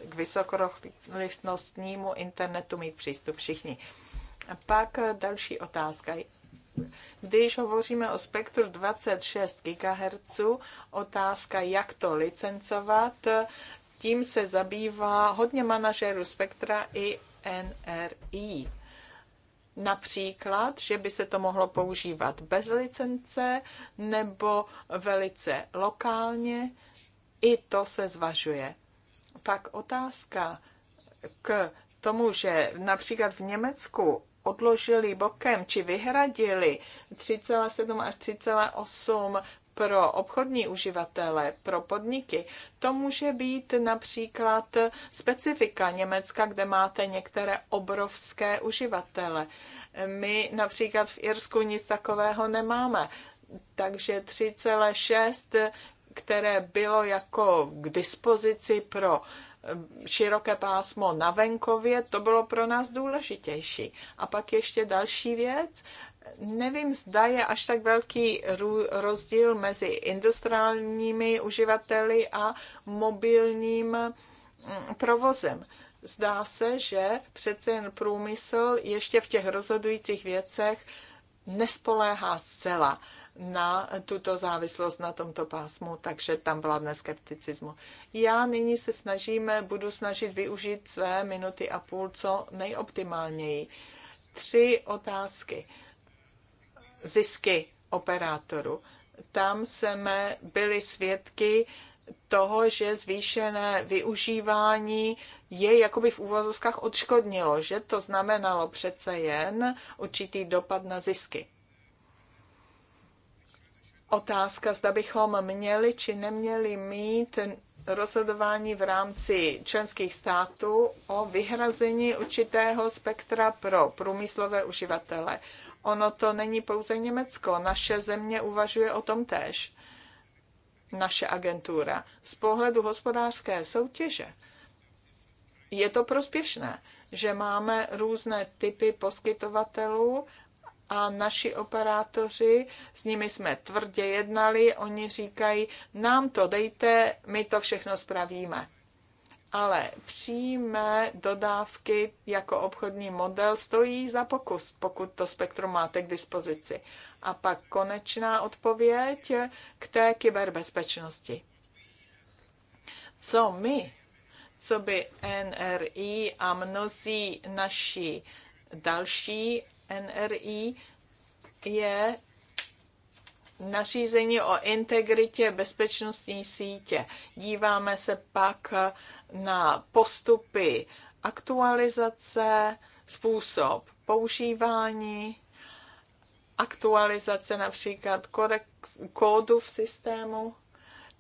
k vysokorychlostnímu internetu internetu mít přístup všichni. A pak další otázka. Když hovoříme o spektru 26 GHz, otázka, jak to licencovat, tím se zabývá hodně manažerů spektra i NRI. Například, že by se to mohlo používat bez licence nebo velice lokálně, i to se zvažuje. Pak otázka k tomu, že například v Německu odložili bokem či vyhradili 3,7 až 3,8 pro obchodní uživatele, pro podniky. To může být například specifika Německa, kde máte některé obrovské uživatele. My například v Irsku nic takového nemáme. Takže 3,6 které bylo jako k dispozici pro široké pásmo na venkově, to bylo pro nás důležitější. A pak ještě další věc, nevím, zda je až tak velký rozdíl mezi industriálními uživateli a mobilním mm, provozem. Zdá se, že přece jen průmysl ještě v těch rozhodujících věcech nespoléhá zcela na tuto závislost na tomto pásmu, takže tam vládne skepticismu. Já nyní se snažíme, budu snažit využít své minuty a půl co nejoptimálněji. Tři otázky. Zisky operátoru. Tam jsme byli svědky toho, že zvýšené využívání je jakoby v úvozovkách odškodnilo, že to znamenalo přece jen určitý dopad na zisky otázka, zda bychom měli či neměli mít rozhodování v rámci členských států o vyhrazení určitého spektra pro průmyslové uživatele. Ono to není pouze Německo, naše země uvažuje o tom též, naše agentura. Z pohledu hospodářské soutěže je to prospěšné, že máme různé typy poskytovatelů a naši operátoři, s nimi jsme tvrdě jednali, oni říkají, nám to dejte, my to všechno spravíme. Ale přímé dodávky jako obchodní model stojí za pokus, pokud to spektrum máte k dispozici. A pak konečná odpověď k té kyberbezpečnosti. Co my, co by NRI a mnozí naši další NRI je nařízení o integritě bezpečnostní sítě. Díváme se pak na postupy aktualizace, způsob používání, aktualizace například kódu v systému.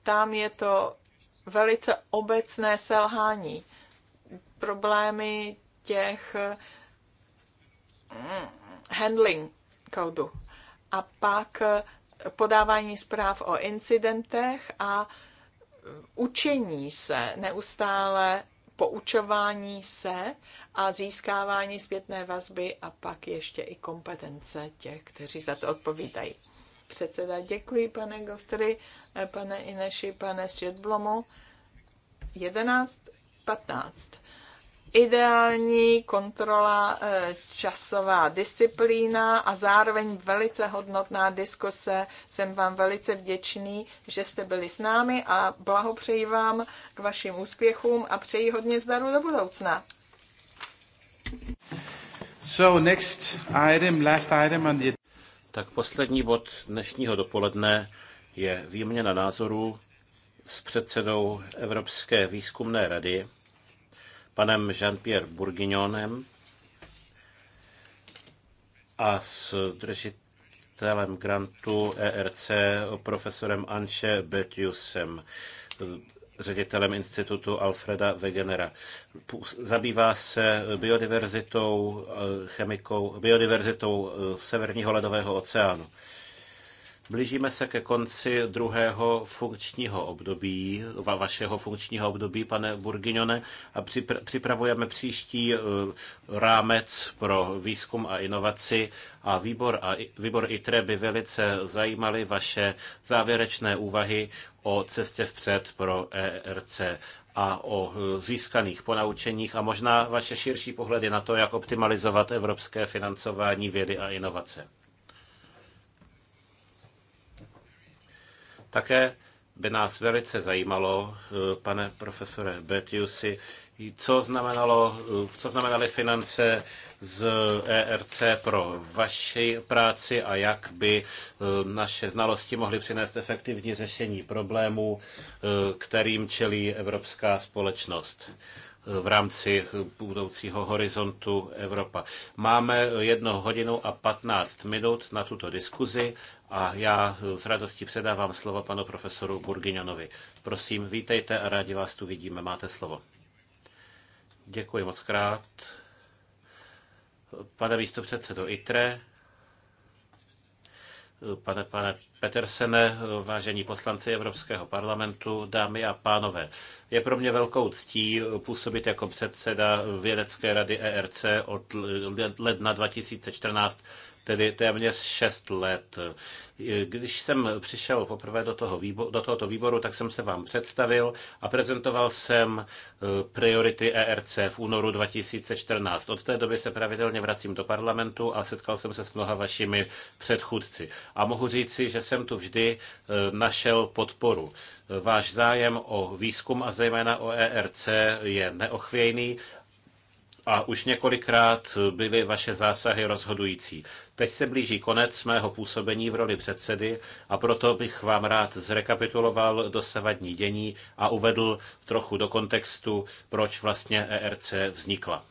Tam je to velice obecné selhání. Problémy těch handling kódu a pak eh, podávání zpráv o incidentech a eh, učení se, neustále poučování se a získávání zpětné vazby a pak ještě i kompetence těch, kteří za to odpovídají. Předseda, děkuji pane Goftry, eh, pane Ineši, pane Štětblomu. 11.15 ideální kontrola, eh, časová disciplína a zároveň velice hodnotná diskuse. Jsem vám velice vděčný, že jste byli s námi a blahopřeji vám k vašim úspěchům a přeji hodně zdaru do budoucna. So next item, last item on the... Tak poslední bod dnešního dopoledne je výměna názorů s předsedou Evropské výzkumné rady panem Jean-Pierre Bourguignonem a s držitelem grantu ERC profesorem Anše Betiusem ředitelem institutu Alfreda Wegenera. Zabývá se biodiverzitou, eh, chemikou, biodiverzitou eh, Severního ledového oceánu. Blížíme se ke konci druhého funkčního období, vašeho funkčního období, pane Burginione, a připravujeme příští eh, rámec pro výzkum a inovaci a výbor, a výbor ITRE by velice zajímaly vaše závěrečné úvahy o cestě vpřed pro ERC a o eh, získaných ponaučeních a možná vaše širší pohledy na to, jak optimalizovat evropské financování vědy a inovace. Také by nás velice zajímalo, eh, pane profesore Betiusi, co, znamenalo, eh, co znamenaly finance z ERC pro vaši práci a jak by eh, naše znalosti mohly přinést efektivní řešení problémů, kterým čelí evropská společnost v rámci budoucího horizontu Evropa. Máme jedno hodinu a 15 minut na tuto diskuzi a já eh, s radostí předávám slovo panu profesoru Burgiňanovi. Prosím, vítejte a rádi vás tu vidíme. Máte slovo. Děkuji moc krát. Pane místopředsedo ITRE, eh, pane, pane Petersene, eh, vážení poslanci Evropského parlamentu, dámy a pánové. Je pro mě velkou ctí působit jako předseda Vědecké rady ERC od ledna 2014 tedy téměř 6 let. Když jsem přišel poprvé do, toho výboru, do tohoto výboru, tak jsem se vám představil a prezentoval jsem e, priority ERC v únoru 2014. Od té doby se pravidelně vracím do parlamentu a setkal jsem se s mnoha vašimi předchůdci. A mohu říci, že jsem tu vždy e, našel podporu. E, váš zájem o výzkum a zejména o ERC je neochvějný a už několikrát byly vaše zásahy rozhodující. Teď se blíží konec mého působení v roli předsedy a proto bych vám rád zrekapituloval dosavadní dění a uvedl trochu do kontextu, proč vlastně ERC vznikla.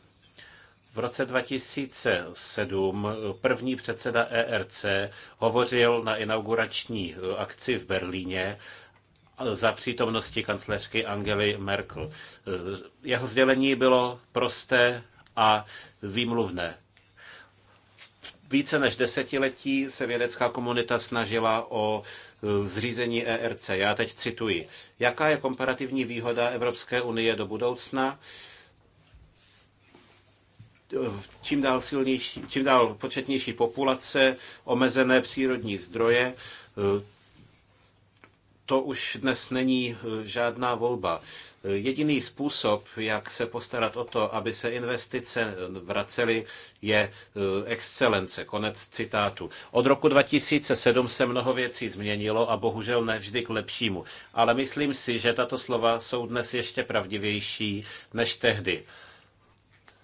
V roce 2007 první předseda ERC hovořil na inaugurační akci v Berlíně za přítomnosti kancléřky Angely Merkel. Jeho sdělení bylo prosté a výmluvné. Více než desetiletí se vědecká komunita snažila o e, zřízení ERC. Já teď cituji. Jaká je komparativní výhoda Evropské unie do budoucna? Čím dál, silnější, čím dál početnější populace, omezené přírodní zdroje, e, to už dnes není e, žádná volba. E, jediný způsob, jak se postarat o to, aby se investice e, vracely, je excelence. Konec citátu. Od roku 2007 se mnoho věcí změnilo a bohužel ne vždy k lepšímu. Ale myslím si, že tato slova jsou dnes ještě pravdivější než tehdy.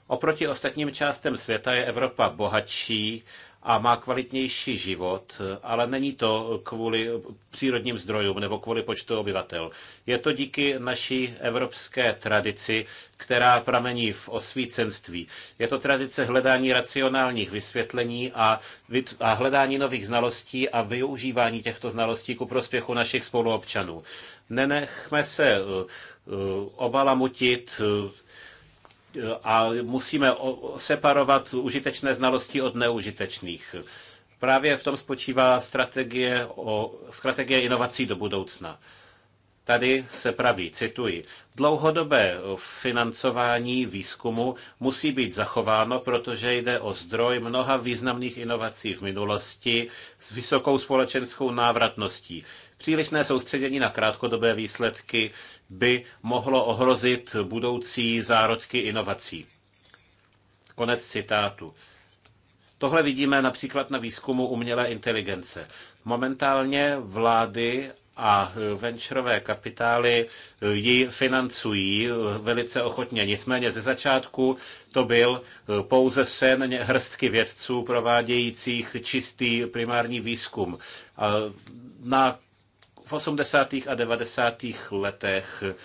Oproti ostatním částem světa je Evropa bohatší, a má kvalitnější život, ale není to kvůli přírodním zdrojům nebo kvůli počtu obyvatel. Je to díky naší evropské tradici, která pramení v osvícenství. Je to tradice hledání racionálních vysvětlení a, a hledání nových znalostí a využívání těchto znalostí ku prospěchu našich spoluobčanů. Nenechme se eh, eh, obalamutit eh, a musíme separovat užitečné znalosti od neužitečných. Právě v tom spočívá strategie, o, strategie inovací do budoucna. Tady se praví, cituji, dlouhodobé financování výzkumu musí být zachováno, protože jde o zdroj mnoha významných inovací v minulosti s vysokou společenskou návratností. Přílišné soustředění na krátkodobé výsledky by mohlo ohrozit budoucí zárodky inovací. Konec citátu. Tohle vidíme například na výzkumu umělé inteligence. Momentálně vlády a venturové kapitály ji financují velice ochotně. Nicméně ze začátku to byl pouze sen hrstky vědců provádějících čistý primární výzkum. Na v 80. a 90. letech eh,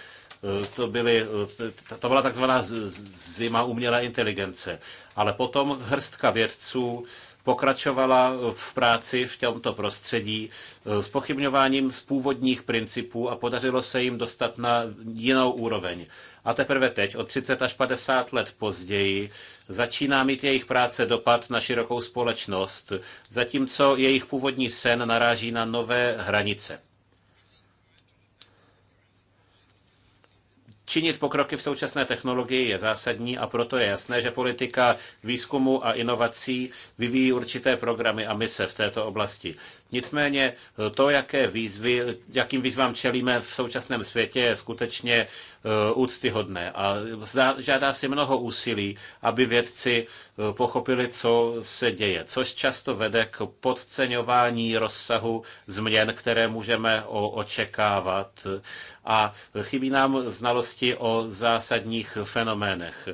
to, byly, eh, to byla takzvaná zima umělé inteligence. Ale potom hrstka vědců pokračovala v práci v tomto prostředí eh, s pochybňováním z původních principů a podařilo se jim dostat na jinou úroveň. A teprve teď, o 30 až 50 let později, začíná mít jejich práce dopad na širokou společnost, zatímco jejich původní sen naráží na nové hranice. Činit pokroky v současné technologii je zásadní a proto je jasné, že politika výzkumu a inovací vyvíjí určité programy a mise v této oblasti. Nicméně eh, to, jaké výzvy, jakým výzvám čelíme v současném světě, je skutečně eh, úctyhodné a žádá si mnoho úsilí, aby vědci eh, pochopili, co se děje, což často vede k podceňování rozsahu změn, které můžeme očekávat a chybí nám znalosti o zásadních fenoménech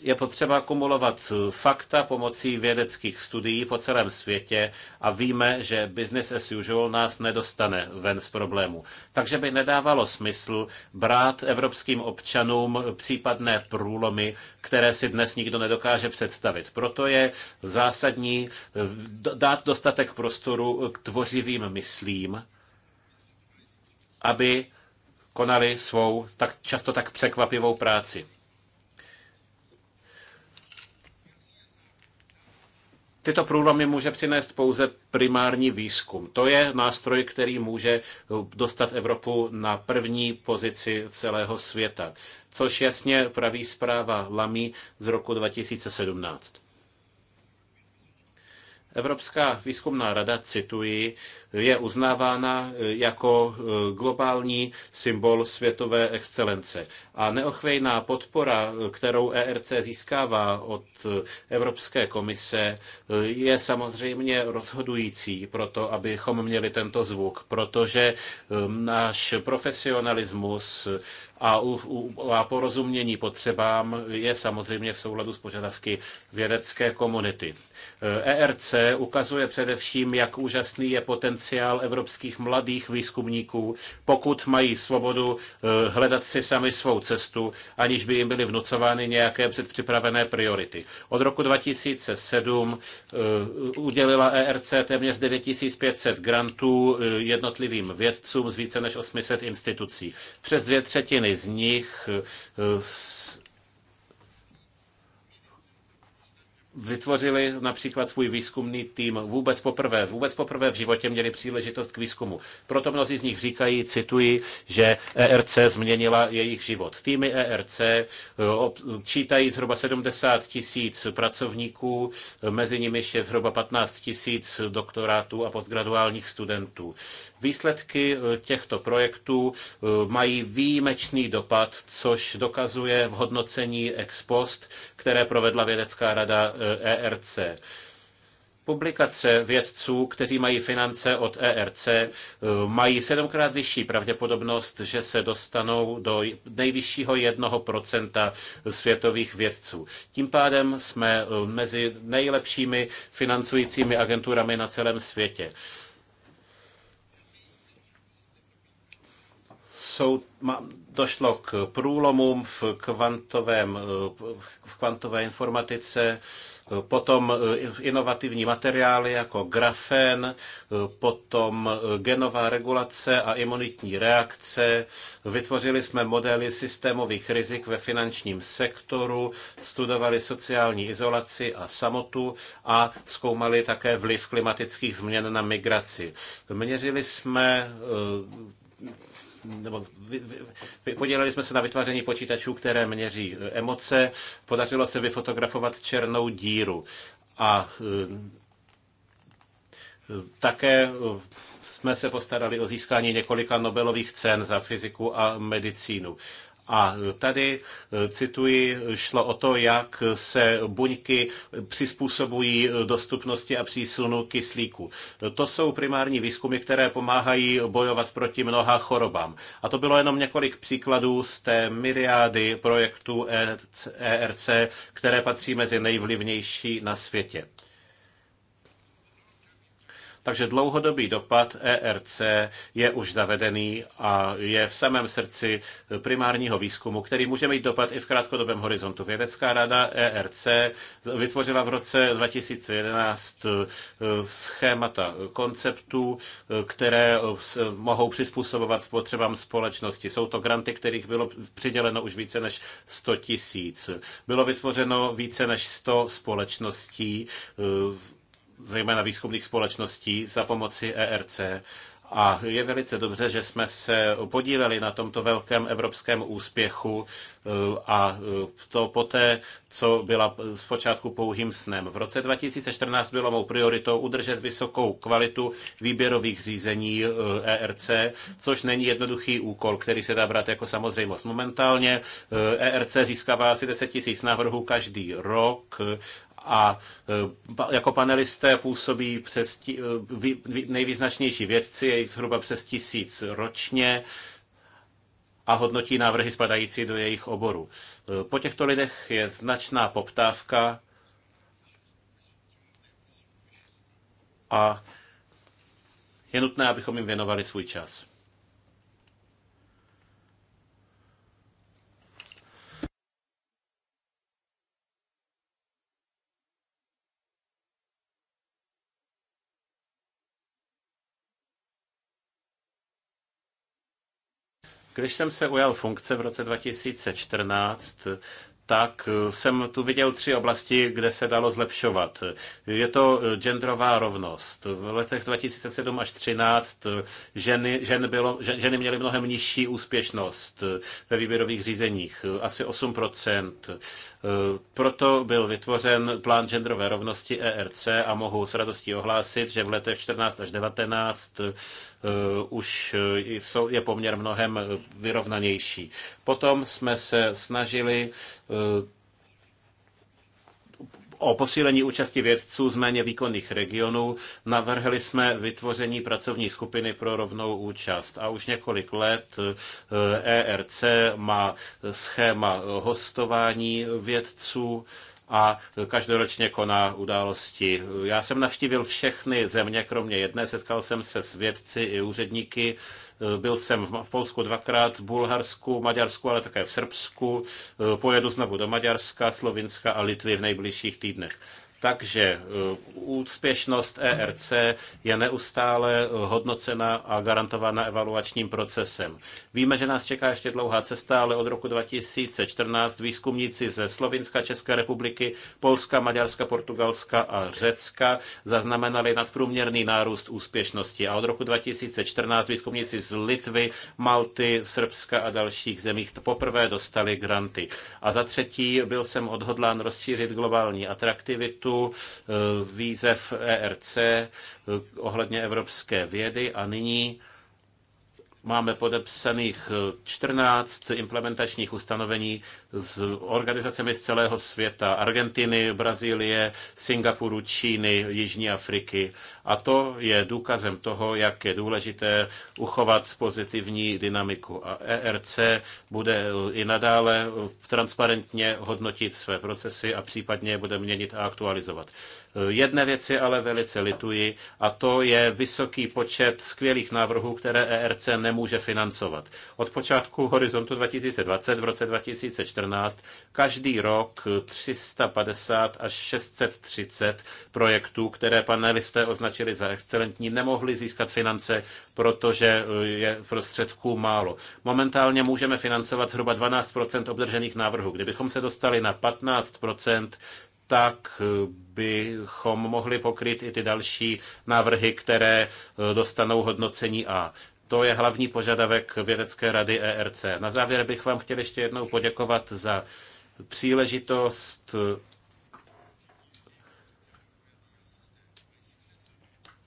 je potřeba kumulovat fakta pomocí vědeckých studií po celém světě a víme, že business as usual nás nedostane ven z problému. Takže by nedávalo smysl brát evropským občanům případné průlomy, které si dnes nikdo nedokáže představit. Proto je zásadní eh, dát dostatek prostoru k tvořivým myslím, aby konali svou tak často tak překvapivou práci. Tyto průlomy může přinést pouze primární výzkum. To je nástroj, který může uh, dostat Evropu na první pozici celého světa, což jasně praví zpráva LAMI z roku 2017. Evropská výzkumná rada, cituji, je uznávána eh, jako eh, globální symbol světové excelence. A neochvejná podpora, eh, kterou ERC získává od Evropské komise, je samozřejmě rozhodující pro to, abychom měli tento zvuk, protože náš profesionalismus, a, u, u, a porozumění potřebám je samozřejmě v souladu s požadavky vědecké komunity. ERC e ukazuje především, jak úžasný je potenciál evropských mladých výzkumníků, pokud mají svobodu e, hledat si sami svou cestu, aniž by jim byly vnucovány nějaké předpřipravené priority. Od roku 2007 e, udělila ERC téměř 9500 grantů jednotlivým vědcům z více než 800 institucí. Přes dvě třetiny miliony z nich eh, vytvořili například svůj výzkumný tým vůbec poprvé. Vůbec poprvé v životě měli příležitost k výzkumu. Proto mnozí z nich říkají, cituji, že ERC změnila jejich život. Týmy ERC eh, čítají zhruba 70 tisíc pracovníků, eh, mezi nimi je zhruba 15 tisíc doktorátů a postgraduálních studentů. Výsledky eh, těchto projektů eh, mají výjimečný dopad, což dokazuje v hodnocení ex post, které provedla vědecká rada ERC. Eh, e Publikace vědců, kteří mají finance od ERC, mají sedmkrát vyšší pravděpodobnost, že se dostanou do nejvyššího jednoho procenta světových vědců. Tím pádem jsme mezi nejlepšími financujícími agenturami na celém světě. jsou, došlo k průlomům v, kvantovém, v kvantové informatice, potom eh, inovativní materiály jako grafen, eh, potom eh, genová regulace a imunitní reakce. Vytvořili jsme modely systémových rizik ve finančním sektoru, studovali sociální izolaci a samotu a zkoumali také vliv klimatických změn na migraci. Měřili jsme nebo vy, vy, podělali jsme se na vytváření počítačů, které měří e, emoce. Podařilo se vyfotografovat černou díru. A e, také e, jsme se postarali o získání několika Nobelových cen za fyziku a medicínu. A tady, eh, cituji, šlo o to, jak se buňky přizpůsobují dostupnosti a přísunu kyslíku. To jsou primární výzkumy, které pomáhají bojovat proti mnoha chorobám. A to bylo jenom několik příkladů z té myriády projektů ERC, e které patří mezi nejvlivnější na světě. Takže dlouhodobý dopad ERC je už zavedený a je v samém srdci primárního výzkumu, který může mít dopad i v krátkodobém horizontu. Vědecká rada ERC vytvořila v roce 2011 eh, schémata konceptů, eh, které eh, mohou přizpůsobovat spotřebám společnosti. Jsou to granty, kterých bylo přiděleno už více než 100 tisíc. Bylo vytvořeno více než 100 společností zejména výzkumných společností za pomoci ERC. A je velice dobře, že jsme se podíleli na tomto velkém evropském úspěchu eh, a eh, to poté, co byla zpočátku pouhým snem. V roce 2014 bylo mou prioritou udržet vysokou kvalitu výběrových řízení ERC, eh, e což není jednoduchý úkol, který se dá brát jako samozřejmost. Momentálně ERC e získává asi 10 000 návrhů každý rok a e, jako panelisté působí přes tí, e, nejvýznačnější vědci, je zhruba přes tisíc ročně a hodnotí návrhy spadající do jejich oboru. E, po těchto lidech je značná poptávka a je nutné, abychom jim věnovali svůj čas. Když jsem se ujal funkce v roce 2014, tak jsem tu viděl tři oblasti, kde se dalo zlepšovat. Je to genderová rovnost. V letech 2007 až 2013 ženy, žen bylo, ženy měly mnohem nižší úspěšnost ve výběrových řízeních, asi 8%. Proto byl vytvořen plán genderové rovnosti ERC a mohu s radostí ohlásit, že v letech 14 až 19 e, už je poměr mnohem vyrovnanější. Potom jsme se snažili e, o posílení účasti vědců z méně výkonných regionů navrhli jsme vytvoření pracovní skupiny pro rovnou účast. A už několik let ERC eh, e má schéma hostování vědců a každoročně koná události. Já jsem navštívil všechny země, kromě jedné, setkal jsem se s vědci i úředníky Eh, byl jsem v Polsku dvakrát, v Bulharsku, Maďarsku, ale také v Srbsku. Eh, pojedu znovu do Maďarska, Slovinska a Litvy v nejbližších týdnech. Takže e, úspěšnost ERC je neustále e, hodnocena a garantována evaluačním procesem. Víme, že nás čeká ještě dlouhá cesta, ale od roku 2014 výzkumníci ze Slovinska, České republiky, Polska, Maďarska, Portugalska a Řecka zaznamenali nadprůměrný nárůst úspěšnosti. A od roku 2014 výzkumníci z Litvy, Malty, Srbska a dalších zemích poprvé dostali granty. A za třetí byl jsem odhodlán rozšířit globální atraktivitu projektu eh, výzev ERC eh, ohledně evropské vědy a nyní Máme podepsaných 14 eh, implementačních ustanovení s organizacemi z celého světa. Argentiny, Brazílie, Singapuru, Číny, Jižní Afriky. A to je důkazem toho, jak je důležité uchovat pozitivní dynamiku. A ERC bude eh, i nadále eh, transparentně hodnotit své procesy a případně je bude měnit a aktualizovat. Jedné věci ale velice lituji a to je vysoký počet skvělých návrhů, které ERC nemůže financovat. Od počátku horizontu 2020 v roce 2014 každý rok 350 až 630 projektů, které panelisté označili za excelentní, nemohli získat finance, protože e, je prostředků málo. Momentálně můžeme financovat zhruba 12 obdržených návrhů. Kdybychom se dostali na 15 tak bychom mohli pokryt i ty další návrhy, které eh, dostanou hodnocení A. To je hlavní požadavek Vědecké rady ERC. Na závěr bych vám chtěl ještě jednou poděkovat za příležitost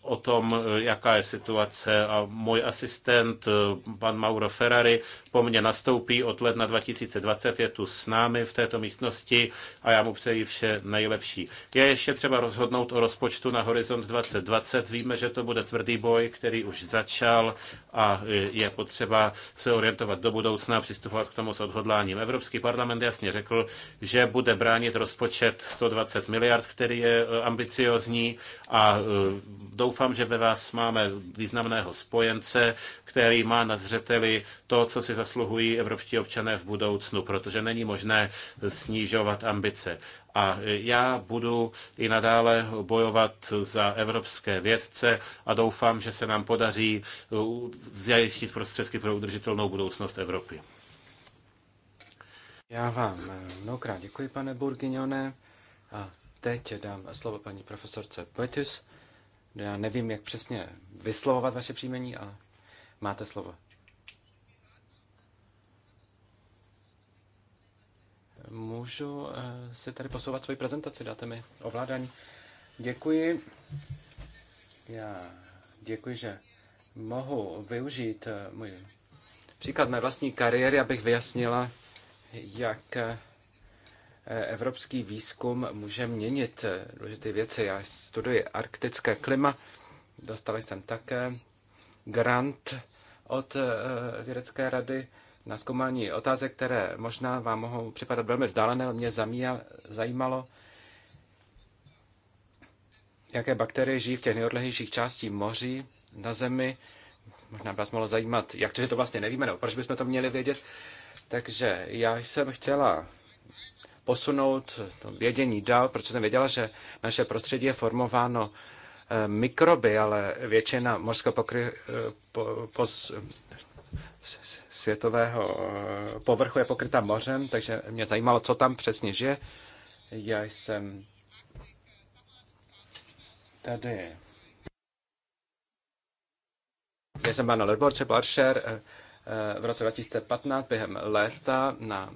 o tom, eh, jaká je situace a můj asistent, eh, pan Mauro Ferrari, po mně nastoupí od ledna 2020, je tu s námi v této místnosti a já mu přeji vše nejlepší. Je ještě třeba rozhodnout o rozpočtu na Horizont 2020. Víme, že to bude tvrdý boj, který už začal a eh, je potřeba se orientovat do budoucna a přistupovat k tomu s odhodláním. Evropský parlament jasně řekl, že bude bránit rozpočet 120 miliard, který je ambiciozní a doufám, Doufám, že ve vás máme významného spojence, který má na zřeteli to, co si zasluhují evropští občané v budoucnu, protože není možné snižovat ambice. A já budu i nadále bojovat za evropské vědce a doufám, že se nám podaří zajistit prostředky pro udržitelnou budoucnost Evropy. Já vám mnohokrát děkuji, pane Burgiňone. A teď dám slovo paní profesorce Petis. Já nevím, jak přesně vyslovovat vaše příjmení, ale máte slovo. Můžu eh, si tady posouvat svoji prezentaci, dáte mi ovládání. Děkuji. Já děkuji, že mohu využít eh, můj příklad mé vlastní kariéry, abych vyjasnila, jak eh, evropský výzkum může měnit důležité věci. Já studuji arktické klima, dostal jsem také grant od eh, Vědecké rady na zkoumání otázek, které možná vám mohou připadat velmi vzdálené, ale mě zajímalo, jaké bakterie žijí v těch nejodlehlejších částí moří na Zemi. Možná by vás mohlo zajímat, jak to, že to vlastně nevíme, nebo proč bychom to měli vědět. Takže já jsem chtěla posunout to vědění dál, protože jsem věděla, že naše prostředí je formováno eh, mikroby, ale většina mořského pokry, eh, po, po, světového eh, povrchu je pokryta mořem, takže mě zajímalo, co tam přesně žije. Já jsem tady. Já jsem byl na Ledborce Barcher v roce 2015 během léta na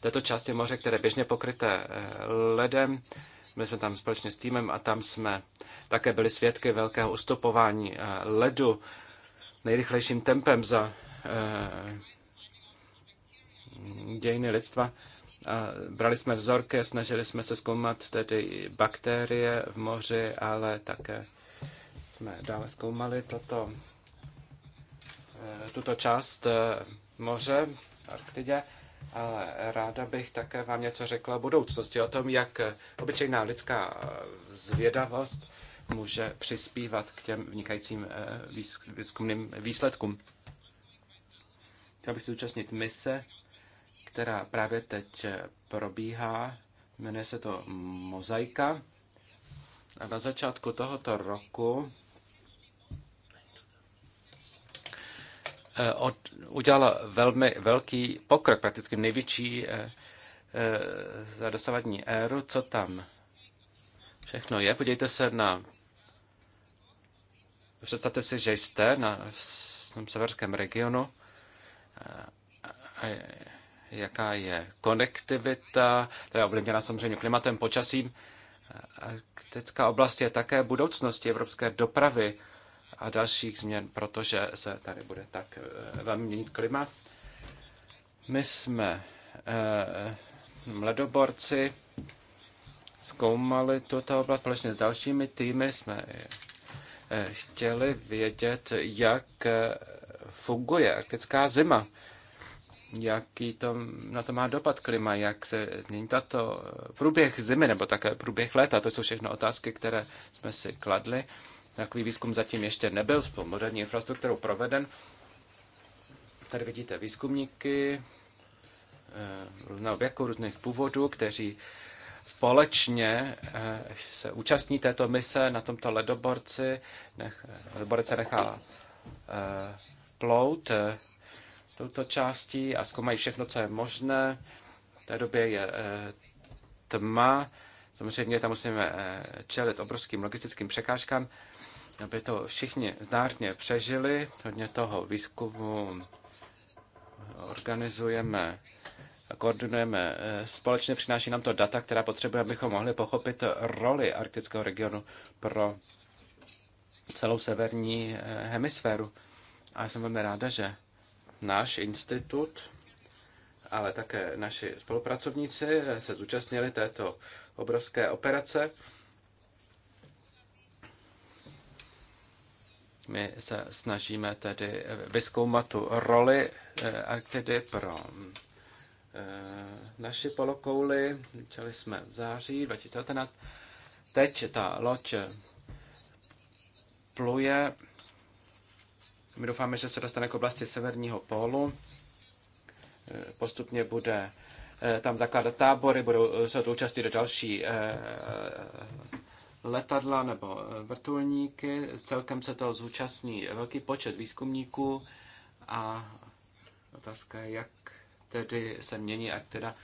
této části moře, které je běžně pokryté eh, ledem. Byli jsme tam společně s týmem a tam jsme také byli svědky velkého ustupování eh, ledu nejrychlejším tempem za eh, dějiny lidstva. A brali jsme vzorky a snažili jsme se zkoumat tedy bakterie v moři, ale také jsme dále zkoumali toto, tuto část moře v Arktidě ale ráda bych také vám něco řekla o budoucnosti, o tom, jak obyčejná lidská zvědavost může přispívat k těm vnikajícím eh, výzkumným výsledkům. Chtěl bych se zúčastnit mise, která právě teď eh, probíhá. Jmenuje se to Mozaika. A na začátku tohoto roku Eh, udělala velmi velký pokrok, prakticky největší eh, eh, za dosavadní éru, co tam všechno je. Podívejte se na... Představte si, že jste na, v tom severském regionu jaká je konektivita, která je ovlivněna samozřejmě klimatem, počasím. Arktická oblast je také budoucností evropské dopravy a dalších změn, protože se tady bude tak eh, velmi měnit klima. My jsme eh, mledoborci, zkoumali tuto oblast společně s dalšími týmy, jsme eh, chtěli vědět, jak funguje arktická zima, jaký to, na to má dopad klima, jak se mění tato průběh zimy nebo také průběh léta. To jsou všechno otázky, které jsme si kladli. Takový výzkum zatím ještě nebyl s moderní infrastrukturou proveden. Tady vidíte výzkumníky eh, různého věku, různých původů, kteří společně eh, se účastní této mise na tomto ledoborci. ledoborec se nechá eh, plout touto částí a zkoumají všechno, co je možné. V té době je tma. Samozřejmě tam musíme čelit obrovským logistickým překážkám aby to všichni zdárně přežili. Hodně toho výzkumu organizujeme, koordinujeme eh, společně, přináší nám to data, která potřebujeme, abychom mohli pochopit roli arktického regionu pro celou severní eh, hemisféru. A jsem velmi ráda, že náš institut, ale také naši spolupracovníci eh, se zúčastnili této obrovské operace. My se snažíme tedy vyskoumat tu roli eh, Arktidy pro eh, naši polokouli. Začali jsme v září 2019. Teď ta loď pluje. My doufáme, že se dostane k oblasti severního pólu. Eh, postupně bude tam zakládat tábory, budou se účastnit do další letadla nebo eh, vrtulníky. Celkem se toho zúčastní velký počet výzkumníků a otázka je, jak tedy se mění teda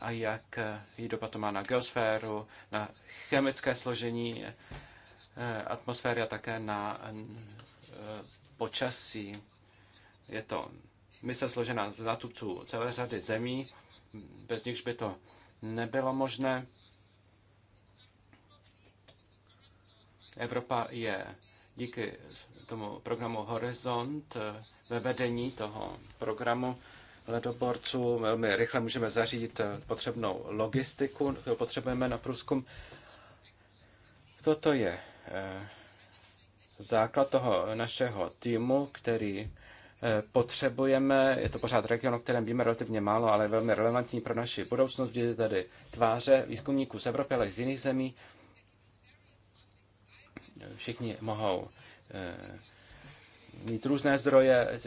a jak eh, jí dopad to má na geosféru, na chemické složení eh, atmosféry a také na počasí. Je to mise složená z zástupců celé řady zemí, bez nichž by to nebylo možné. Evropa je díky tomu programu Horizont eh, ve vedení toho programu ledoborců velmi rychle můžeme zařídit eh, potřebnou logistiku, kterou potřebujeme na průzkum. Toto je eh, základ toho našeho týmu, který potřebujeme. Je to pořád region, o kterém víme relativně málo, ale je velmi relevantní pro naši budoucnost. Vidíte tady tváře výzkumníků z Evropy, ale i z jiných zemí všichni mohou eh, mít různé zdroje eh,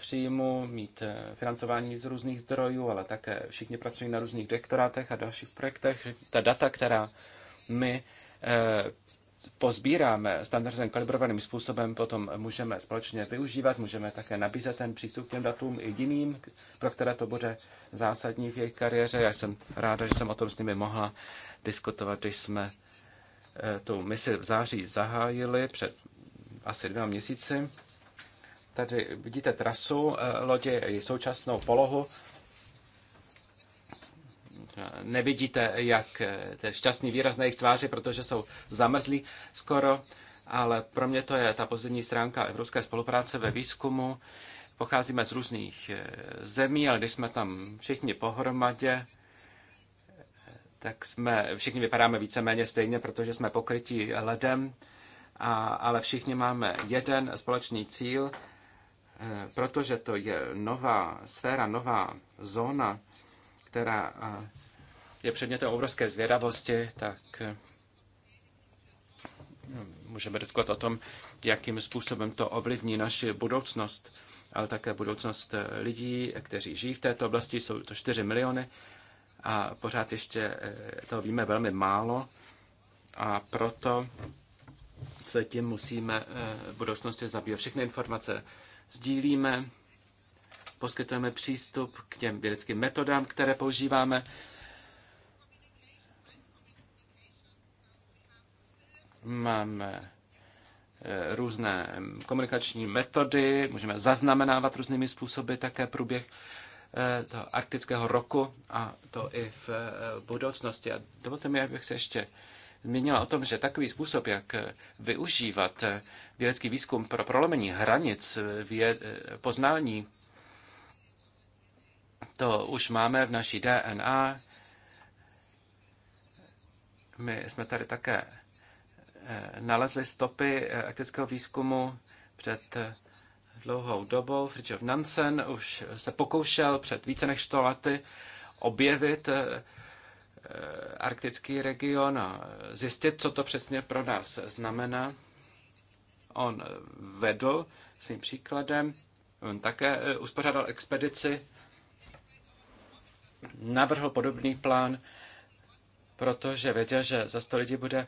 příjmu, mít eh, financování z různých zdrojů, ale také všichni pracují na různých dektorátech a dalších projektech. Ta data, která my pozbíráme standardem kalibrovaným způsobem, potom můžeme společně využívat, můžeme také nabízet ten přístup k těm datům i jiným, pro které to bude zásadní v jejich kariéře. Já jsem ráda, že jsem o tom s nimi mohla diskutovat, když jsme Eh, tu misi v září zahájili před asi dva měsíci. Tady vidíte trasu eh, lodě, její současnou polohu. Nevidíte, jak eh, ten šťastný výraz na jejich tváři, protože jsou zamrzlí skoro, ale pro mě to je ta pozitivní stránka evropské spolupráce ve výzkumu. Pocházíme z různých zemí, ale když jsme tam všichni pohromadě, tak jsme, všichni vypadáme víceméně stejně, protože jsme pokrytí ledem, a, ale všichni máme jeden společný cíl, e, protože to je nová sféra, nová zóna, která e, je předmětem obrovské zvědavosti, tak e, no, můžeme diskutovat o tom, jakým způsobem to ovlivní naši budoucnost, ale také budoucnost lidí, kteří žijí v této oblasti, jsou to 4 miliony a pořád ještě eh, toho víme velmi málo a proto se tím musíme eh, v budoucnosti zabývat. Všechny informace sdílíme, poskytujeme přístup k těm vědeckým metodám, které používáme. Máme eh, různé komunikační metody, můžeme zaznamenávat různými způsoby také průběh Eh, toho arktického roku a to i v eh, budoucnosti. A dovolte mi, abych se ještě zmínila o tom, že takový způsob, jak eh, využívat vědecký výzkum pro prolomení hranic věd, poznání, to už máme v naší DNA. My jsme tady také nalezli stopy arktického výzkumu před dlouhou dobou. Fridtjof Nansen už se pokoušel před více než 100 lety objevit eh, eh, arktický region a zjistit, co to přesně pro nás znamená. On vedl svým příkladem, on také eh, uspořádal expedici, navrhl podobný plán, protože věděl, že za 100 lidí bude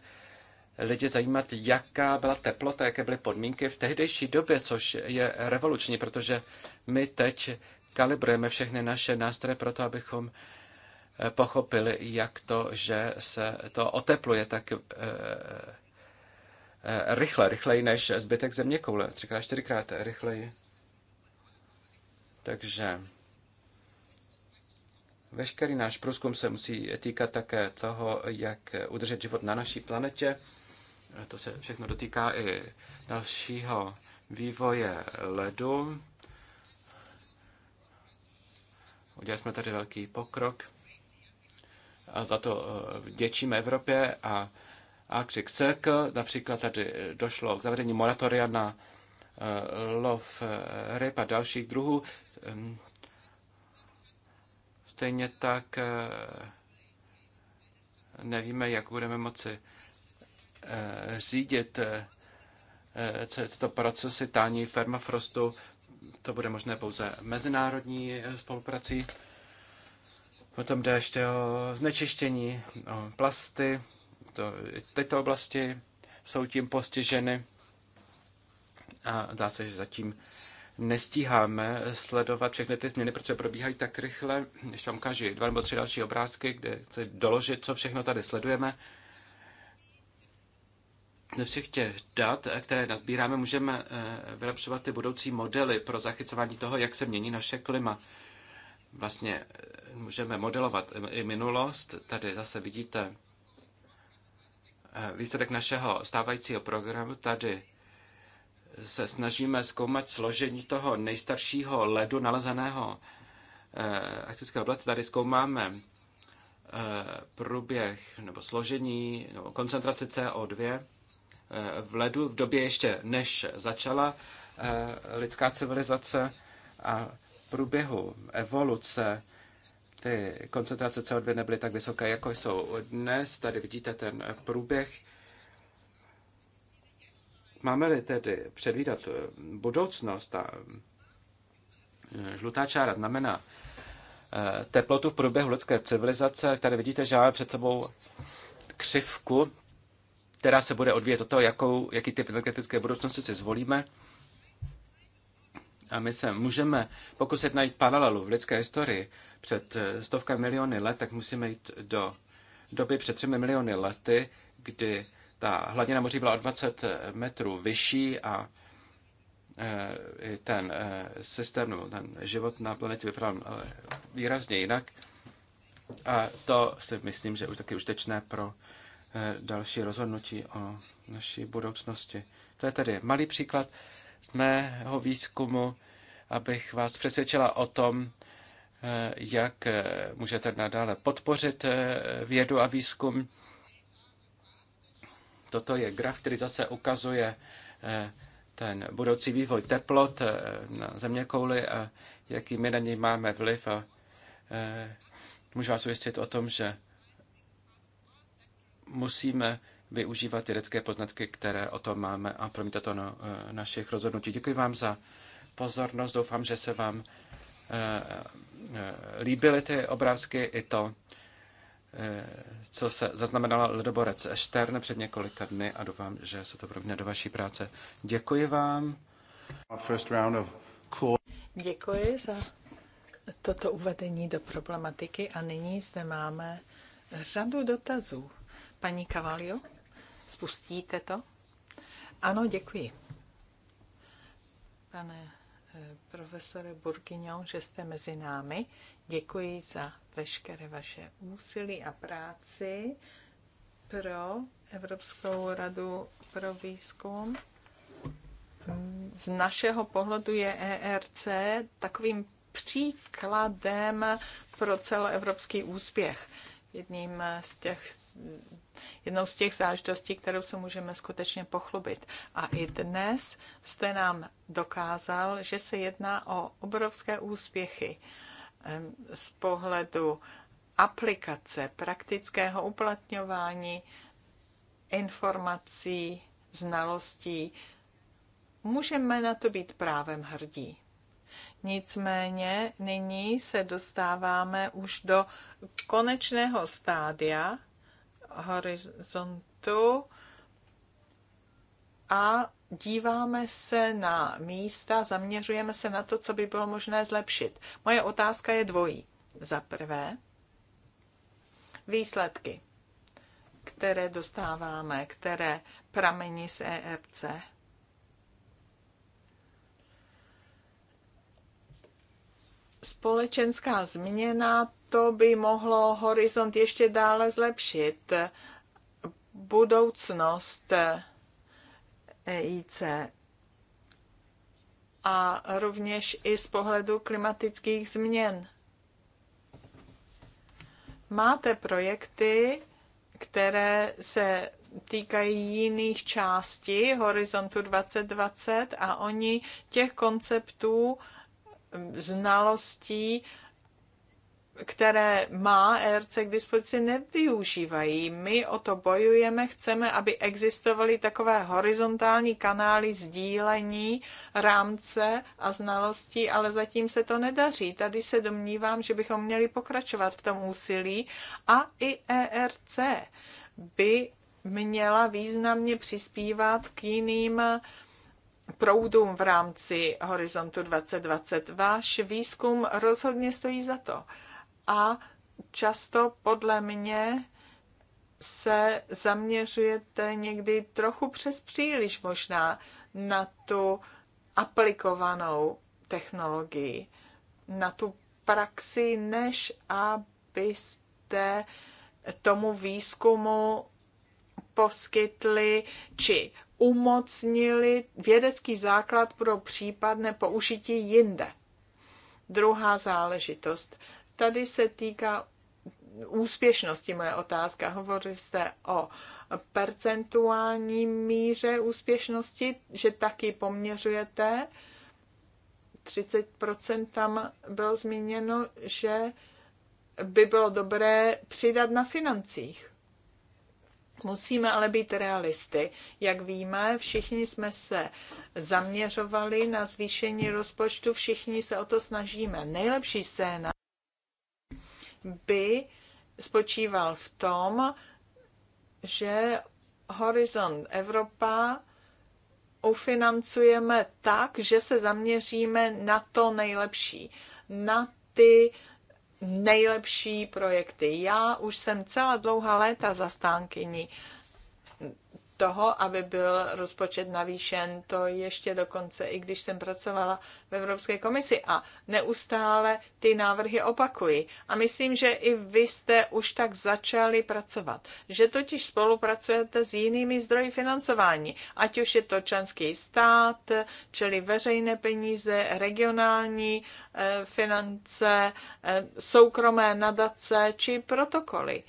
lidi zajímat, jaká byla teplota, jaké byly podmínky v tehdejší době, což je revoluční, protože my teď kalibrujeme všechny naše nástroje pro to, abychom eh, pochopili, jak to, že se to otepluje tak eh, eh, rychle, rychleji než zbytek země koule, třikrát, čtyřikrát rychleji. Takže veškerý náš průzkum se musí týkat také toho, jak udržet život na naší planetě. To se všechno dotýká i dalšího vývoje ledu. Udělali jsme tady velký pokrok a za to eh, vděčíme Evropě a Arctic Circle. Například tady došlo k zavedení moratoria na eh, lov eh, ryb a dalších druhů. Ehm, stejně tak nevíme, jak budeme moci Eh, řídit eh, eh, tyto procesy tání permafrostu. To bude možné pouze mezinárodní spoluprací. Potom jde ještě o znečištění, o plasty. To, tyto oblasti jsou tím postiženy. A dá se, že zatím nestíháme sledovat všechny ty změny, protože probíhají tak rychle. Ještě vám ukážu dva nebo tři další obrázky, kde chci doložit, co všechno tady sledujeme ze všech těch dat, eh, které nazbíráme, můžeme eh, vylepšovat ty budoucí modely pro zachycování toho, jak se mění naše klima. Vlastně eh, můžeme modelovat i minulost. Tady zase vidíte výsledek našeho stávajícího programu. Tady se snažíme zkoumat složení toho nejstaršího ledu nalezeného akcické oblasti. Tady zkoumáme průběh nebo složení nebo koncentrace CO2 Eh, v ledu, v době ještě než začala eh, lidská civilizace a v průběhu evoluce ty koncentrace CO2 nebyly tak vysoké, jako jsou dnes. Tady vidíte ten průběh. Máme-li tedy předvídat eh, budoucnost, a žlutá čára znamená teplotu v průběhu lidské civilizace. Tady vidíte, že máme před sebou křivku která se bude odvíjet od toho, jakou, jaký typ energetické budoucnosti si zvolíme. A my se můžeme pokusit najít paralelu v lidské historii před eh, stovkami miliony let, tak musíme jít do doby před třemi miliony lety, kdy ta hladina moří byla o 20 metrů vyšší a eh, ten eh, systém nebo ten život na planetě vypadal výrazně jinak. A to si myslím, že je už taky užtečné pro Eh, další rozhodnutí o naší budoucnosti. To je tedy malý příklad z mého výzkumu, abych vás přesvědčila o tom, eh, jak eh, můžete nadále podpořit vědu a výzkum. Toto je graf, který zase ukazuje ten budoucí vývoj teplot na země kouly a jaký my na něj máme vliv. A můžu vás ujistit o tom, že musíme využívat vědecké poznatky, které o tom máme a promítat to eh, na našich rozhodnutí. Děkuji vám za pozornost. Doufám, že se vám eh, eh, líbily ty obrázky i to, co se zaznamenala ledoborec Štern před několika dny a doufám, že se to promítne do vaší práce. Děkuji vám. Děkuji za toto uvedení do problematiky a nyní zde máme řadu dotazů. Paní Kavalio, spustíte to? Ano, děkuji. Pane eh, profesore Burgignon, že jste mezi námi. Děkuji za veškeré vaše úsilí a práci pro Evropskou radu pro výzkum. Z našeho pohledu je ERC takovým příkladem pro celoevropský úspěch jedním z těch, jednou z těch záležitostí, kterou se můžeme skutečně pochlubit. A i dnes jste nám dokázal, že se jedná o obrovské úspěchy z pohledu aplikace, praktického uplatňování informací, znalostí. Můžeme na to být právem hrdí. Nicméně nyní se dostáváme už do konečného stádia horizontu a díváme se na místa, zaměřujeme se na to, co by bylo možné zlepšit. Moje otázka je dvojí. Za prvé, výsledky, které dostáváme, které pramení z ERC společenská změna, to by mohlo horizont ještě dále zlepšit. Budoucnost EIC a rovněž i z pohledu klimatických změn. Máte projekty, které se týkají jiných částí horizontu 2020 a oni těch konceptů znalostí, které má ERC k dispozici, nevyužívají. My o to bojujeme, chceme, aby existovaly takové horizontální kanály sdílení rámce a znalostí, ale zatím se to nedaří. Tady se domnívám, že bychom měli pokračovat v tom úsilí a i ERC by měla významně přispívat k jiným proudům v rámci Horizontu 2020. Váš výzkum rozhodně stojí za to. A často podle mě se zaměřujete někdy trochu přes příliš možná na tu aplikovanou technologii, na tu praxi, než abyste tomu výzkumu poskytli či umocnili vědecký základ pro případné použití jinde. Druhá záležitost. Tady se týká úspěšnosti moje otázka. Hovořili jste o percentuální míře úspěšnosti, že taky poměřujete. 30% tam bylo zmíněno, že by bylo dobré přidat na financích. Musíme ale být realisty. Jak víme, všichni jsme se zaměřovali na zvýšení rozpočtu, všichni se o to snažíme. Nejlepší scéna by spočíval v tom, že Horizon Evropa ufinancujeme tak, že se zaměříme na to nejlepší, na ty nejlepší projekty. Já už jsem celá dlouhá léta zastánkyní toho, aby byl rozpočet navýšen. To ještě dokonce, i když jsem pracovala v Evropské komisi a neustále ty návrhy opakuji. A myslím, že i vy jste už tak začali pracovat, že totiž spolupracujete s jinými zdroji financování, ať už je to členský stát, čili veřejné peníze, regionální eh, finance, eh, soukromé nadace či protokoly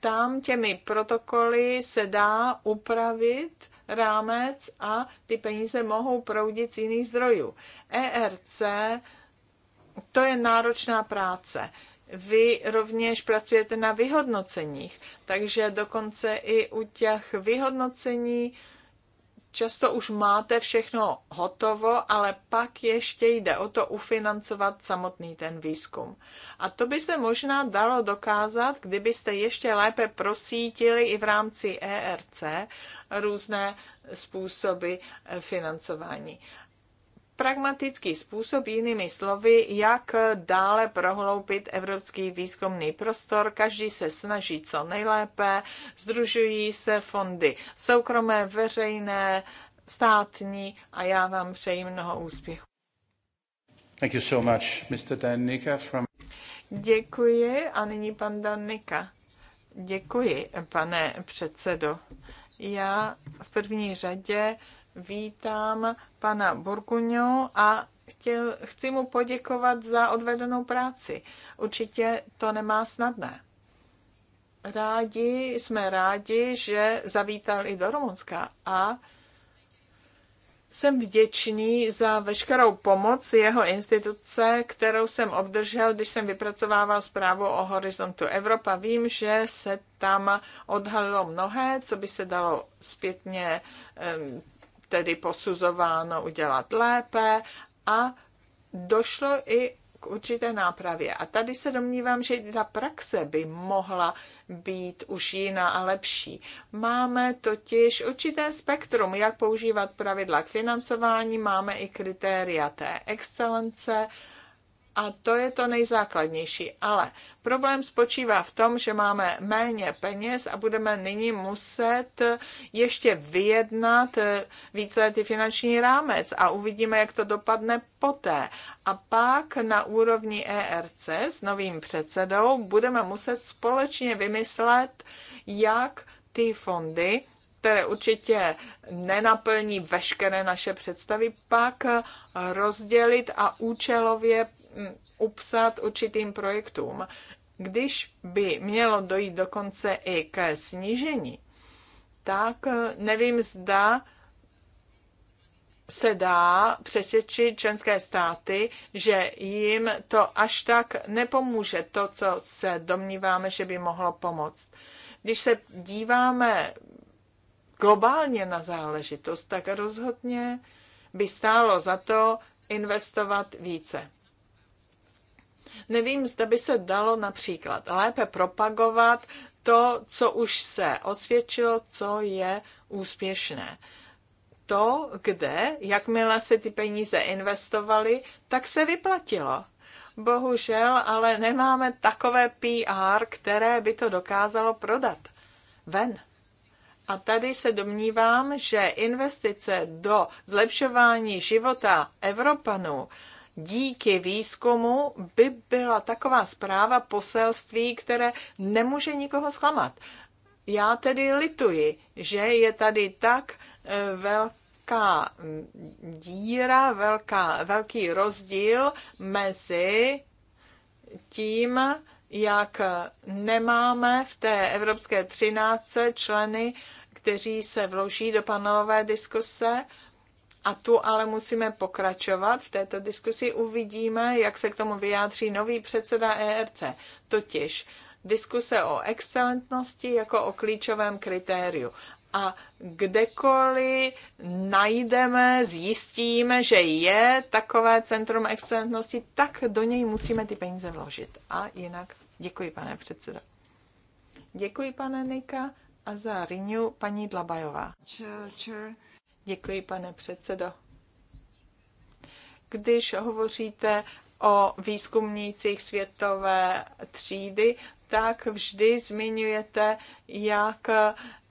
tam těmi protokoly se dá upravit rámec a ty peníze mohou proudit z jiných zdrojů. ERC, to je náročná práce. Vy rovněž pracujete na vyhodnoceních, takže dokonce i u těch vyhodnocení často už máte všechno hotovo, ale pak ještě jde o to ufinancovat samotný ten výzkum. A to by se možná dalo dokázat, kdybyste ještě lépe prosítili i v rámci ERC různé způsoby financování pragmatický způsob, jinými slovy, jak dále prohloupit evropský výzkumný prostor. Každý se snaží co nejlépe, združují se fondy soukromé, veřejné, státní a já vám přeji mnoho úspěchů. Thank you so much, Mr. Danica from... Děkuji a nyní pan Danika. Děkuji, pane předsedo. Já v první řadě Vítám pana Burkuňu a chtěl, chci mu poděkovat za odvedenou práci. Určitě to nemá snadné. Rádi, jsme rádi, že zavítal i do Rumunska a jsem vděčný za veškerou pomoc jeho instituce, kterou jsem obdržel, když jsem vypracovával zprávu o Horizontu Evropa. Vím, že se tam odhalilo mnohé, co by se dalo zpětně tedy posuzováno udělat lépe a došlo i k určité nápravě. A tady se domnívám, že ta praxe by mohla být už jiná a lepší. Máme totiž určité spektrum, jak používat pravidla k financování, máme i kritéria té excelence, a to je to nejzákladnější. Ale problém spočívá v tom, že máme méně peněz a budeme nyní muset ještě vyjednat eh, více ty finanční rámec a uvidíme, jak to dopadne poté. A pak na úrovni ERC s novým předsedou budeme muset společně vymyslet, jak ty fondy, které určitě nenaplní veškeré naše představy, pak rozdělit a účelově upsat určitým projektům. Když by mělo dojít dokonce i ke snížení, tak eh, nevím, zda se dá přesvědčit členské státy, že jim to až tak nepomůže, to, co se domníváme, že by mohlo pomoct. Když se díváme globálně na záležitost, tak rozhodně by stálo za to investovat více. Nevím, zda by se dalo například lépe propagovat to, co už se osvědčilo, co je úspěšné. To, kde, jakmile se ty peníze investovaly, tak se vyplatilo. Bohužel, ale nemáme takové PR, které by to dokázalo prodat ven. A tady se domnívám, že investice do zlepšování života Evropanů díky výzkumu by byla taková zpráva poselství, které nemůže nikoho zklamat. Já tedy lituji, že je tady tak eh, velká mm, díra, velká, velký rozdíl mezi tím, jak nemáme v té Evropské třináctce členy, kteří se vloží do panelové diskuse, a tu ale musíme pokračovat v této diskusi. Uvidíme, jak se k tomu vyjádří nový předseda ERC, totiž diskuse o excelentnosti jako o klíčovém kritériu. A kdekoliv najdeme, zjistíme, že je takové centrum excelentnosti, tak do něj musíme ty peníze vložit. A jinak děkuji, pane předseda. Děkuji, pane Nika, a za Rinu paní Dlabajová. Čer, čer. Děkuji, pane předsedo. Když hovoříte o výzkumnících světové třídy, tak vždy zmiňujete, jak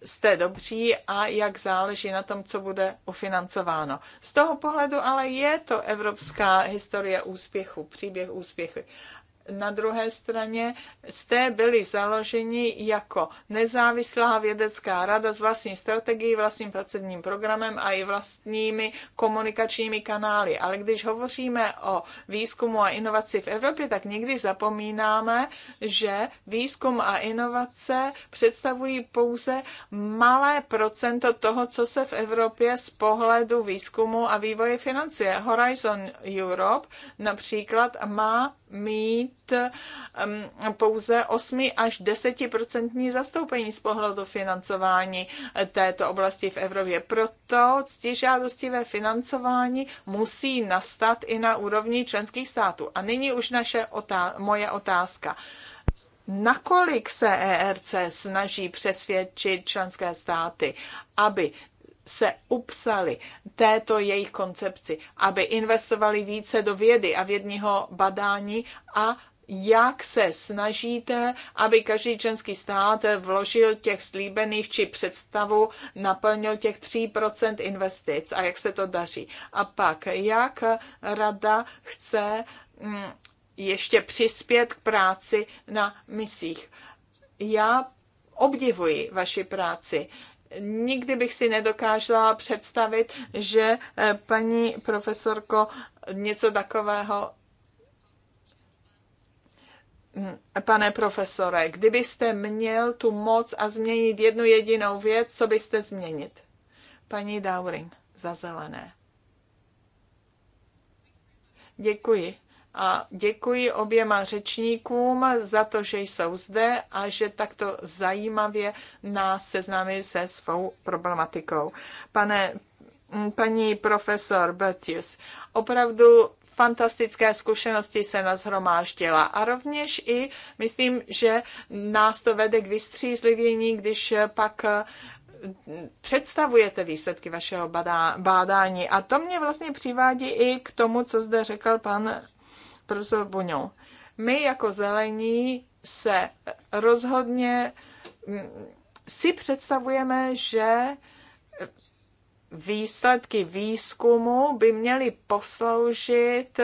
jste dobří a jak záleží na tom, co bude ufinancováno. Z toho pohledu ale je to evropská historie úspěchu, příběh úspěchu na druhé straně jste byli založeni jako nezávislá vědecká rada s vlastní strategií, vlastním pracovním programem a i vlastními komunikačními kanály. Ale když hovoříme o výzkumu a inovaci v Evropě, tak někdy zapomínáme, že výzkum a inovace představují pouze malé procento toho, co se v Evropě z pohledu výzkumu a vývoje financuje. Horizon Europe například má mít mít pouze 8 až 10% zastoupení z pohledu financování této oblasti v Evropě. Proto ctižádostivé financování musí nastat i na úrovni členských států. A nyní už naše otá- moje otázka. Nakolik se ERC snaží přesvědčit členské státy, aby se upsali této jejich koncepci, aby investovali více do vědy a vědního badání a jak se snažíte, aby každý členský stát vložil těch slíbených či představu, naplnil těch 3% investic a jak se to daří. A pak, jak rada chce mm, ještě přispět k práci na misích. Já obdivuji vaši práci. Nikdy bych si nedokázala představit, že eh, paní profesorko něco takového Mm, pane profesore, kdybyste měl tu moc a změnit jednu jedinou věc, co byste změnit? Paní Dowring za zelené. Děkuji. A děkuji oběma řečníkům za to, že jsou zde a že takto zajímavě nás seznámí se svou problematikou. Pane, paní profesor Betius, opravdu fantastické zkušenosti se nazhromáždila. A rovněž i myslím, že nás to vede k vystřízlivění, když pak eh, představujete výsledky vašeho bádání. A to mě vlastně přivádí i k tomu, co zde řekl pan profesor Buňou. My jako zelení se rozhodně mm, si představujeme, že výsledky výzkumu by měly posloužit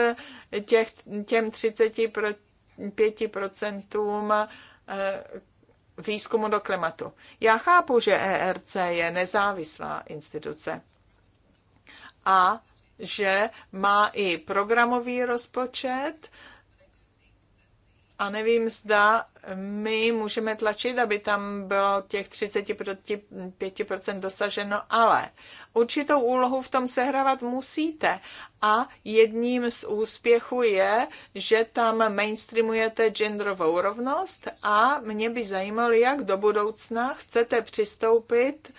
těch, těm 35% eh, výzkumu do klimatu. Já chápu, že ERC je nezávislá instituce a že má i programový rozpočet, a nevím, zda my můžeme tlačit, aby tam bylo těch 35% dosaženo, ale určitou úlohu v tom sehrávat musíte. A jedním z úspěchů je, že tam mainstreamujete genderovou rovnost a mě by zajímalo, jak do budoucna chcete přistoupit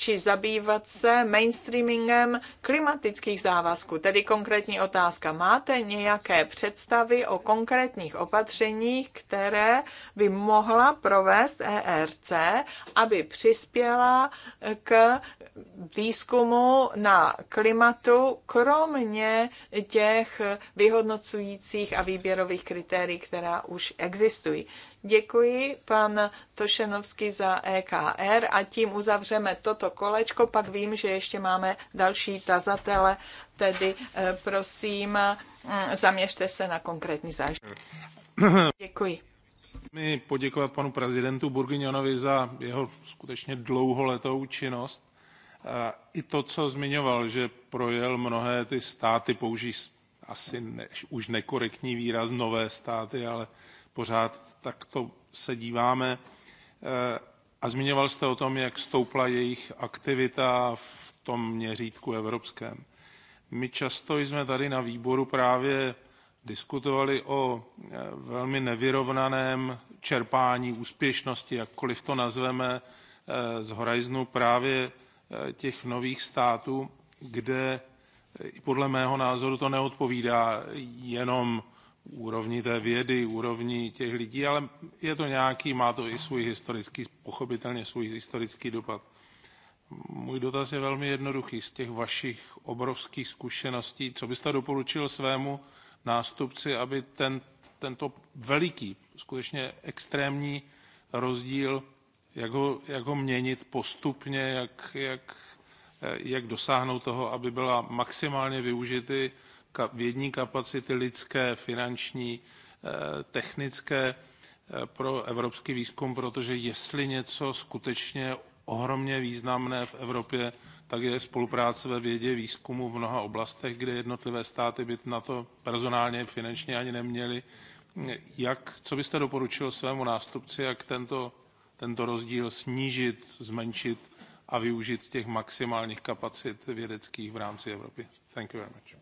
či zabývat se mainstreamingem klimatických závazků. Tedy konkrétní otázka. Máte nějaké představy o konkrétních opatřeních, které by mohla provést ERC, aby přispěla k výzkumu na klimatu, kromě těch vyhodnocujících a výběrových kritérií, která už existují. Děkuji pan Tošenovský za EKR a tím uzavřeme toto kolečko. Pak vím, že ještě máme další tazatele, tedy eh, prosím, mm, zaměřte se na konkrétní zážitek. Děkuji. Mi poděkovat panu prezidentu Burgiňonovi za jeho skutečně dlouholetou činnost. Eh, I to, co zmiňoval, že projel mnohé ty státy, použijí asi ne, už nekorektní výraz nové státy, ale pořád tak to se díváme. Eh, a zmiňoval jste o tom, jak stoupla jejich aktivita v tom měřítku evropském. My často jsme tady na výboru právě diskutovali o eh, velmi nevyrovnaném čerpání úspěšnosti, jakkoliv to nazveme, eh, z Horizonu právě těch nových států, kde i podle mého názoru to neodpovídá jenom úrovní té vědy, úrovní těch lidí, ale je to nějaký, má to i svůj historický, pochopitelně svůj historický dopad. Můj dotaz je velmi jednoduchý. Z těch vašich obrovských zkušeností, co byste doporučil svému nástupci, aby ten, tento veliký, skutečně extrémní rozdíl, jak ho, jak ho měnit postupně, jak, jak, jak dosáhnout toho, aby byla maximálně využity vědní kapacity lidské, finanční, eh, technické eh, pro evropský výzkum, protože jestli něco skutečně ohromně významné v Evropě, tak je spolupráce ve vědě výzkumu v mnoha oblastech, kde jednotlivé státy by na to personálně, finančně ani neměly. Jak, co byste doporučil svému nástupci, jak tento, tento rozdíl snížit, zmenšit a využít těch maximálních kapacit vědeckých v rámci Evropy? Thank you very much.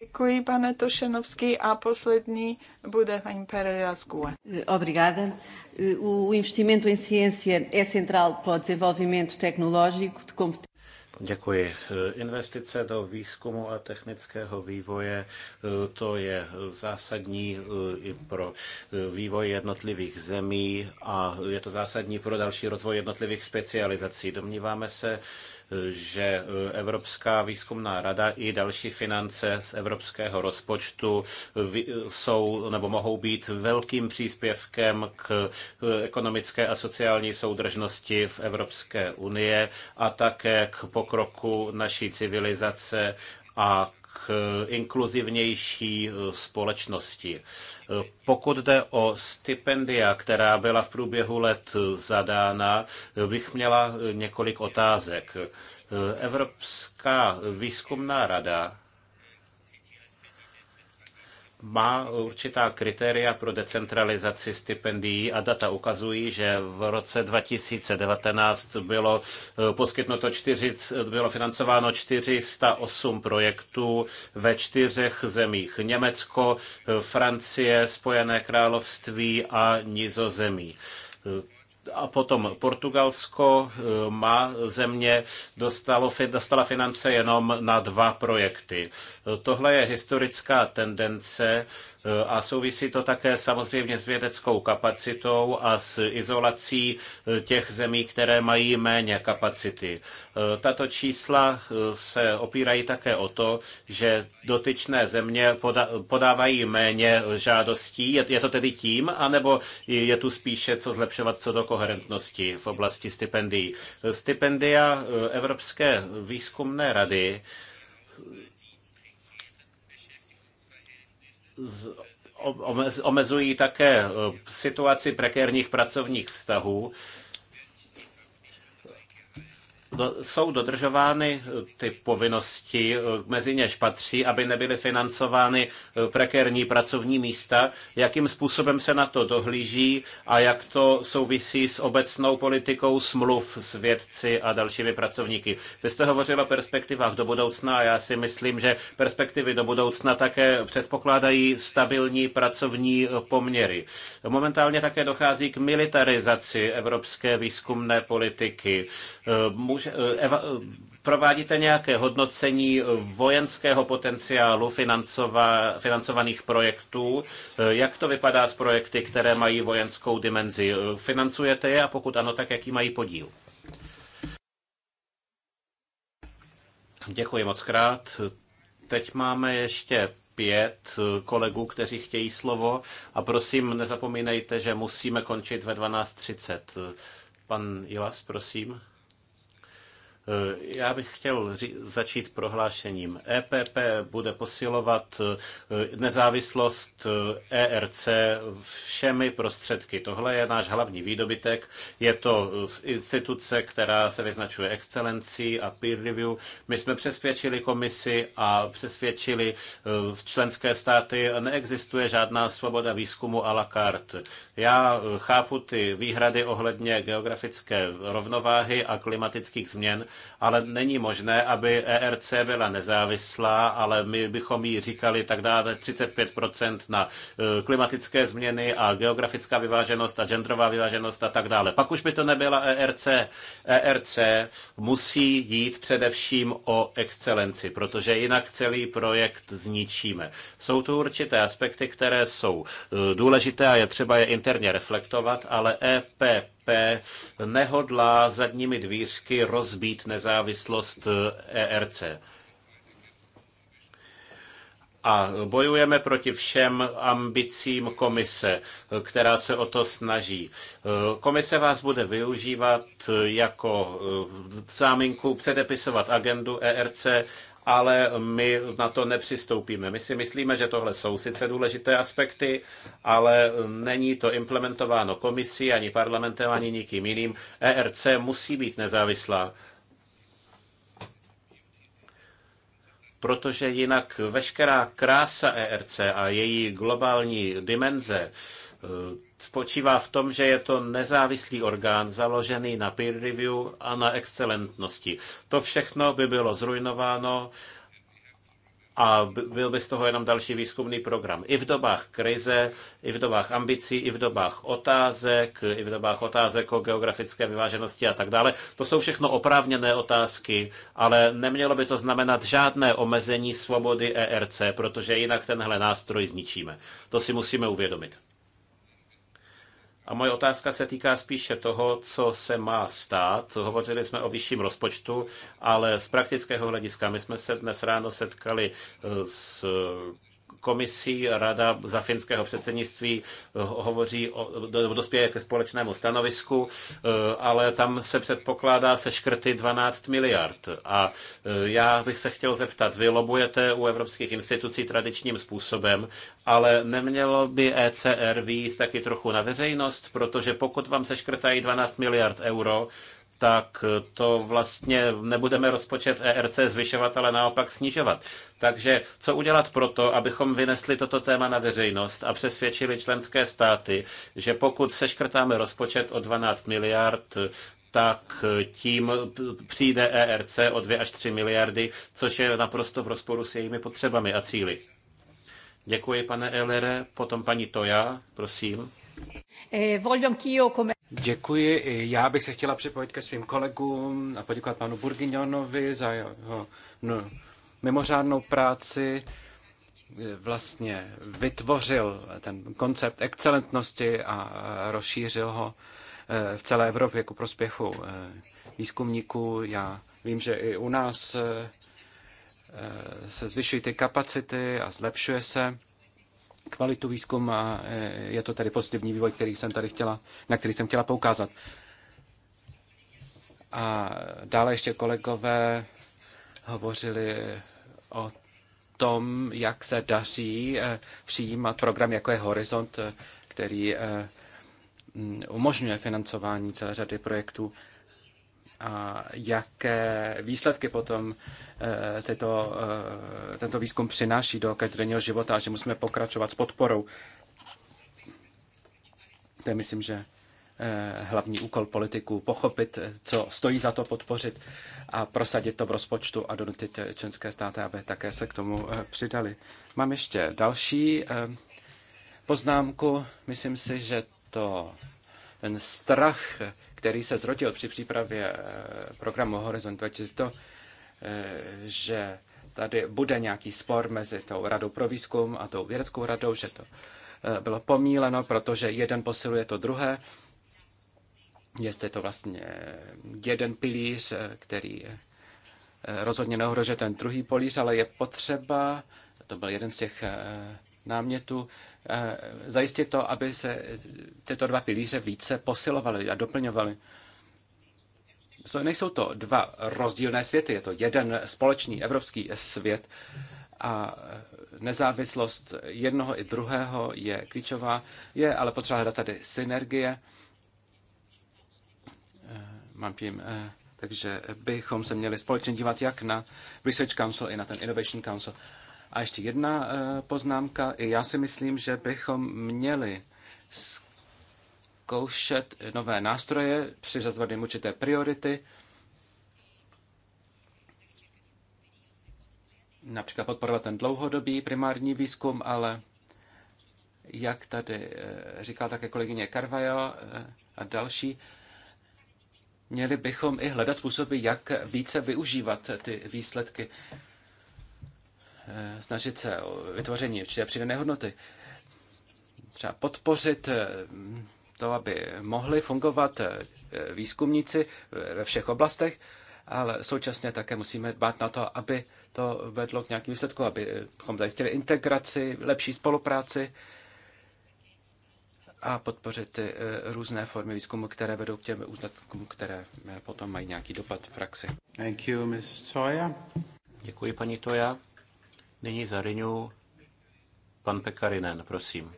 Děkuji, pane Tošenovský. A poslední bude paní Pereira Skua. Obrigada. O investimento em ciência é central para o desenvolvimento tecnológico de competência. Děkuji. Investice do výzkumu a technického vývoje, to je zásadní eh, i pro eh, vývoj jednotlivých zemí a je to zásadní pro další rozvoj jednotlivých specializací. Domníváme se, že e, Evropská výzkumná rada i další finance z evropského rozpočtu e, e, jsou nebo mohou být velkým příspěvkem k ekonomické a sociální soudržnosti v Evropské unie a také k pokroku naší civilizace a Eh, inkluzivnější eh, společnosti. Eh, pokud jde o stipendia, která byla v průběhu let zadána, bych měla několik otázek. Evropská výzkumná rada má určitá kritéria pro decentralizaci stipendií a data ukazují, že v roce 2019 bylo eh, poskytnuto 4, bylo financováno 408 projektů ve čtyřech zemích. Německo, eh, Francie, Spojené království a Nizozemí a potom Portugalsko eh, má země dostalo, dostala finance jenom na dva projekty. Eh, tohle je historická tendence, a souvisí to také samozřejmě s vědeckou kapacitou a s izolací e, těch zemí, které mají méně kapacity. E, tato čísla e, se opírají také o to, že dotyčné země podávají méně žádostí. Je to tedy tím, anebo je tu spíše co zlepšovat co do koherentnosti v oblasti stipendií? Stipendia Evropské výzkumné rady omezují také eh, situaci prekérních pracovních vztahů, do, jsou dodržovány eh, ty povinnosti, eh, mezi něž patří, aby nebyly financovány eh, prekérní pracovní místa, jakým způsobem se na to dohlíží a jak to souvisí s obecnou politikou smluv s vědci a dalšími pracovníky. Vy jste hovořila o perspektivách do budoucna a já si myslím, že perspektivy do budoucna také předpokládají stabilní pracovní poměry. Momentálně také dochází k militarizaci evropské výzkumné politiky. Může Eh, provádíte nějaké hodnocení vojenského potenciálu financova, financovaných projektů, eh, jak to vypadá s projekty, které mají vojenskou dimenzi? Eh, financujete je a pokud ano, tak jaký mají podíl? Děkuji moc krát. Teď máme ještě pět kolegů, kteří chtějí slovo a prosím, nezapomínejte, že musíme končit ve 12.30. Pan Ilas, prosím. Eh, já bych chtěl začít prohlášením. EPP bude posilovat eh, nezávislost ERC eh, e všemi prostředky. Tohle je náš hlavní výdobytek. Je to instituce, která se vyznačuje excelencí a peer review. My jsme přesvědčili komisi a přesvědčili členské státy. Neexistuje žádná svoboda výzkumu a la carte. Já chápu ty výhrady ohledně geografické rovnováhy a klimatických změn, ale není možné, aby ERC byla nezávislá, ale my bychom jí říkali tak dále 35% na e, klimatické změny a geografická vyváženost a genderová vyváženost a tak dále. Pak už by to nebyla ERC. ERC musí jít především o excelenci, protože jinak celý projekt zničíme. Jsou tu určité aspekty, které jsou e, důležité a je třeba je interně reflektovat, ale EPP EPP nehodlá zadními dvířky rozbít nezávislost ERC. Eh, e A bojujeme proti všem ambicím komise, která se o to snaží. Eh, komise vás bude využívat jako eh, záminku předepisovat agendu ERC ale my na to nepřistoupíme. My si myslíme, že tohle jsou sice důležité aspekty, ale není to implementováno komisí, ani parlamentem, ani nikým jiným. ERC musí být nezávislá. protože jinak veškerá krása ERC a její globální dimenze spočívá v tom, že je to nezávislý orgán založený na peer review a na excelentnosti. To všechno by bylo zrujnováno a byl by z toho jenom další výzkumný program. I v dobách krize, i v dobách ambicí, i v dobách otázek, i v dobách otázek o geografické vyváženosti a tak dále. To jsou všechno oprávněné otázky, ale nemělo by to znamenat žádné omezení svobody ERC, protože jinak tenhle nástroj zničíme. To si musíme uvědomit. A moje otázka se týká spíše toho, co se má stát. Hovořili jsme o vyšším rozpočtu, ale z praktického hlediska my jsme se dnes ráno setkali s komisí rada za finského předsednictví eh, hovoří, o, do, dospěje ke společnému stanovisku, eh, ale tam se předpokládá se škrty 12 miliard. A eh, já bych se chtěl zeptat, vy lobujete u evropských institucí tradičním způsobem, ale nemělo by ECR výjít taky trochu na veřejnost, protože pokud vám se škrtají 12 miliard euro, tak to vlastně nebudeme rozpočet ERC zvyšovat, ale naopak snižovat. Takže co udělat proto, abychom vynesli toto téma na veřejnost a přesvědčili členské státy, že pokud seškrtáme rozpočet o 12 miliard, tak tím přijde ERC o 2 až 3 miliardy, což je naprosto v rozporu s jejími potřebami a cíly. Děkuji, pane Elere. Potom paní Toja, prosím. Eh, voglio anch'io come Děkuji. I já bych se chtěla připojit ke svým kolegům a poděkovat panu Burgignonovi za jeho no, mimořádnou práci. Vlastně vytvořil ten koncept excelentnosti a rozšířil ho eh, v celé Evropě ku prospěchu eh, výzkumníků. Já vím, že i u nás eh, se zvyšují ty kapacity a zlepšuje se kvalitu výzkum a e, je to tady pozitivní vývoj, který jsem tady chtěla, na který jsem chtěla poukázat. A dále ještě kolegové hovořili o tom, jak se daří e, přijímat program, jako je Horizont, e, který umožňuje financování celé řady projektů a jaké výsledky potom Eh, tyto, eh, tento výzkum přináší do každodenního života a že musíme pokračovat s podporou. To je, myslím, že eh, hlavní úkol politiků pochopit, co stojí za to podpořit a prosadit to v rozpočtu a donutit členské státy, aby také se k tomu přidali. Mám ještě další poznámku. Myslím si, že to ten strach, který se zrodil při přípravě programu Horizon 2020, že tady bude nějaký spor mezi tou radou pro výzkum a tou vědeckou radou, že to eh, bylo pomíleno, protože jeden posiluje to druhé. Jestli to vlastně jeden pilíř, eh, který eh, rozhodně neohrožuje ten druhý pilíř, ale je potřeba, to byl jeden z těch námětů, zajistit to, aby se tyto dva pilíře více posilovaly a doplňovaly nejsou to dva rozdílné světy, je to jeden společný evropský svět a e, nezávislost jednoho i druhého je klíčová. Je ale potřeba hledat tady synergie. E, mám tím, e, takže bychom se měli společně dívat jak na Research Council, i na ten Innovation Council. A ještě jedna poznámka. já si myslím, že bychom měli zkoušet nové nástroje, přiřazovat jim určité priority, například podporovat ten dlouhodobý primární výzkum, ale jak tady eh, říkala také kolegyně Carvajo eh, a další, měli bychom i hledat způsoby, jak více využívat ty výsledky, eh, snažit se o vytvoření určité přidané hodnoty, třeba podpořit to, aby mohli fungovat eh, výzkumníci eh, ve všech oblastech, ale současně také musíme dbát na to, aby to vedlo k nějakým výsledkům, eh, abychom zajistili integraci, lepší spolupráci a podpořit ty různé formy výzkumu, které vedou k těm ústatkům, které potom mají nějaký dopad v praxi. Thank you, Ms. Toya. Děkuji, paní Toja. Nyní za Riňu pan Pekarinen, prosím.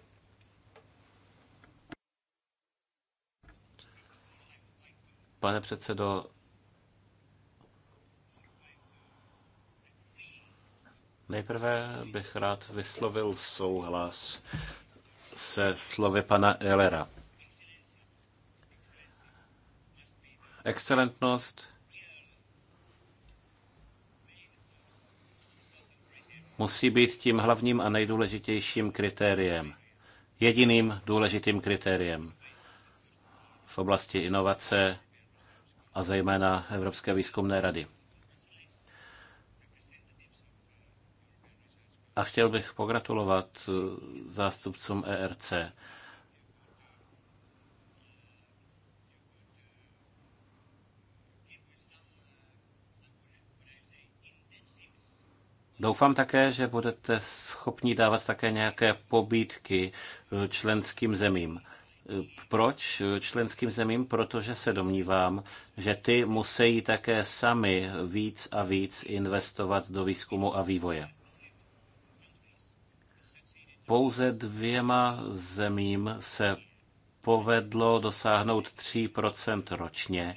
Pane předsedo, nejprve bych rád vyslovil souhlas se slovy pana Elera. Excelentnost musí být tím hlavním a nejdůležitějším kritériem. Jediným důležitým kritériem v oblasti inovace a zejména Evropské výzkumné rady. A chtěl bych pogratulovat zástupcům ERC. Doufám také, že budete schopni dávat také nějaké pobídky členským zemím. Proč členským zemím? Protože se domnívám, že ty musí také sami víc a víc investovat do výzkumu a vývoje. Pouze dvěma zemím se povedlo dosáhnout 3 ročně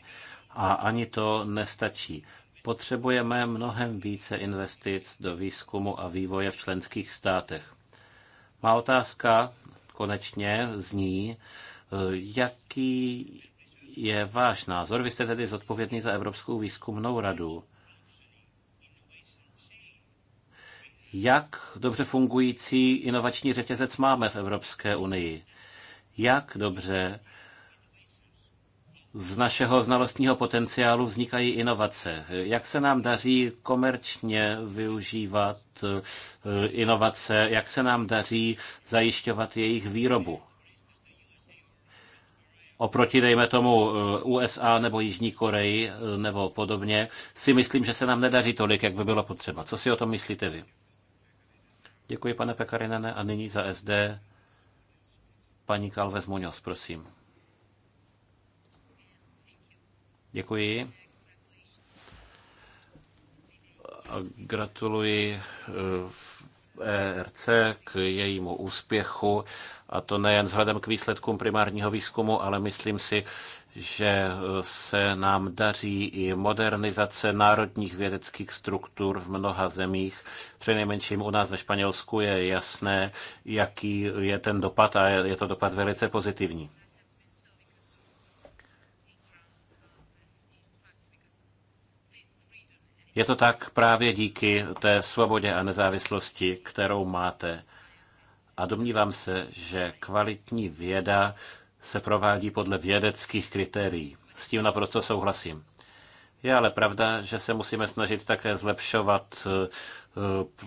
a ani to nestačí. Potřebujeme mnohem více investic do výzkumu a vývoje v členských státech. Má otázka konečně zní, eh, jaký je váš názor. Vy jste tedy zodpovědný za Evropskou výzkumnou radu. Jak dobře fungující inovační řetězec máme v Evropské unii? Jak dobře z našeho znalostního potenciálu vznikají inovace. Jak se nám daří komerčně využívat eh, inovace, jak se nám daří zajišťovat jejich výrobu. Oproti, dejme tomu, eh, USA nebo Jižní Koreji eh, nebo podobně, si myslím, že se nám nedaří tolik, jak by bylo potřeba. Co si o tom myslíte vy? Děkuji, pane Pekarinene, a nyní za SD paní Kalves Muñoz, prosím. Děkuji. A gratuluji ERC eh, e k jejímu úspěchu, a to nejen vzhledem k výsledkům primárního výzkumu, ale myslím si, že eh, se nám daří i modernizace národních vědeckých struktur v mnoha zemích. Přinejmenším u nás ve Španělsku je jasné, jaký je ten dopad a je to dopad velice pozitivní. Je to tak právě díky té svobodě a nezávislosti, kterou máte. A domnívám se, že kvalitní věda se provádí podle vědeckých kritérií. S tím naprosto souhlasím. Je ale pravda, že se musíme snažit také zlepšovat eh, eh,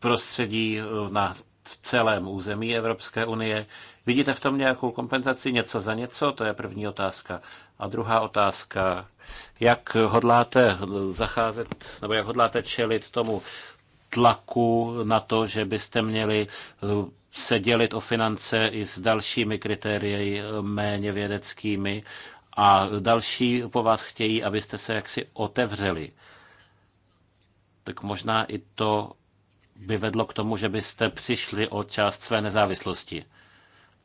prostředí eh, na celém území Evropské unie, Vidíte v tom nějakou kompenzaci něco za něco? To je první otázka. A druhá otázka, jak hodláte zacházet, nebo jak hodláte čelit tomu tlaku na to, že byste měli eh, se dělit o finance i s dalšími kritérii eh, méně vědeckými a další po vás chtějí, abyste se jaksi otevřeli. Tak možná i to by vedlo k tomu, že byste přišli o část své nezávislosti.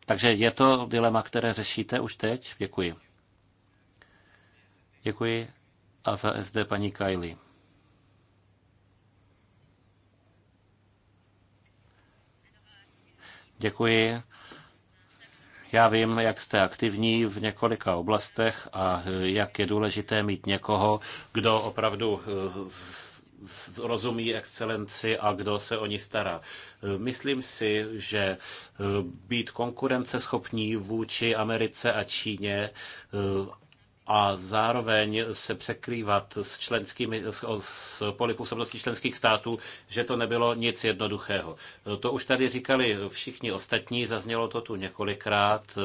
Takže je to dilema, které řešíte už teď? Děkuji. Děkuji. A za SD paní Kylie. Děkuji. Já vím, jak jste aktivní v několika oblastech a jak je důležité mít někoho, kdo opravdu rozumí excelenci a kdo se o ní stará. Myslím si, že eh, být konkurenceschopní vůči Americe a Číně eh, a zároveň se překrývat s, členskými, s, s polipůsobností členských států, že to nebylo nic jednoduchého. To už tady říkali všichni ostatní, zaznělo to tu několikrát.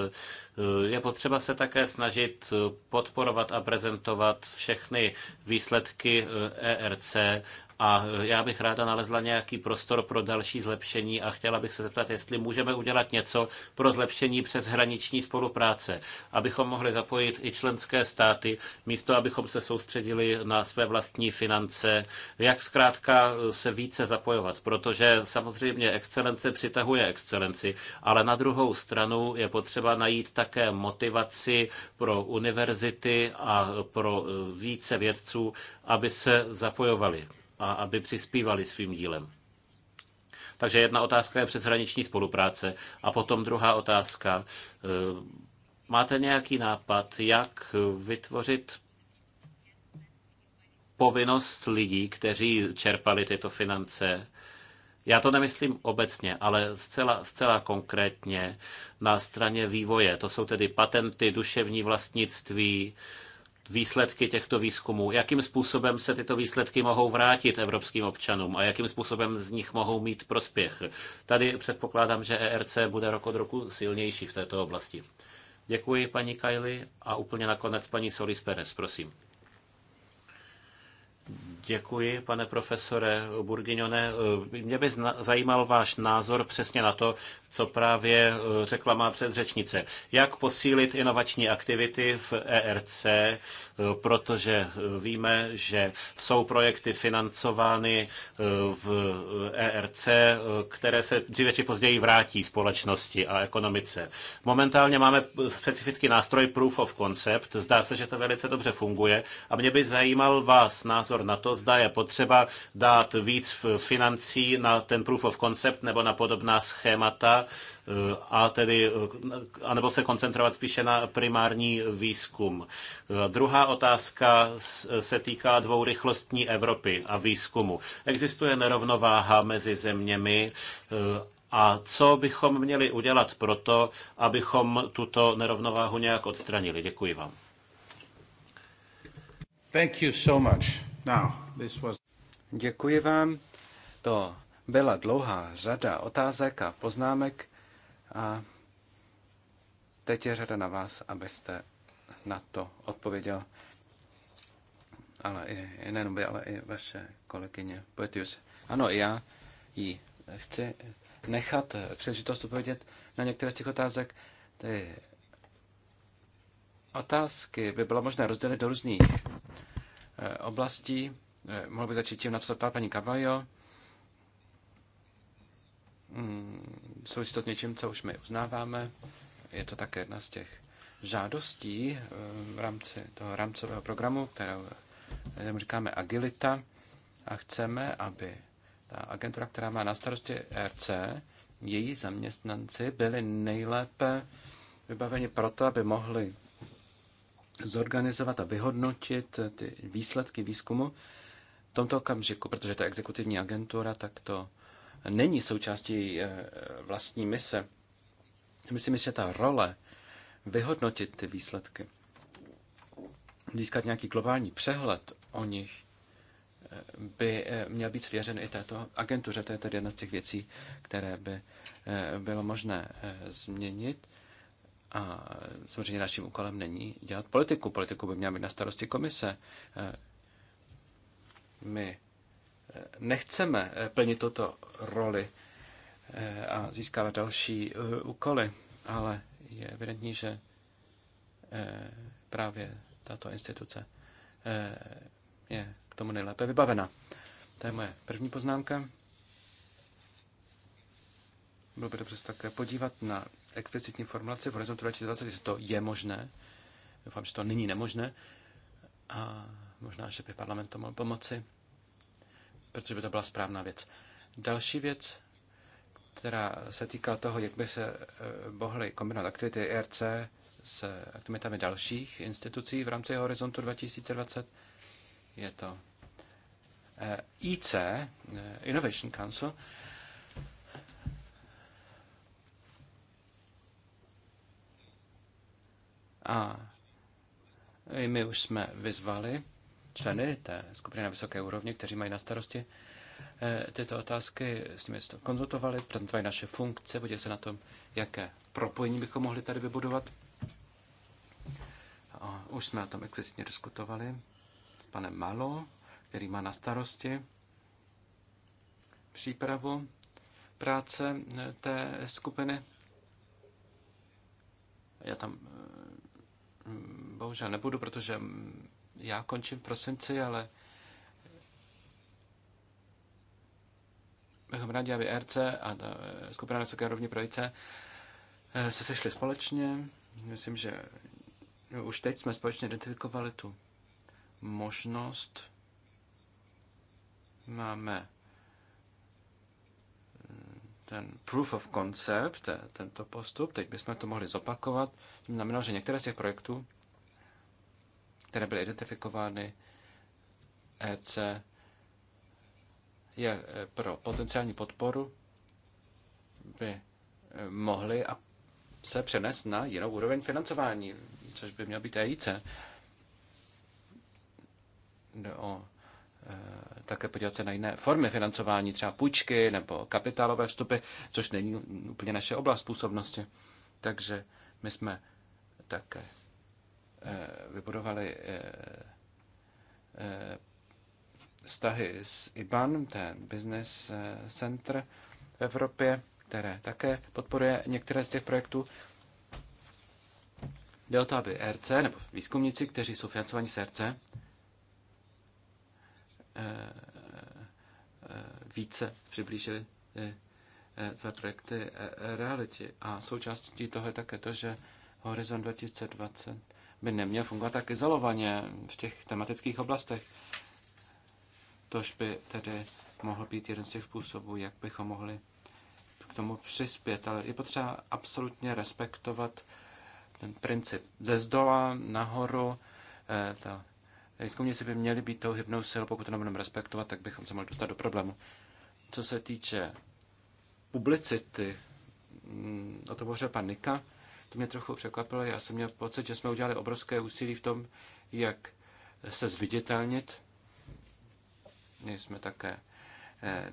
Je potřeba se také snažit podporovat a prezentovat všechny výsledky ERC eh, e a eh, já bych ráda nalezla nějaký prostor pro další zlepšení a chtěla bych se zeptat, jestli můžeme udělat něco pro zlepšení přeshraniční spolupráce, abychom mohli zapojit i členské státy, místo abychom se soustředili na své vlastní finance, jak zkrátka eh, se více zapojovat, protože samozřejmě excelence přitahuje excelenci, ale na druhou stranu je potřeba najít tak také motivaci pro univerzity a pro eh, více vědců, aby se zapojovali a aby přispívali svým dílem. Takže jedna otázka je přeshraniční spolupráce. A potom druhá otázka. Eh, máte nějaký nápad, jak vytvořit povinnost lidí, kteří čerpali tyto finance, já to nemyslím obecně, ale zcela, zcela konkrétně na straně vývoje. To jsou tedy patenty, duševní vlastnictví, výsledky těchto výzkumů, jakým způsobem se tyto výsledky mohou vrátit evropským občanům a jakým způsobem z nich mohou mít prospěch. Tady předpokládám, že ERC bude rok od roku silnější v této oblasti. Děkuji paní Kajli a úplně nakonec paní Solis Perez, prosím. Děkuji, pane profesore Burgiňone. Mě by zajímal váš názor přesně na to, co právě eh, řekla má předřečnice. Jak posílit inovační aktivity v ERC, eh, protože eh, víme, že jsou projekty financovány v ERC, e které se dříve či později vrátí společnosti a ekonomice. Momentálně máme specifický nástroj Proof of Concept. Zdá se, že to velice dobře funguje a mě by zajímal vás názor na to, zda je potřeba dát víc financí na ten proof of concept nebo na podobná schémata, eh, a tedy, eh, anebo se koncentrovat spíše na primární výzkum. Eh, druhá otázka se týká dvourychlostní Evropy a výzkumu. Existuje nerovnováha mezi zeměmi a co bychom měli udělat pro to, abychom tuto nerovnováhu nějak odstranili? Děkuji vám. Thank you so much. Now. Děkuji vám. To byla dlouhá řada otázek a poznámek a teď je řada na vás, abyste na to odpověděl. Ale i, nejenom by, ale i vaše kolegyně Poetius. Ano, já jí chci nechat přežitost odpovědět na některé z těch otázek. Ty otázky by bylo možné rozdělit do různých eh, oblastí. Eh, mohl by začít tím, na co se ptá paní Kavajo. Mm, souvisí to s něčím, co už my uznáváme. Je to také jedna z těch žádostí eh, v rámci toho rámcového programu, kterou eh, říkáme agilita a chceme, aby ta agentura, která má na starosti RC, její zaměstnanci byli nejlépe vybaveni proto, aby mohli zorganizovat a vyhodnotit ty výsledky výzkumu tomto okamžiku, protože to je exekutivní agentura, tak to není součástí eh, vlastní mise. Myslím, že ta role vyhodnotit ty výsledky, získat nějaký globální přehled o nich, eh, by eh, měl být svěřen i této agentuře. To je tedy jedna z těch věcí, které by bylo možné změnit. A samozřejmě naším úkolem není dělat politiku. Politiku by měla mít na starosti komise. My eh, nechceme eh, plnit tuto roli eh, a získávat další úkoly, ale je evidentní, že právě tato instituce je k tomu nejlépe vybavena. To je moje první poznámka. Bylo by dobře se také podívat na explicitní formulaci v horizontu 2020, jestli to je možné. Doufám, že to není nemožné. A Možná, že by parlament to mohl pomoci, protože by to byla správná věc. Další věc, která se týká toho, jak by se eh, mohly kombinovat aktivity ERC s aktivitami dalších institucí v rámci Horizontu 2020, je to eh, IC, eh, Innovation Council, a my už jsme vyzvali členy té skupiny na vysoké úrovni, kteří mají na starosti eh, tyto otázky, s nimi jsme konzultovali, prezentovali naše funkce, podívali se na tom, jaké propojení bychom mohli tady vybudovat. A už jsme o tom explicitně diskutovali s panem Malo, který má na starosti přípravu práce eh, té skupiny. Já tam eh, bohužel nebudu, protože mm, já končím v prosinci, ale bychom rádi, aby RC a ta skupina na vysoké rovně projice se sešli společně. Myslím, že už teď jsme společně identifikovali tu možnost. Máme eh, ten proof of concept, eh, tento postup, teď bychom to mohli zopakovat. Znamená, že některé z těch projektů které byly identifikovány EC je e, pro potenciální podporu by e, mohly a se přenést na jinou úroveň financování, což by měl být EIC. Jde o e, také podívat se na jiné formy financování, třeba půjčky nebo kapitálové vstupy, což není úplně naše oblast působnosti. Takže my jsme také Eh, vybudovali eh, eh, vztahy s IBAN, ten business center v Evropě, které také podporuje některé z těch projektů. Jde o to, aby RC, nebo výzkumníci, kteří jsou financovaní z RC, více přiblížili tvé projekty realitě. A součástí toho je také to, že Horizon 2020 by neměl fungovat tak izolovaně v těch tematických oblastech. Tož by tedy mohl být jeden z těch způsobů, jak bychom mohli k tomu přispět. Ale je potřeba absolutně respektovat ten princip ze zdola nahoru. Eh, ta výzkumníci by měli být tou hybnou silou, pokud to nebudeme respektovat, tak bychom se mohli dostat do problému. Co se týče publicity, mm, o to hovořil pan Nika, to mě trochu překvapilo. Já jsem měl pocit, že jsme udělali obrovské úsilí v tom, jak se zviditelnit. My jsme také eh,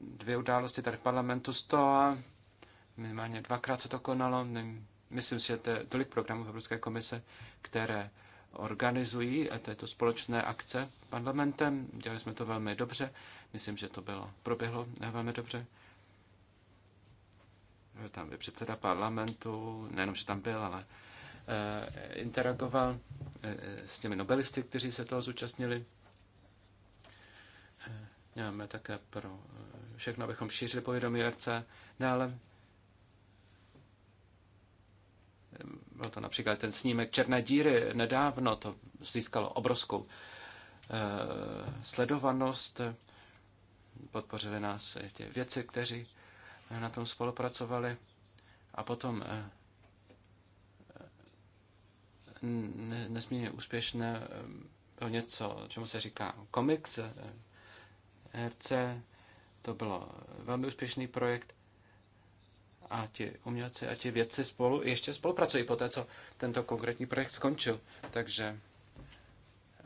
dvě události tady v parlamentu, sto a minimálně dvakrát se to konalo. Myslím si, že to je tolik programů Evropské komise, které organizují této eh, společné akce parlamentem. Dělali jsme to velmi dobře. Myslím, že to bylo, proběhlo eh, velmi dobře. Byl tam i předseda parlamentu, nejenom, že tam byl, ale eh, interagoval eh, s těmi nobelisty, kteří se toho zúčastnili. Máme eh, také pro všechno, abychom šířili povědomí RC. No, ale byl to například ten snímek Černé díry nedávno, to získalo obrovskou sledovanost. Podpořili nás i ti věci, kteří na tom spolupracovali. A potom eh, eh, nesmírně úspěšné bylo eh, něco, čemu se říká komiks, herce. To bylo velmi úspěšný projekt. A ti umělci a ti vědci spolu ještě spolupracují po té, co tento konkrétní projekt skončil. Takže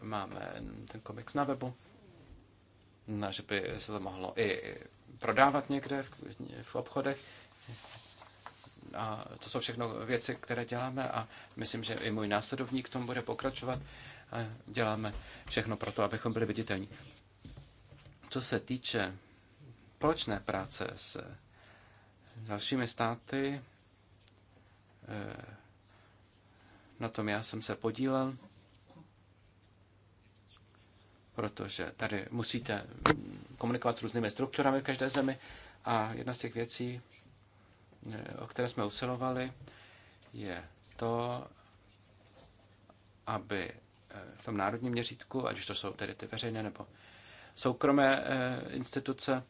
máme ten komiks na webu. No, že by se to mohlo i prodávat někde v, v obchodech. A to jsou všechno věci, které děláme a myslím, že i můj následovník tomu bude pokračovat a děláme všechno pro to, abychom byli viditelní. Co se týče společné práce s dalšími státy, eh, na tom já jsem se podílel protože tady musíte mm, komunikovat s různými strukturami v každé zemi a jedna z těch věcí, eh, o které jsme usilovali, je to, aby eh, v tom národním měřítku, ať už to jsou tedy ty veřejné nebo soukromé eh, instituce,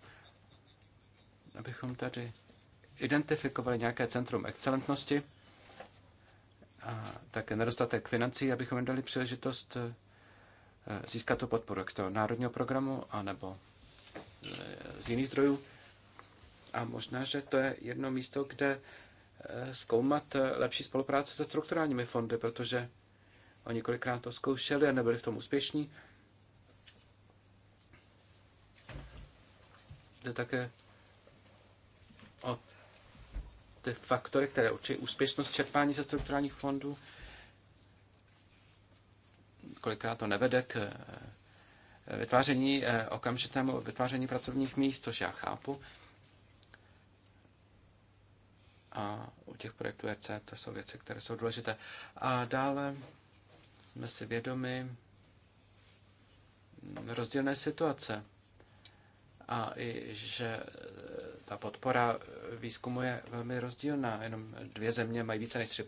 abychom tady identifikovali nějaké centrum excelentnosti a také nedostatek financí, abychom jim dali příležitost Eh, získat tu podporu, jak z toho národního programu, anebo eh, z jiných zdrojů. A možná, že to je jedno místo, kde eh, zkoumat lepší spolupráce se strukturálními fondy, protože oni kolikrát to zkoušeli a nebyli v tom úspěšní. Jde také o ty faktory, které určují úspěšnost čerpání ze strukturálních fondů kolikrát to nevede k eh, vytváření, eh, okamžitému vytváření pracovních míst, což já chápu. A u těch projektů RC to jsou věci, které jsou důležité. A dále jsme si vědomi rozdílné situace a i že eh, ta podpora výzkumu je velmi rozdílná. Jenom dvě země mají více než 3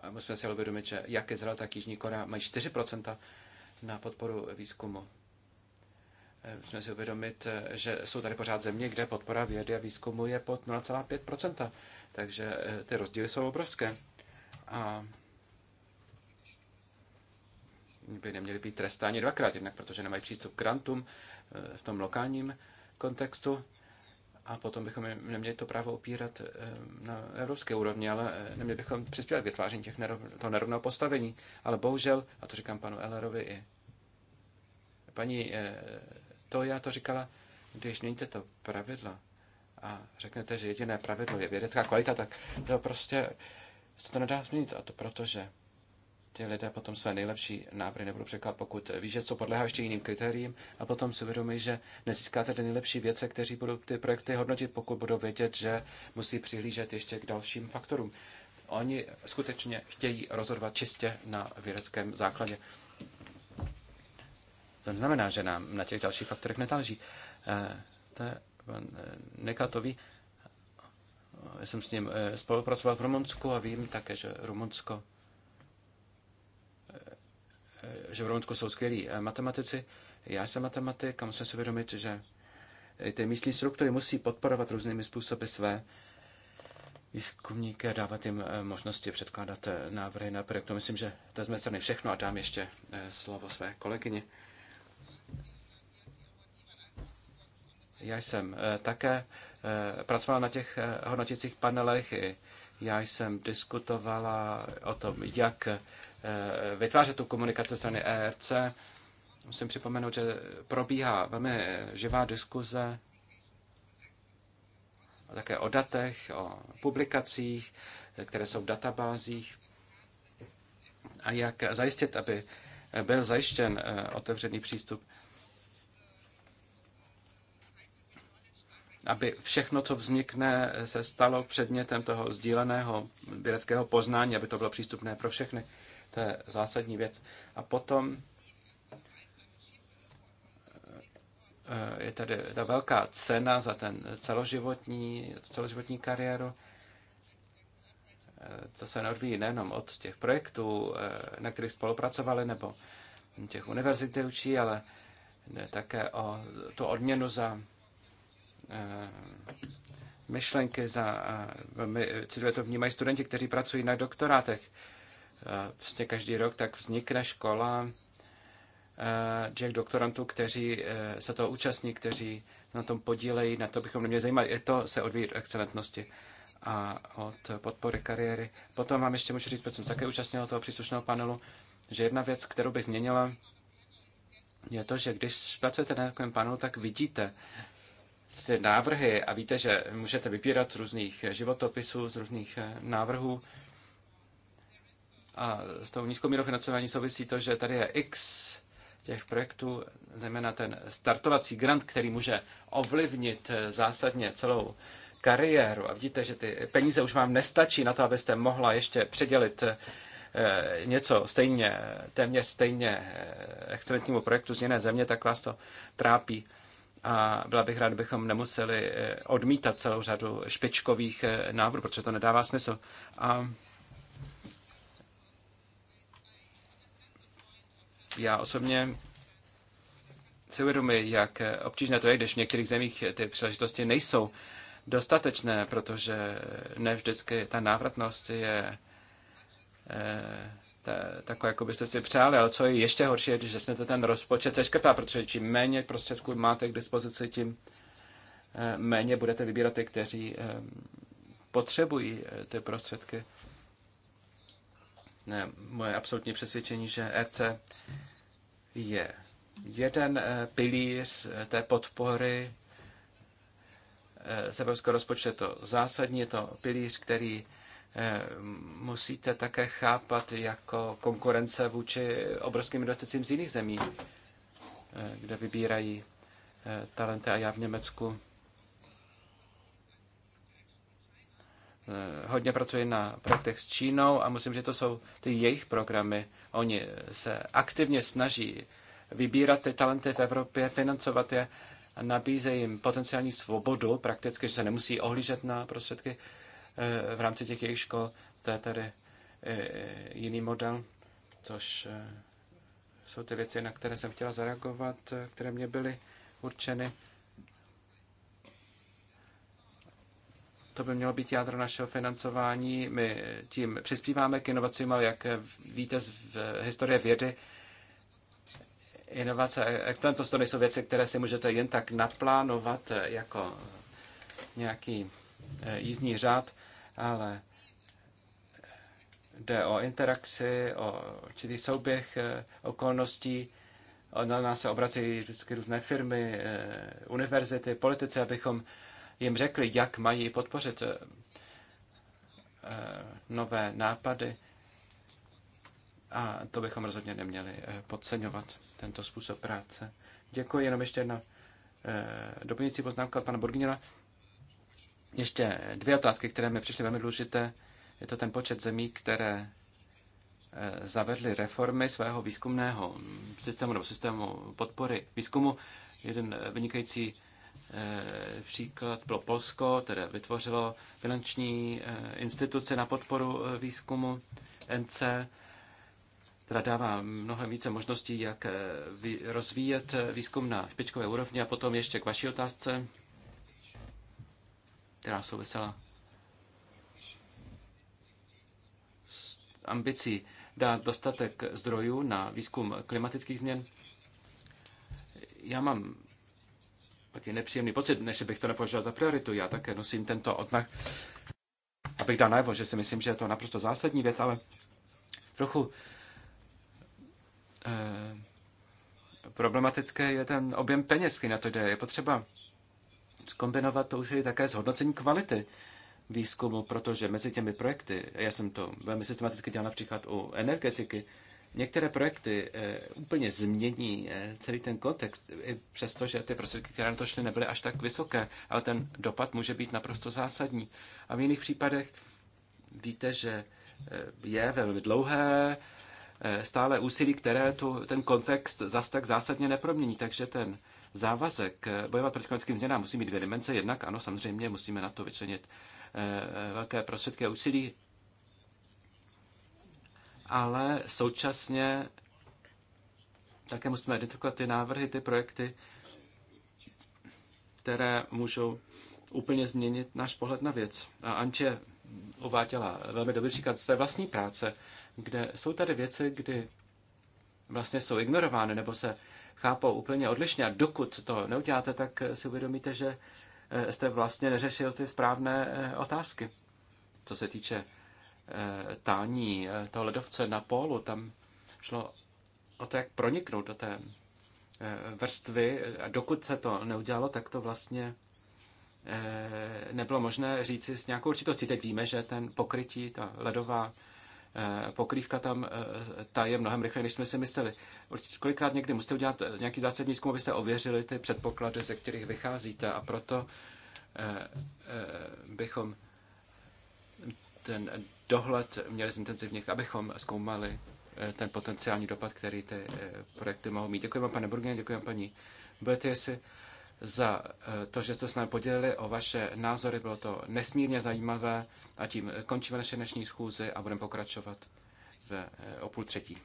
a musíme si uvědomit, že jak Izrael, tak Jižní Korea mají 4% na podporu výzkumu. Eh, musíme si uvědomit, eh, že jsou tady pořád země, kde podpora vědy a výzkumu je pod 0,5%. Takže eh, ty rozdíly jsou obrovské. A by neměli být trestáni dvakrát, jednak protože nemají přístup k grantům v tom lokálním kontextu a potom bychom neměli to právo opírat eh, na evropské úrovni, ale eh, neměli bychom přispívat k vytváření těch nerov, toho nerovného postavení. Ale bohužel, a to říkám panu Ellerovi i paní eh, to já to říkala, když měníte to pravidlo a řeknete, že jediné pravidlo je vědecká kvalita, tak to prostě se to nedá změnit. A to proto, že ty lidé potom své nejlepší návrhy nebudou překlad, pokud víš, že co podléhá ještě jiným kritériím a potom si uvědomí, že nezískáte ty nejlepší věce, kteří budou ty projekty hodnotit, pokud budou vědět, že musí přihlížet ještě k dalším faktorům. Oni skutečně chtějí rozhodovat čistě na vědeckém základě. To znamená, že nám na těch dalších faktorech nezáleží. Eh, to je pan eh, Nekatový. Já jsem s ním eh, spolupracoval v Rumunsku a vím také, že Rumunsko že v Rumunsku jsou skvělí eh, matematici. Já jsem matematik a musím si vědomit, že ty místní struktury musí podporovat různými způsoby své výzkumníky a dávat jim eh, možnosti předkládat eh, návrhy na projektu. Myslím, že to je z mé strany všechno a dám ještě slovo své kolegyni. Já jsem také pracoval na těch hodnotících panelech. Já jsem diskutovala o tom, jak Eh, vytvářet tu komunikaci strany ERC. Musím připomenout, že probíhá velmi eh, živá diskuze také o datech, o publikacích, eh, které jsou v databázích a jak zajistit, aby byl zajištěn otevřený přístup, aby všechno, co vznikne, se stalo předmětem toho sdíleného vědeckého poznání, aby to bylo přístupné pro všechny. To je zásadní věc. A potom eh, je tady ta velká cena za ten celoživotní, celoživotní kariéru. Eh, to se neodvíjí nejenom od těch projektů, eh, na kterých spolupracovali, nebo těch univerzit, kde učí, ale také o tu odměnu za myšlenky, za, my, to vnímají studenti, kteří pracují na doktorátech. Eh, vlastně každý rok, tak vznikne škola eh, těch doktorantů, kteří eh, se toho účastní, kteří na tom podílejí, na to bychom neměli zajímat. Je to se odvíjí od excelentnosti a od podpory kariéry. Potom vám ještě můžu říct, proč jsem také účastnil toho příslušného panelu, že jedna věc, kterou bych změnila, je to, že když pracujete na takovém panelu, tak vidíte ty návrhy a víte, že můžete vybírat z různých životopisů, z různých návrhů a s tou nízkou mírou financování souvisí to, že tady je X těch projektů, zejména ten startovací grant, který může ovlivnit eh, zásadně celou kariéru. A vidíte, že ty peníze už vám nestačí na to, abyste mohla ještě předělit eh, něco stejně, téměř stejně eh, excelentnímu projektu z jiné země, tak vás to trápí. A byla bych rád, bychom nemuseli odmítat celou řadu špičkových návrhů, protože to nedává smysl. A Já osobně si uvědomuji, jak obtížné to je, když v některých zemích ty příležitosti nejsou dostatečné, protože ne vždycky ta návratnost je eh, taková, jako byste si přáli, ale co je ještě horší, když začnete ten rozpočet seškrtat, protože čím méně prostředků máte k dispozici, tím eh, méně budete vybírat ty, kteří eh, potřebují ty prostředky ne, moje absolutní přesvědčení, že RC je jeden eh, pilíř eh, té podpory eh, z evropského rozpočtu. Je to zásadní, je to pilíř, který musíte také chápat jako konkurence vůči obrovským investicím z jiných zemí, kde vybírají talenty a já v Německu Eh, hodně pracují na projektech s Čínou a musím, že to jsou ty jejich programy. Oni se aktivně snaží vybírat ty talenty v Evropě, financovat je a nabízejí jim potenciální svobodu, prakticky, že se nemusí ohlížet na prostředky eh, v rámci těch jejich škol. To je tady eh, jiný model, což jsou ty věci, na které jsem chtěla zareagovat, které mě byly určeny. To by mělo být jádro našeho financování. My tím přispíváme k inovacím, ale jak víte z historie vědy, inovace a excelentnost to nejsou věci, které si můžete jen tak naplánovat jako nějaký eh, jízdní řád, ale jde o interakci, o určitý souběh eh, okolností. Na nás se obracejí vždycky různé firmy, eh, univerzity, politici, abychom jim řekli, jak mají podpořit eh, eh, nové nápady. A to bychom rozhodně neměli eh, podceňovat, tento způsob práce. Děkuji, jenom ještě jedna doplňující poznámka od pana Borgnila. Ještě dvě otázky, které mi přišly velmi důležité. Je to ten počet zemí, které zavedly reformy svého výzkumného systému nebo systému podpory výzkumu. Jeden vynikající Eh, příklad bylo Polsko, které vytvořilo finanční eh, instituce na podporu eh, výzkumu NC, která dává mnohem více možností, jak rozvíjet výzkum na špičkové úrovni. A potom ještě k vaší otázce, která souvisela s ambicí dát dostatek zdrojů na výzkum klimatických změn. Já mám taky nepříjemný pocit, než bych to nepožil za prioritu. Já také nosím tento odmah, abych dal najevo, že si myslím, že je to naprosto zásadní věc, ale trochu eh, problematické je ten objem peněz, který na to jde. Je potřeba zkombinovat to úsilí také s hodnocením kvality výzkumu, protože mezi těmi projekty, já jsem to velmi systematicky dělal například u energetiky, Některé projekty eh, úplně změní eh, celý ten kontext, i přesto, že ty prostředky, které na to šly, nebyly až tak vysoké, ale ten dopad může být naprosto zásadní. A v jiných případech víte, že eh, je velmi dlouhé, stále úsilí, které tu, ten kontext zas tak zásadně nepromění. Takže ten závazek bojovat proti klimatickým změnám musí mít dvě dimenze. Jednak, ano, samozřejmě musíme na to vyčlenit velké prostředky a úsilí ale současně také musíme identifikovat ty návrhy, ty projekty, které můžou úplně změnit náš pohled na věc. A Anče uváděla velmi dobrý příklad své vlastní práce, kde jsou tady věci, kdy vlastně jsou ignorovány nebo se chápou úplně odlišně. A dokud to neuděláte, tak si uvědomíte, že eh, jste vlastně neřešil ty správné eh, otázky, co se týče Eh, tání eh, toho ledovce na pólu. Tam šlo o to, jak proniknout do té eh, vrstvy. A dokud se to neudělalo, tak to vlastně nebylo možné říci s nějakou určitostí. Teď víme, že ten pokrytí, ta ledová pokrývka tam, ta je mnohem rychleji, než jsme si mysleli. Kolikrát někdy musíte udělat nějaký zásadní zkum, abyste ověřili ty předpoklady, ze kterých vycházíte a proto bychom ten dohled měli zintenzivnit, abychom zkoumali eh, ten potenciální dopad, který ty eh, projekty mohou mít. Děkuji vám, pane Burgen, děkuji vám, paní Betiesi, za eh, to, že jste s námi podělili o vaše názory. Bylo to nesmírně zajímavé a tím končíme naše dnešní schůzi a budeme pokračovat v, o půl třetí.